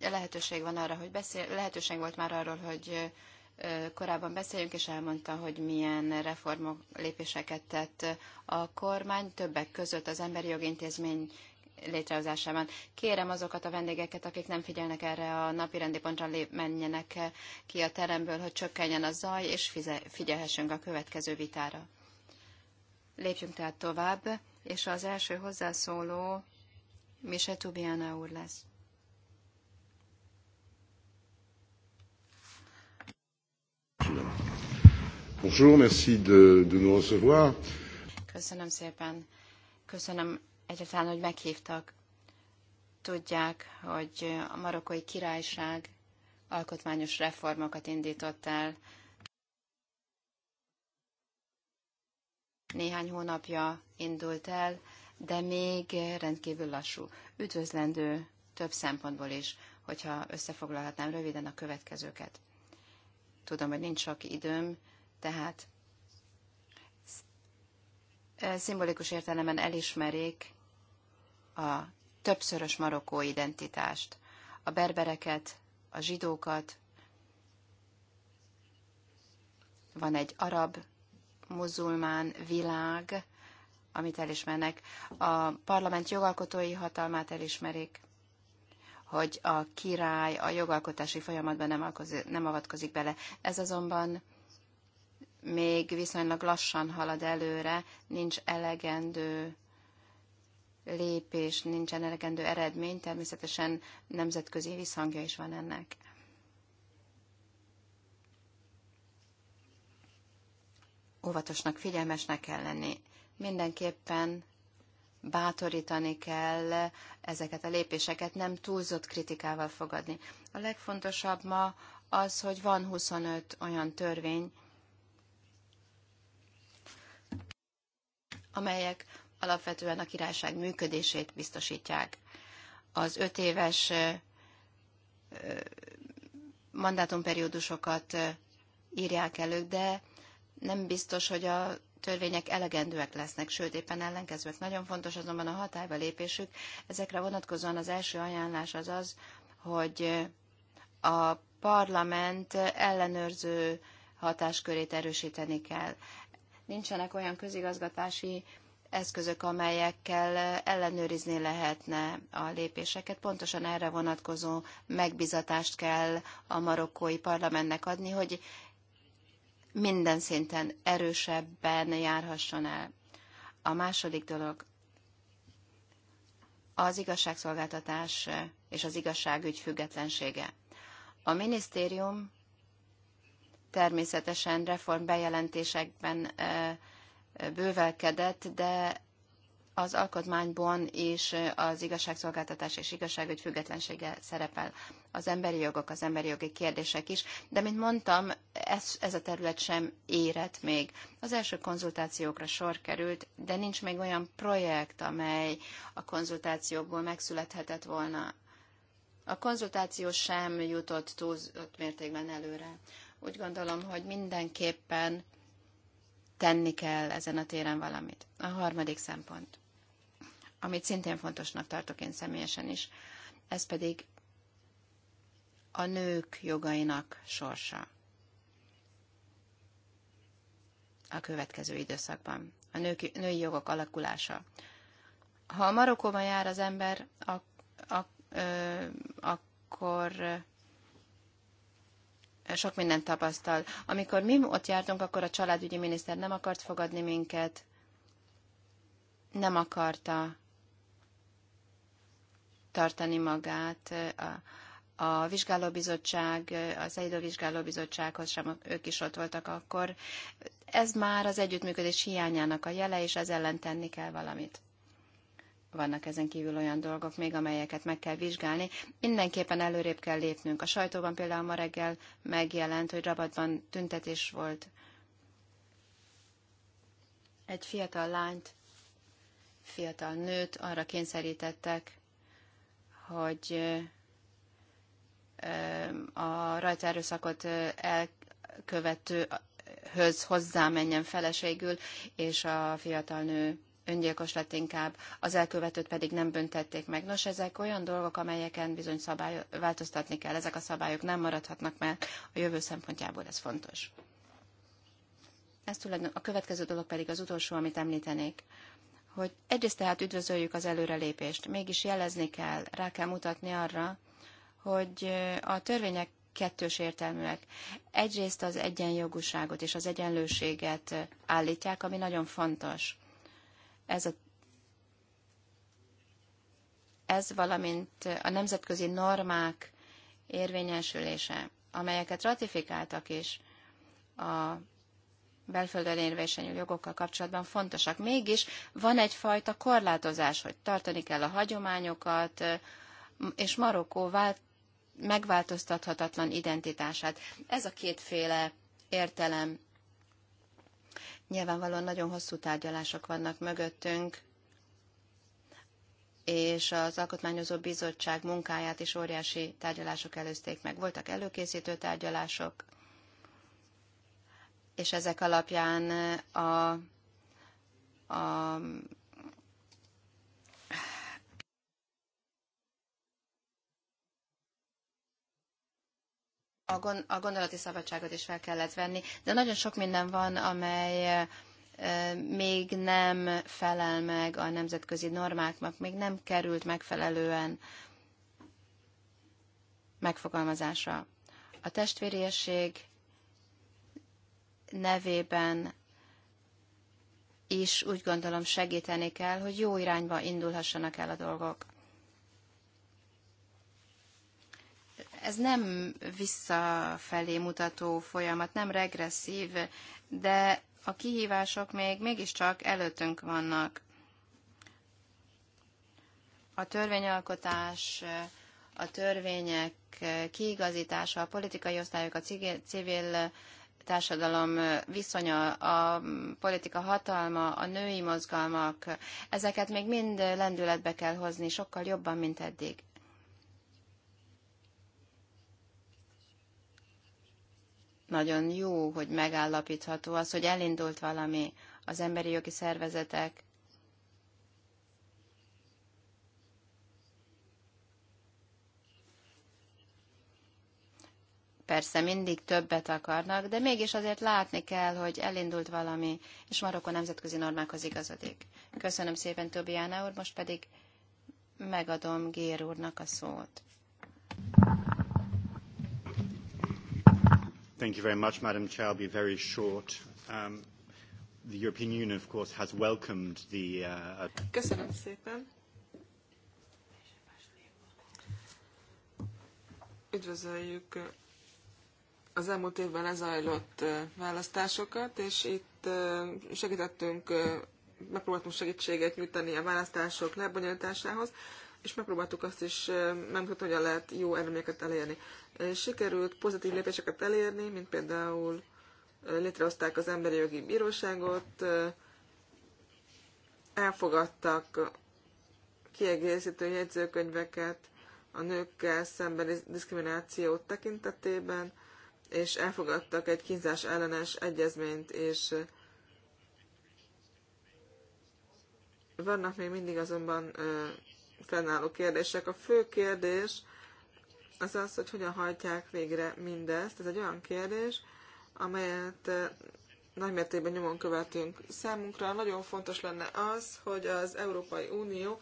lehetőség van arra, hogy beszél, lehetőség volt már arról, hogy e, korábban beszéljünk, és elmondta, hogy milyen reformok lépéseket tett a kormány, többek között az emberi jogi intézmény létrehozásában. Kérem azokat a vendégeket, akik nem figyelnek erre a napi rendi pontra, menjenek ki a teremből, hogy csökkenjen a zaj, és figyelhessünk a következő vitára. Lépjünk tehát tovább, és az első hozzászóló Mise Tubiana úr lesz.
Bonjour, merci de, de nous recevoir.
Köszönöm szépen. Köszönöm egyáltalán, hogy meghívtak. Tudják, hogy a marokkai királyság alkotmányos reformokat indított el. Néhány hónapja indult el, de még rendkívül lassú. Üdvözlendő több szempontból is, hogyha összefoglalhatnám röviden a következőket. Tudom, hogy nincs sok időm, tehát szimbolikus értelemben elismerik a többszörös marokkó identitást, a berbereket, a zsidókat, van egy arab, muzulmán világ, amit elismernek. A parlament jogalkotói hatalmát elismerik, hogy a király a jogalkotási folyamatban nem, alkozik, nem avatkozik bele. Ez azonban még viszonylag lassan halad előre, nincs elegendő lépés, nincsen elegendő eredmény, természetesen nemzetközi visszhangja is van ennek. Óvatosnak, figyelmesnek kell lenni. Mindenképpen bátorítani kell ezeket a lépéseket, nem túlzott kritikával fogadni. A legfontosabb ma az, hogy van 25 olyan törvény, amelyek alapvetően a királyság működését biztosítják. Az öt éves mandátumperiódusokat írják elő, de nem biztos, hogy a törvények elegendőek lesznek, sőt éppen ellenkezőek. Nagyon fontos azonban a hatályba lépésük. Ezekre vonatkozóan az első ajánlás az az, hogy a parlament ellenőrző hatáskörét erősíteni kell. Nincsenek olyan közigazgatási eszközök, amelyekkel ellenőrizni lehetne a lépéseket. Pontosan erre vonatkozó megbizatást kell a marokkói parlamentnek adni, hogy minden szinten erősebben járhasson el. A második dolog az igazságszolgáltatás és az igazságügy függetlensége. A minisztérium természetesen reformbejelentésekben bejelentésekben eh, bővelkedett, de az alkotmányban és az igazságszolgáltatás és igazságügy függetlensége szerepel az emberi jogok, az emberi jogi kérdések is, de mint mondtam, ez, ez a terület sem érett még. Az első konzultációkra sor került, de nincs még olyan projekt, amely a konzultációkból megszülethetett volna. A konzultáció sem jutott túlzott mértékben előre. Úgy gondolom, hogy mindenképpen tenni kell ezen a téren valamit. A harmadik szempont, amit szintén fontosnak tartok én személyesen is, ez pedig a nők jogainak sorsa a következő időszakban. A nők, női jogok alakulása. Ha Marokkóban jár az ember, ö, akkor sok mindent tapasztal. Amikor mi ott jártunk, akkor a családügyi miniszter nem akart fogadni minket, nem akarta tartani magát a, a vizsgálóbizottság, az Eidó vizsgálóbizottsághoz sem, ők is ott voltak akkor. Ez már az együttműködés hiányának a jele, és ez ellen tenni kell valamit vannak ezen kívül olyan dolgok még, amelyeket meg kell vizsgálni. Mindenképpen előrébb kell lépnünk. A sajtóban például ma reggel megjelent, hogy Rabatban tüntetés volt. Egy fiatal lányt, fiatal nőt arra kényszerítettek, hogy a rajta erőszakot elkövetőhöz hozzámenjen feleségül, és a fiatal nő öngyilkos lett inkább, az elkövetőt pedig nem büntették meg. Nos, ezek olyan dolgok, amelyeken bizony szabály, változtatni kell. Ezek a szabályok nem maradhatnak, mert a jövő szempontjából ez fontos. Ez tulajdon, a következő dolog pedig az utolsó, amit említenék hogy egyrészt tehát üdvözöljük az előrelépést, mégis jelezni kell, rá kell mutatni arra, hogy a törvények kettős értelműek. Egyrészt az egyenjogúságot és az egyenlőséget állítják, ami nagyon fontos ez a ez, valamint a nemzetközi normák érvényesülése, amelyeket ratifikáltak is a belföldön érvényesülő jogokkal kapcsolatban fontosak. Mégis van egyfajta korlátozás, hogy tartani kell a hagyományokat, és Marokkó vált, megváltoztathatatlan identitását. Ez a kétféle értelem Nyilvánvalóan nagyon hosszú tárgyalások vannak mögöttünk, és az Alkotmányozó Bizottság munkáját is óriási tárgyalások előzték meg. Voltak előkészítő tárgyalások, és ezek alapján a, a a, gon- a gondolati szabadságot is fel kellett venni, de nagyon sok minden van, amely még nem felel meg a nemzetközi normáknak, még nem került megfelelően megfogalmazásra. A testvériesség nevében is úgy gondolom segíteni kell, hogy jó irányba indulhassanak el a dolgok. Ez nem visszafelé mutató folyamat, nem regresszív, de a kihívások még mégiscsak előttünk vannak. A törvényalkotás, a törvények kiigazítása, a politikai osztályok, a civil társadalom viszonya, a politika hatalma, a női mozgalmak, ezeket még mind lendületbe kell hozni, sokkal jobban, mint eddig. nagyon jó, hogy megállapítható az, hogy elindult valami az emberi jogi szervezetek Persze mindig többet akarnak, de mégis azért látni kell, hogy elindult valami, és Marokko nemzetközi normákhoz igazodik. Köszönöm szépen Tobiána úr, most pedig megadom Gér úrnak a szót.
Thank you very much, Madam Chair. I'll be very short. Um, the European Union, of course, has welcomed the... Uh... Köszönöm
Üdvözöljük az elmúlt évben lezajlott uh, választásokat, és itt uh, segítettünk, uh, megpróbáltunk segítséget nyújtani a választások lebonyolításához és megpróbáltuk azt is nem megmutatni, hogyan lehet jó eredményeket elérni. Sikerült pozitív lépéseket elérni, mint például létrehozták az Emberi Jogi Bíróságot, elfogadtak kiegészítő jegyzőkönyveket a nőkkel szembeni diszkrimináció tekintetében, és elfogadtak egy kínzás ellenes egyezményt, és vannak még mindig azonban fennálló kérdések. A fő kérdés az az, hogy hogyan hajtják végre mindezt. Ez egy olyan kérdés, amelyet eh, nagymértékben nyomon követünk. Számunkra nagyon fontos lenne az, hogy az Európai Unió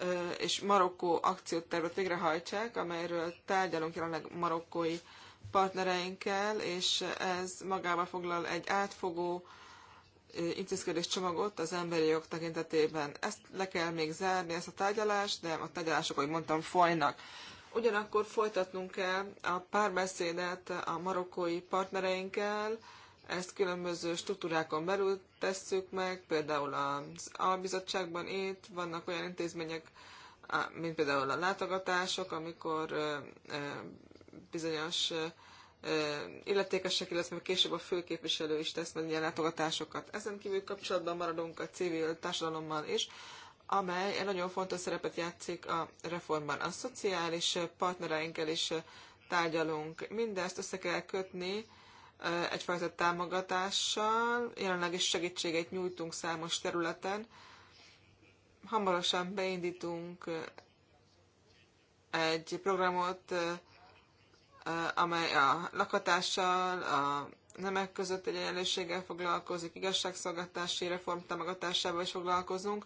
eh, és Marokkó akciótervet végrehajtsák, amelyről tárgyalunk jelenleg marokkói partnereinkkel, és ez magába foglal egy átfogó intézkedés csomagot az emberi jog tekintetében. Ezt le kell még zárni, ezt a tárgyalást, de a tárgyalások, ahogy mondtam, folynak. Ugyanakkor folytatnunk kell a párbeszédet a marokkói partnereinkkel, ezt különböző struktúrákon belül tesszük meg, például az albizottságban itt vannak olyan intézmények, mint például a látogatások, amikor bizonyos illetékesek, illetve később a főképviselő is tesz meg ilyen látogatásokat. Ezen kívül kapcsolatban maradunk a civil társadalommal is, amely egy nagyon fontos szerepet játszik a reformban. A szociális partnereinkkel is tárgyalunk. Mindezt össze kell kötni egyfajta támogatással, jelenleg is segítséget nyújtunk számos területen. Hamarosan beindítunk egy programot amely a lakatással, a nemek között egy egyenlőséggel foglalkozik, igazságszolgáltási reform támogatásával is foglalkozunk,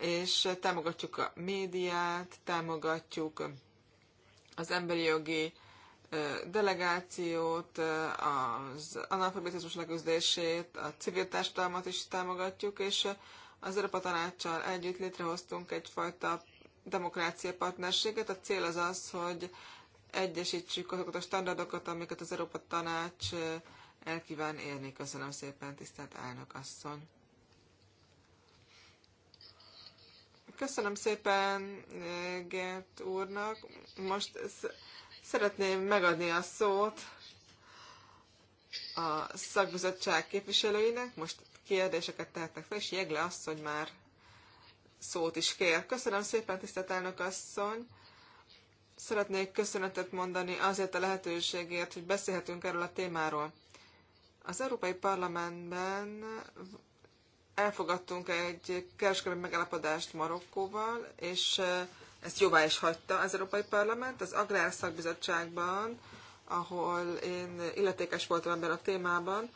és támogatjuk a médiát, támogatjuk az emberi jogi delegációt, az analfabetizmus leküzdését, a civil társadalmat is támogatjuk, és az Európa Tanácssal együtt létrehoztunk egyfajta demokrácia partnerséget. A cél az az, hogy egyesítsük azokat a standardokat, amiket az Európa Tanács el kíván élni. Köszönöm szépen, tisztelt elnök asszony! Köszönöm szépen Gert úrnak. Most szeretném megadni a szót a szakbizottság képviselőinek. Most kérdéseket tehetnek fel, és Jegle asszony már szót is kér. Köszönöm szépen, tisztelt elnök asszony! Szeretnék köszönetet mondani azért a lehetőségért, hogy beszélhetünk erről a témáról. Az Európai Parlamentben elfogadtunk egy kereskedelmi megállapodást Marokkóval, és ezt jóvá is hagyta az Európai Parlament. Az Szakbizottságban, ahol én illetékes voltam ebben a témában,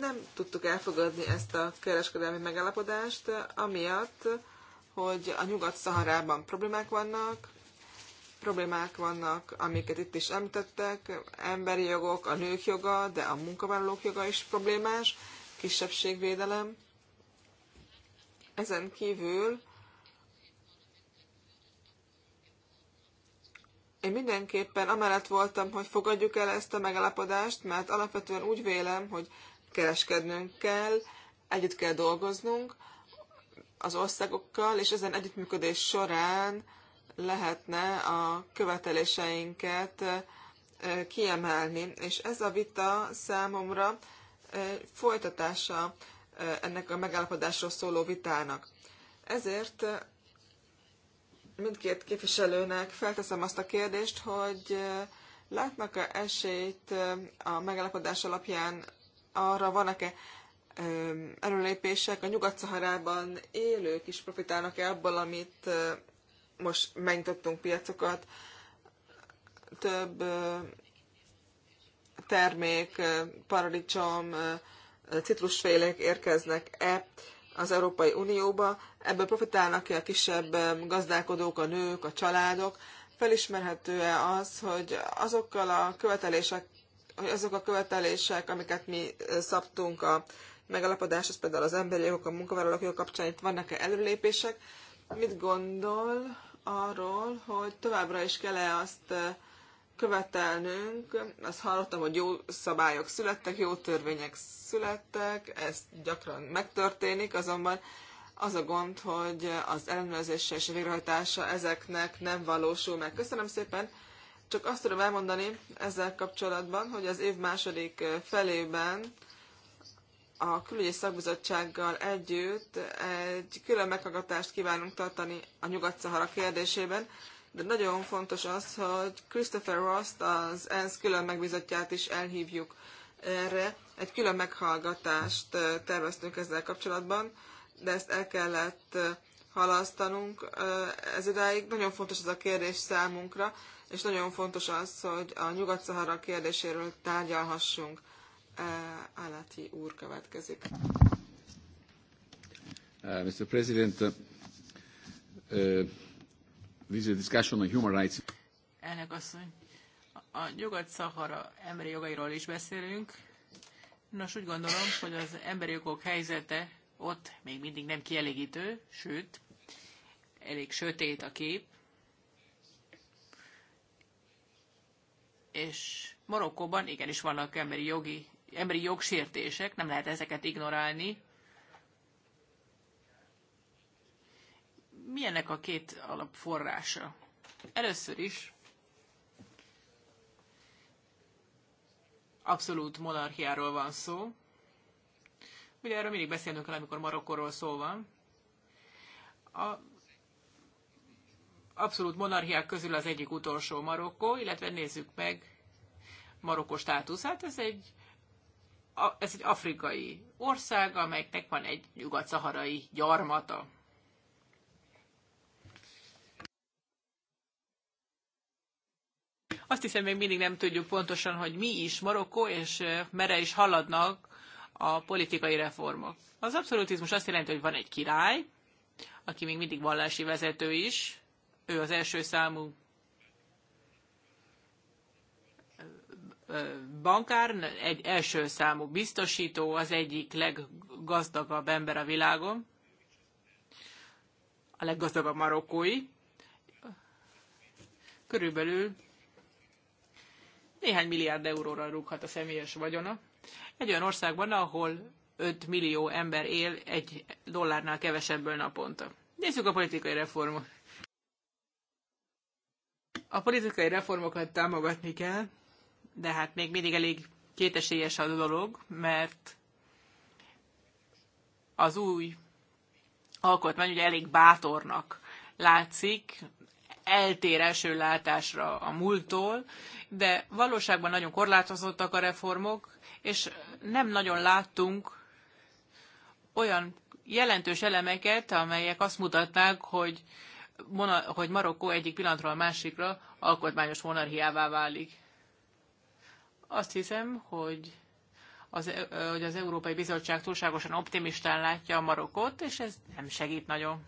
nem tudtuk elfogadni ezt a kereskedelmi megállapodást, amiatt, hogy a Nyugat-Szaharában problémák vannak, problémák vannak, amiket itt is említettek, emberi jogok, a nők joga, de a munkavállalók joga is problémás, kisebbségvédelem. Ezen kívül én mindenképpen amellett voltam, hogy fogadjuk el ezt a megállapodást, mert alapvetően úgy vélem, hogy kereskednünk kell, együtt kell dolgoznunk az országokkal, és ezen együttműködés során lehetne a követeléseinket kiemelni, és ez a vita számomra folytatása ennek a megállapodásról szóló vitának. Ezért mindkét képviselőnek felteszem azt a kérdést, hogy látnak-e esélyt a megállapodás alapján arra vannak-e erőlépések, a nyugat élők is profitálnak -e abból, amit most megnyitottunk piacokat, több termék, paradicsom, citrusfélék érkeznek-e az Európai Unióba. Ebből profitálnak-e a kisebb gazdálkodók, a nők, a családok? Felismerhető-e az, hogy azokkal a követelések, hogy azok a követelések, amiket mi szabtunk a megalapodás, az például az emberi jogok, a munkavállalók jogok kapcsán itt vannak-e előlépések. Mit gondol arról, hogy továbbra is kell-e azt követelnünk, azt hallottam, hogy jó szabályok születtek, jó törvények születtek, ez gyakran megtörténik, azonban az a gond, hogy az ellenőrzése és a végrehajtása ezeknek nem valósul meg. Köszönöm szépen! Csak azt tudom elmondani ezzel kapcsolatban, hogy az év második felében a külügyi szakbizottsággal együtt egy külön meghallgatást kívánunk tartani a Nyugat-Szahara kérdésében, de nagyon fontos az, hogy Christopher ross az ENSZ külön megbizottját is elhívjuk erre. Egy külön meghallgatást terveztünk ezzel kapcsolatban, de ezt el kellett halasztanunk ez idáig. Nagyon fontos ez a kérdés számunkra, és nagyon fontos az, hogy a Nyugat-Szahara kérdéséről tárgyalhassunk. Álati úr következik.
Uh, Mr. President, uh, uh, this is a discussion on human rights.
Elnök asszony, a Nyugat-Szahara emberi jogairól is beszélünk. Nos, úgy gondolom, hogy az emberi jogok helyzete ott még mindig nem kielégítő, sőt, elég sötét a kép. És Marokkóban igenis vannak emberi jogi emberi jogsértések, nem lehet ezeket ignorálni. Milyennek a két alapforrása? Először is abszolút monarchiáról van szó. Ugye erről mindig beszélnünk kell, amikor Marokkorról szó van. A abszolút monarchiák közül az egyik utolsó Marokkó, illetve nézzük meg Marokkó státuszát. Ez egy ez egy afrikai ország, amelynek van egy nyugat-szaharai gyarmata. Azt hiszem, még mindig nem tudjuk pontosan, hogy mi is Marokkó, és merre is haladnak a politikai reformok. Az abszolutizmus azt jelenti, hogy van egy király, aki még mindig vallási vezető is, ő az első számú bankár, egy első számú biztosító, az egyik leggazdagabb ember a világon, a leggazdagabb marokkói. Körülbelül néhány milliárd euróra rúghat a személyes vagyona. Egy olyan országban, ahol 5 millió ember él egy dollárnál kevesebből naponta. Nézzük a politikai reformot. A politikai reformokat támogatni kell, de hát még mindig elég kétesélyes a dolog, mert az új alkotmány ugye elég bátornak látszik, eltér első látásra a múlttól, de valóságban nagyon korlátozottak a reformok, és nem nagyon láttunk olyan jelentős elemeket, amelyek azt mutatnák, hogy, hogy Marokkó egyik pillanatról a másikra alkotmányos monarchiává válik. Azt hiszem, hogy az, hogy az Európai Bizottság túlságosan optimistán látja a Marokkot, és ez nem segít nagyon.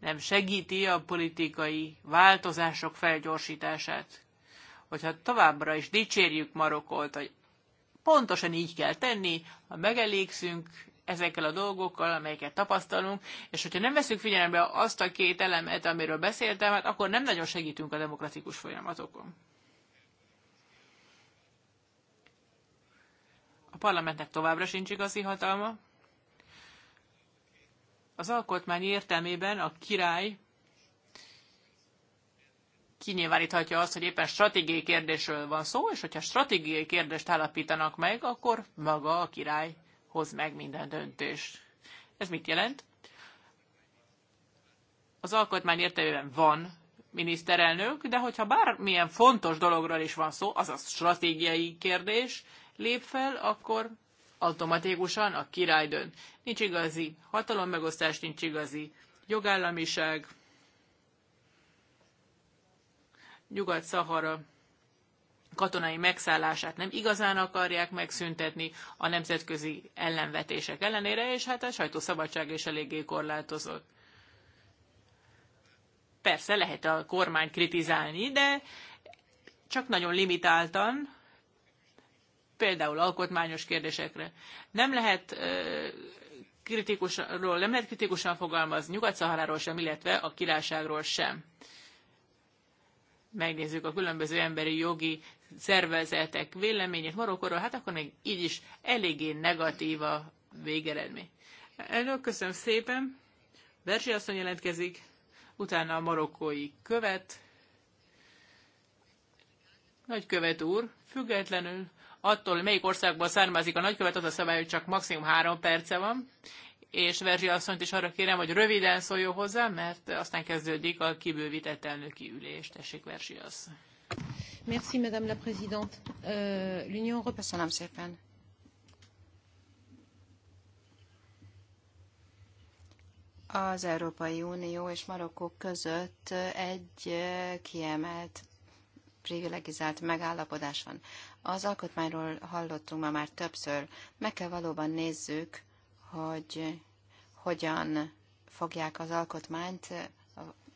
Nem segíti a politikai változások felgyorsítását. Hogyha továbbra is dicsérjük Marokkot, hogy pontosan így kell tenni, ha megelégszünk ezekkel a dolgokkal, amelyeket tapasztalunk, és hogyha nem veszünk figyelembe azt a két elemet, amiről beszéltem, hát akkor nem nagyon segítünk a demokratikus folyamatokon. A parlamentnek továbbra sincs igazi hatalma. Az alkotmány értelmében a király kinyilváníthatja azt, hogy éppen stratégiai kérdésről van szó, és hogyha stratégiai kérdést állapítanak meg, akkor maga a király hoz meg minden döntést. Ez mit jelent? Az alkotmány értelmében van miniszterelnök, de hogyha bármilyen fontos dologról is van szó, azaz stratégiai kérdés, lép fel, akkor automatikusan a király dönt. Nincs igazi hatalommegosztás, nincs igazi jogállamiság. Nyugat-Szahara katonai megszállását nem igazán akarják megszüntetni a nemzetközi ellenvetések ellenére, és hát a sajtószabadság is eléggé korlátozott. Persze lehet a kormány kritizálni, de csak nagyon limitáltan, például alkotmányos kérdésekre. Nem lehet kritikusról, nem lehet kritikusan fogalmazni Nyugat-Szaharáról sem, illetve a királyságról sem. Megnézzük a különböző emberi jogi szervezetek véleményét Marokkorról, hát akkor még így is eléggé negatív a végeredmény. Elnök, köszönöm szépen. Berzsi asszony jelentkezik, utána a marokkói követ. követ úr, függetlenül attól, melyik országból származik a nagykövet, az a szabály, hogy csak maximum három perce van, és Verzsi asszonyt is arra kérem, hogy röviden szóljon hozzá, mert aztán kezdődik a kibővített elnöki ülés. Tessék, Verzsi asszony.
Merci, Madame la Présidente. Uh, L'Union Européenne. Köszönöm szépen. Az Európai Unió és Marokkó között egy kiemelt privilegizált megállapodás van. Az alkotmányról hallottunk ma már többször. Meg kell valóban nézzük, hogy hogyan fogják az alkotmányt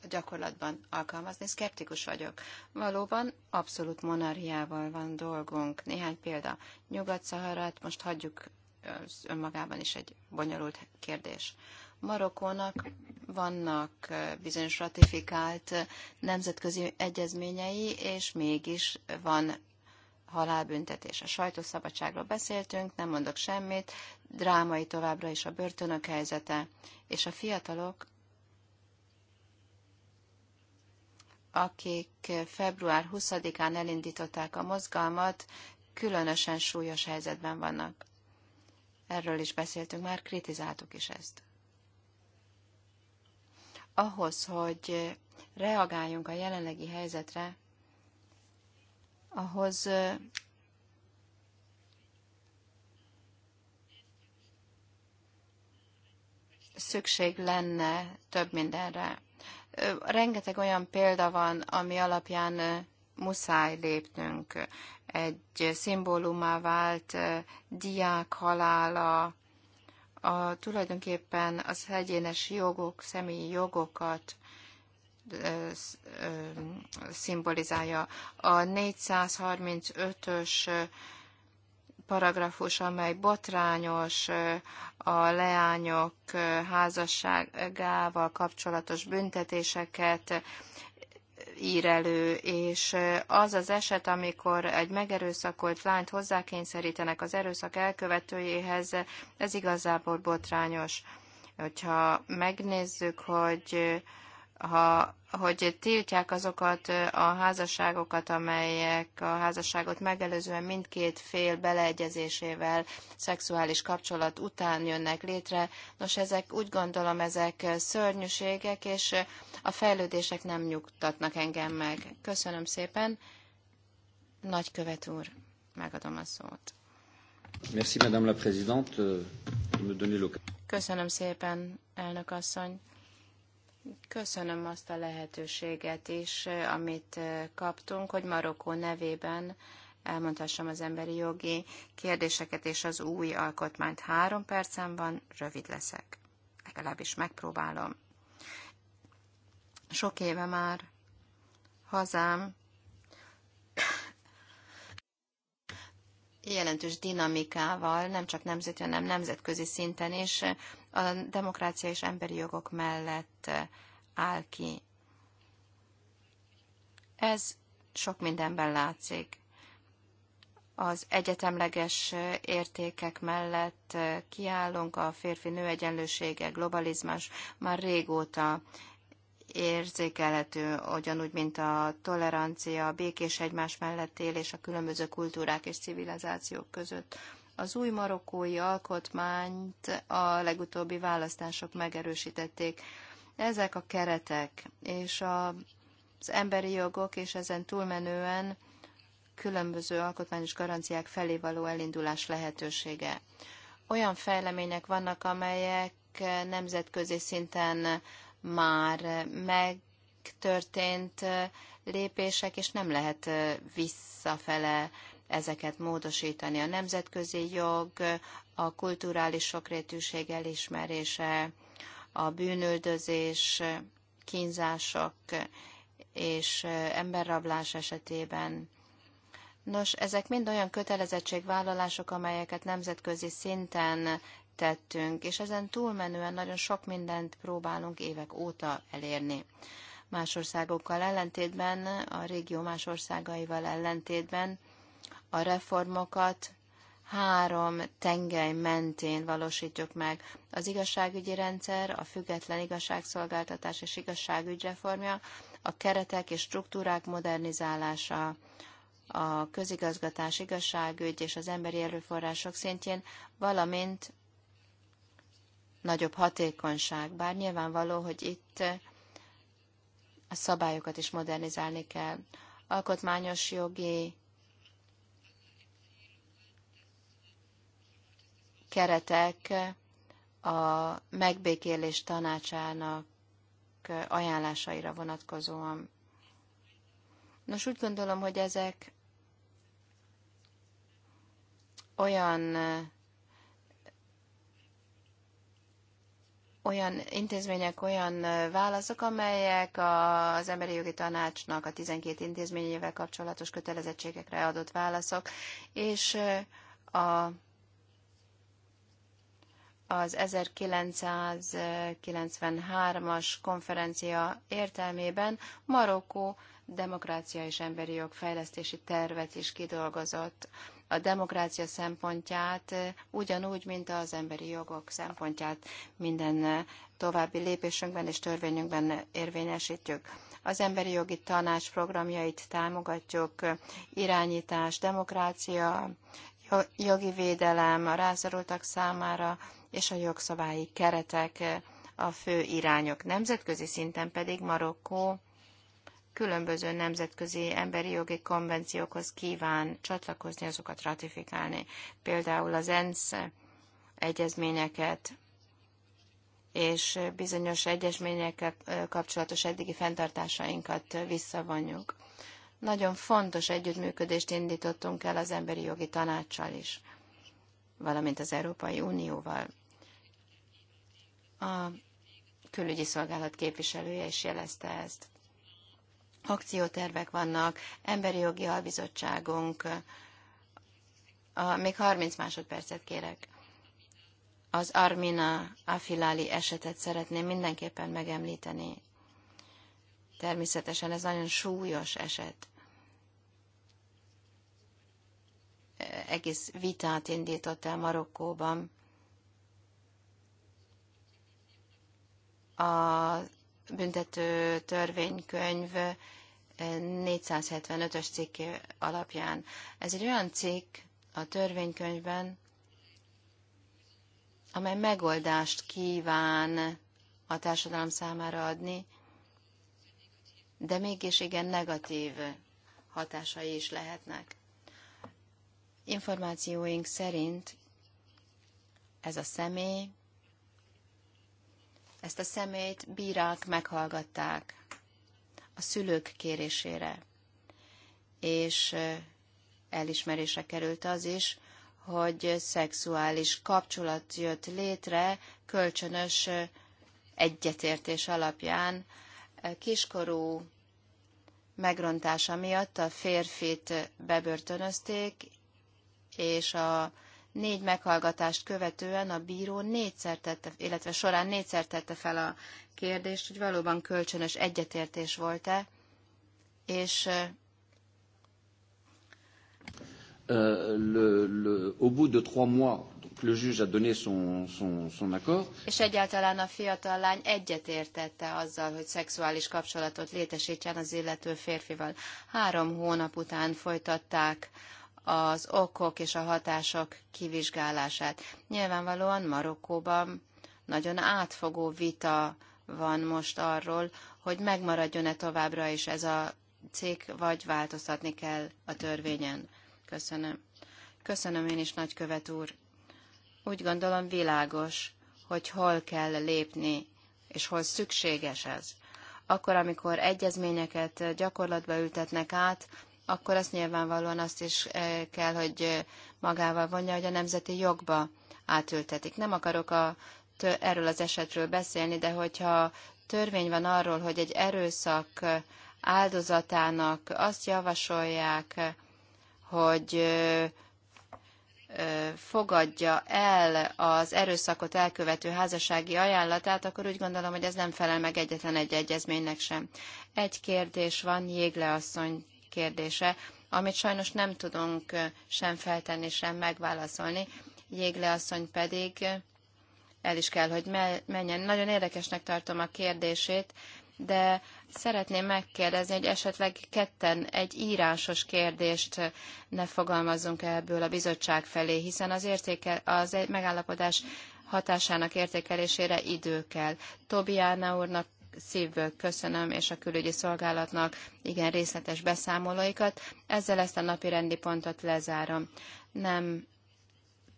gyakorlatban alkalmazni. Szkeptikus vagyok. Valóban abszolút monarhiával van dolgunk. Néhány példa. Nyugat-Szaharát most hagyjuk az önmagában is egy bonyolult kérdés. Marokkónak vannak bizonyos ratifikált nemzetközi egyezményei, és mégis van halálbüntetés. A sajtószabadságról beszéltünk, nem mondok semmit, drámai továbbra is a börtönök helyzete, és a fiatalok, akik február 20-án elindították a mozgalmat, különösen súlyos helyzetben vannak. Erről is beszéltünk már, kritizáltuk is ezt. Ahhoz, hogy reagáljunk a jelenlegi helyzetre, ahhoz szükség lenne több mindenre. Rengeteg olyan példa van, ami alapján muszáj lépnünk. Egy szimbólumá vált diák halála, a, tulajdonképpen az egyénes jogok, személyi jogokat szimbolizálja. A 435-ös paragrafus, amely botrányos a leányok házasságával kapcsolatos büntetéseket ír elő, és az az eset, amikor egy megerőszakolt lányt hozzákényszerítenek az erőszak elkövetőjéhez, ez igazából botrányos. Hogyha megnézzük, hogy ha, hogy tiltják azokat a házasságokat, amelyek a házasságot megelőzően mindkét fél beleegyezésével szexuális kapcsolat után jönnek létre. Nos, ezek úgy gondolom, ezek szörnyűségek, és a fejlődések nem nyugtatnak engem meg. Köszönöm szépen. Nagykövet úr, megadom a
szót. Merci, Madame la Présidente, euh,
Köszönöm szépen, elnök asszony Köszönöm azt a lehetőséget is, eh, amit eh, kaptunk, hogy Marokkó nevében elmondhassam az emberi jogi kérdéseket és az új alkotmányt. Három percen van, rövid leszek. Legalábbis megpróbálom. Sok éve már hazám jelentős dinamikával, nem csak nemzeti, hanem nemzetközi szinten is eh, a demokrácia és emberi jogok mellett eh, áll ki. Ez sok mindenben látszik. Az egyetemleges eh, értékek mellett kiállunk, a férfi-nő egyenlősége, globalizmus már régóta érzékelhető, ugyanúgy, mint a tolerancia, a békés egymás mellett élés a különböző kultúrák és civilizációk között. Az új marokkói alkotmányt a legutóbbi választások megerősítették. Ezek a keretek és a, az emberi jogok, és ezen túlmenően különböző alkotmányos garanciák felé való elindulás lehetősége. Olyan fejlemények vannak, amelyek nemzetközi szinten már megtörtént lépések, és nem lehet visszafele ezeket módosítani. A nemzetközi jog, a kulturális sokrétűség elismerése, a bűnöldözés, kínzások és emberrablás esetében. Nos, ezek mind olyan kötelezettségvállalások, amelyeket nemzetközi szinten tettünk, és ezen túlmenően nagyon sok mindent próbálunk évek óta elérni. Más országokkal ellentétben, a régió más országaival ellentétben a reformokat három tengely mentén valósítjuk meg. Az igazságügyi rendszer, a független igazságszolgáltatás és igazságügy reformja, a keretek és struktúrák modernizálása, a közigazgatás, igazságügy és az emberi erőforrások szintjén, valamint nagyobb hatékonyság. Bár nyilvánvaló, hogy itt eh, a szabályokat is modernizálni kell. Alkotmányos jogi keretek eh, a megbékélés tanácsának eh, ajánlásaira vonatkozóan. Nos, úgy gondolom, hogy ezek olyan olyan intézmények, olyan válaszok, amelyek az Emberi Jogi Tanácsnak a 12 intézményével kapcsolatos kötelezettségekre adott válaszok, és a, az 1993-as konferencia értelmében Marokkó demokrácia és emberi jog fejlesztési tervet is kidolgozott a demokrácia szempontját, ugyanúgy, mint az emberi jogok szempontját minden további lépésünkben és törvényünkben érvényesítjük. Az emberi jogi tanács programjait támogatjuk, irányítás, demokrácia, jogi védelem a rászorultak számára, és a jogszabályi keretek a fő irányok. Nemzetközi szinten pedig Marokkó különböző nemzetközi emberi jogi konvenciókhoz kíván csatlakozni, azokat ratifikálni. Például az ENSZ egyezményeket, és bizonyos egyezményekkel kapcsolatos eddigi fenntartásainkat visszavonjuk. Nagyon fontos együttműködést indítottunk el az emberi jogi tanácssal is, valamint az Európai Unióval. A külügyi szolgálat képviselője is jelezte ezt akciótervek vannak, emberi jogi albizottságunk, a, még 30 másodpercet kérek. Az Armina Afilali esetet szeretném mindenképpen megemlíteni. Természetesen ez nagyon súlyos eset. Egész vitát indított el Marokkóban. A büntető törvénykönyv 475-ös eh, cikké alapján. Ez egy olyan cikk a törvénykönyvben, amely megoldást kíván a társadalom számára adni, de mégis igen negatív hatásai is lehetnek. Információink szerint ez a személy ezt a szemét bírák meghallgatták a szülők kérésére, és elismerésre került az is, hogy szexuális kapcsolat jött létre kölcsönös egyetértés alapján kiskorú megrontása miatt a férfit bebörtönözték, és a Négy meghallgatást követően a bíró négyszer tette, illetve során négyszer tette fel a kérdést, hogy valóban kölcsönös egyetértés volt-e, és euh,
le,
le, au bout de trois mois, donc le juge a donné son, son, son accord.
És egyáltalán a fiatal lány egyetértette azzal, hogy szexuális kapcsolatot létesítsen az illető férfival. Három hónap után folytatták az okok és a hatások kivizsgálását. Nyilvánvalóan Marokkóban nagyon átfogó vita van most arról, hogy megmaradjon-e továbbra is ez a cég, vagy változtatni kell a törvényen. Köszönöm. Köszönöm én is, nagykövet úr. Úgy gondolom világos, hogy hol kell lépni, és hol szükséges ez. Akkor, amikor egyezményeket gyakorlatba ültetnek át, akkor azt nyilvánvalóan azt is eh, kell, hogy eh, magával vonja, hogy a nemzeti jogba átültetik. Nem akarok a, erről az esetről beszélni, de hogyha törvény van arról, hogy egy erőszak áldozatának azt javasolják, hogy eh, fogadja el az erőszakot elkövető házassági ajánlatát, akkor úgy gondolom, hogy ez nem felel meg egyetlen egy egyezménynek sem. Egy kérdés van Jégle asszony kérdése, amit sajnos nem tudunk sem feltenni, sem megválaszolni. Jégle asszony pedig el is kell, hogy menjen. Nagyon érdekesnek tartom a kérdését, de szeretném megkérdezni, hogy esetleg ketten egy írásos kérdést ne fogalmazzunk ebből a bizottság felé, hiszen az, értéke, az megállapodás hatásának értékelésére idő kell. Tobiána úrnak szívből köszönöm, és a külügyi szolgálatnak igen részletes beszámolóikat. Ezzel ezt a napi rendi pontot lezárom. Nem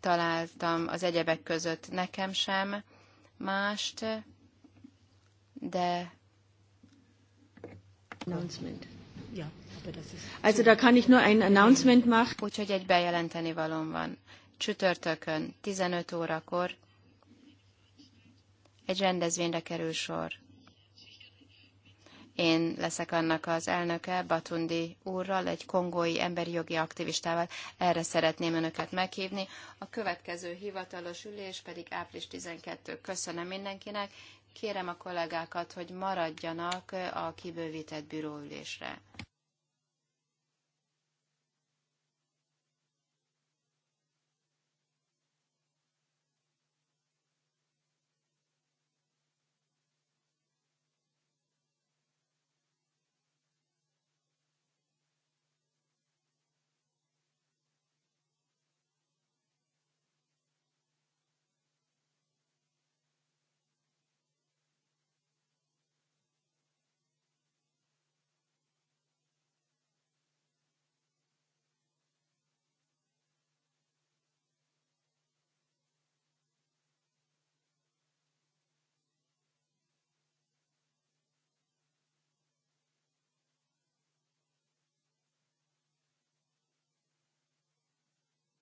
találtam az egyebek között nekem sem mást, de... Announcement.
Ja, also da kann ich nur ein announcement
machen. Úgyhogy egy bejelenteni valom van. Csütörtökön 15 órakor egy rendezvényre kerül sor. Én leszek annak az elnöke, Batundi úrral, egy kongói emberi jogi aktivistával. Erre szeretném önöket meghívni. A következő hivatalos ülés pedig április 12. Köszönöm mindenkinek. Kérem a kollégákat, hogy maradjanak a kibővített bűróülésre.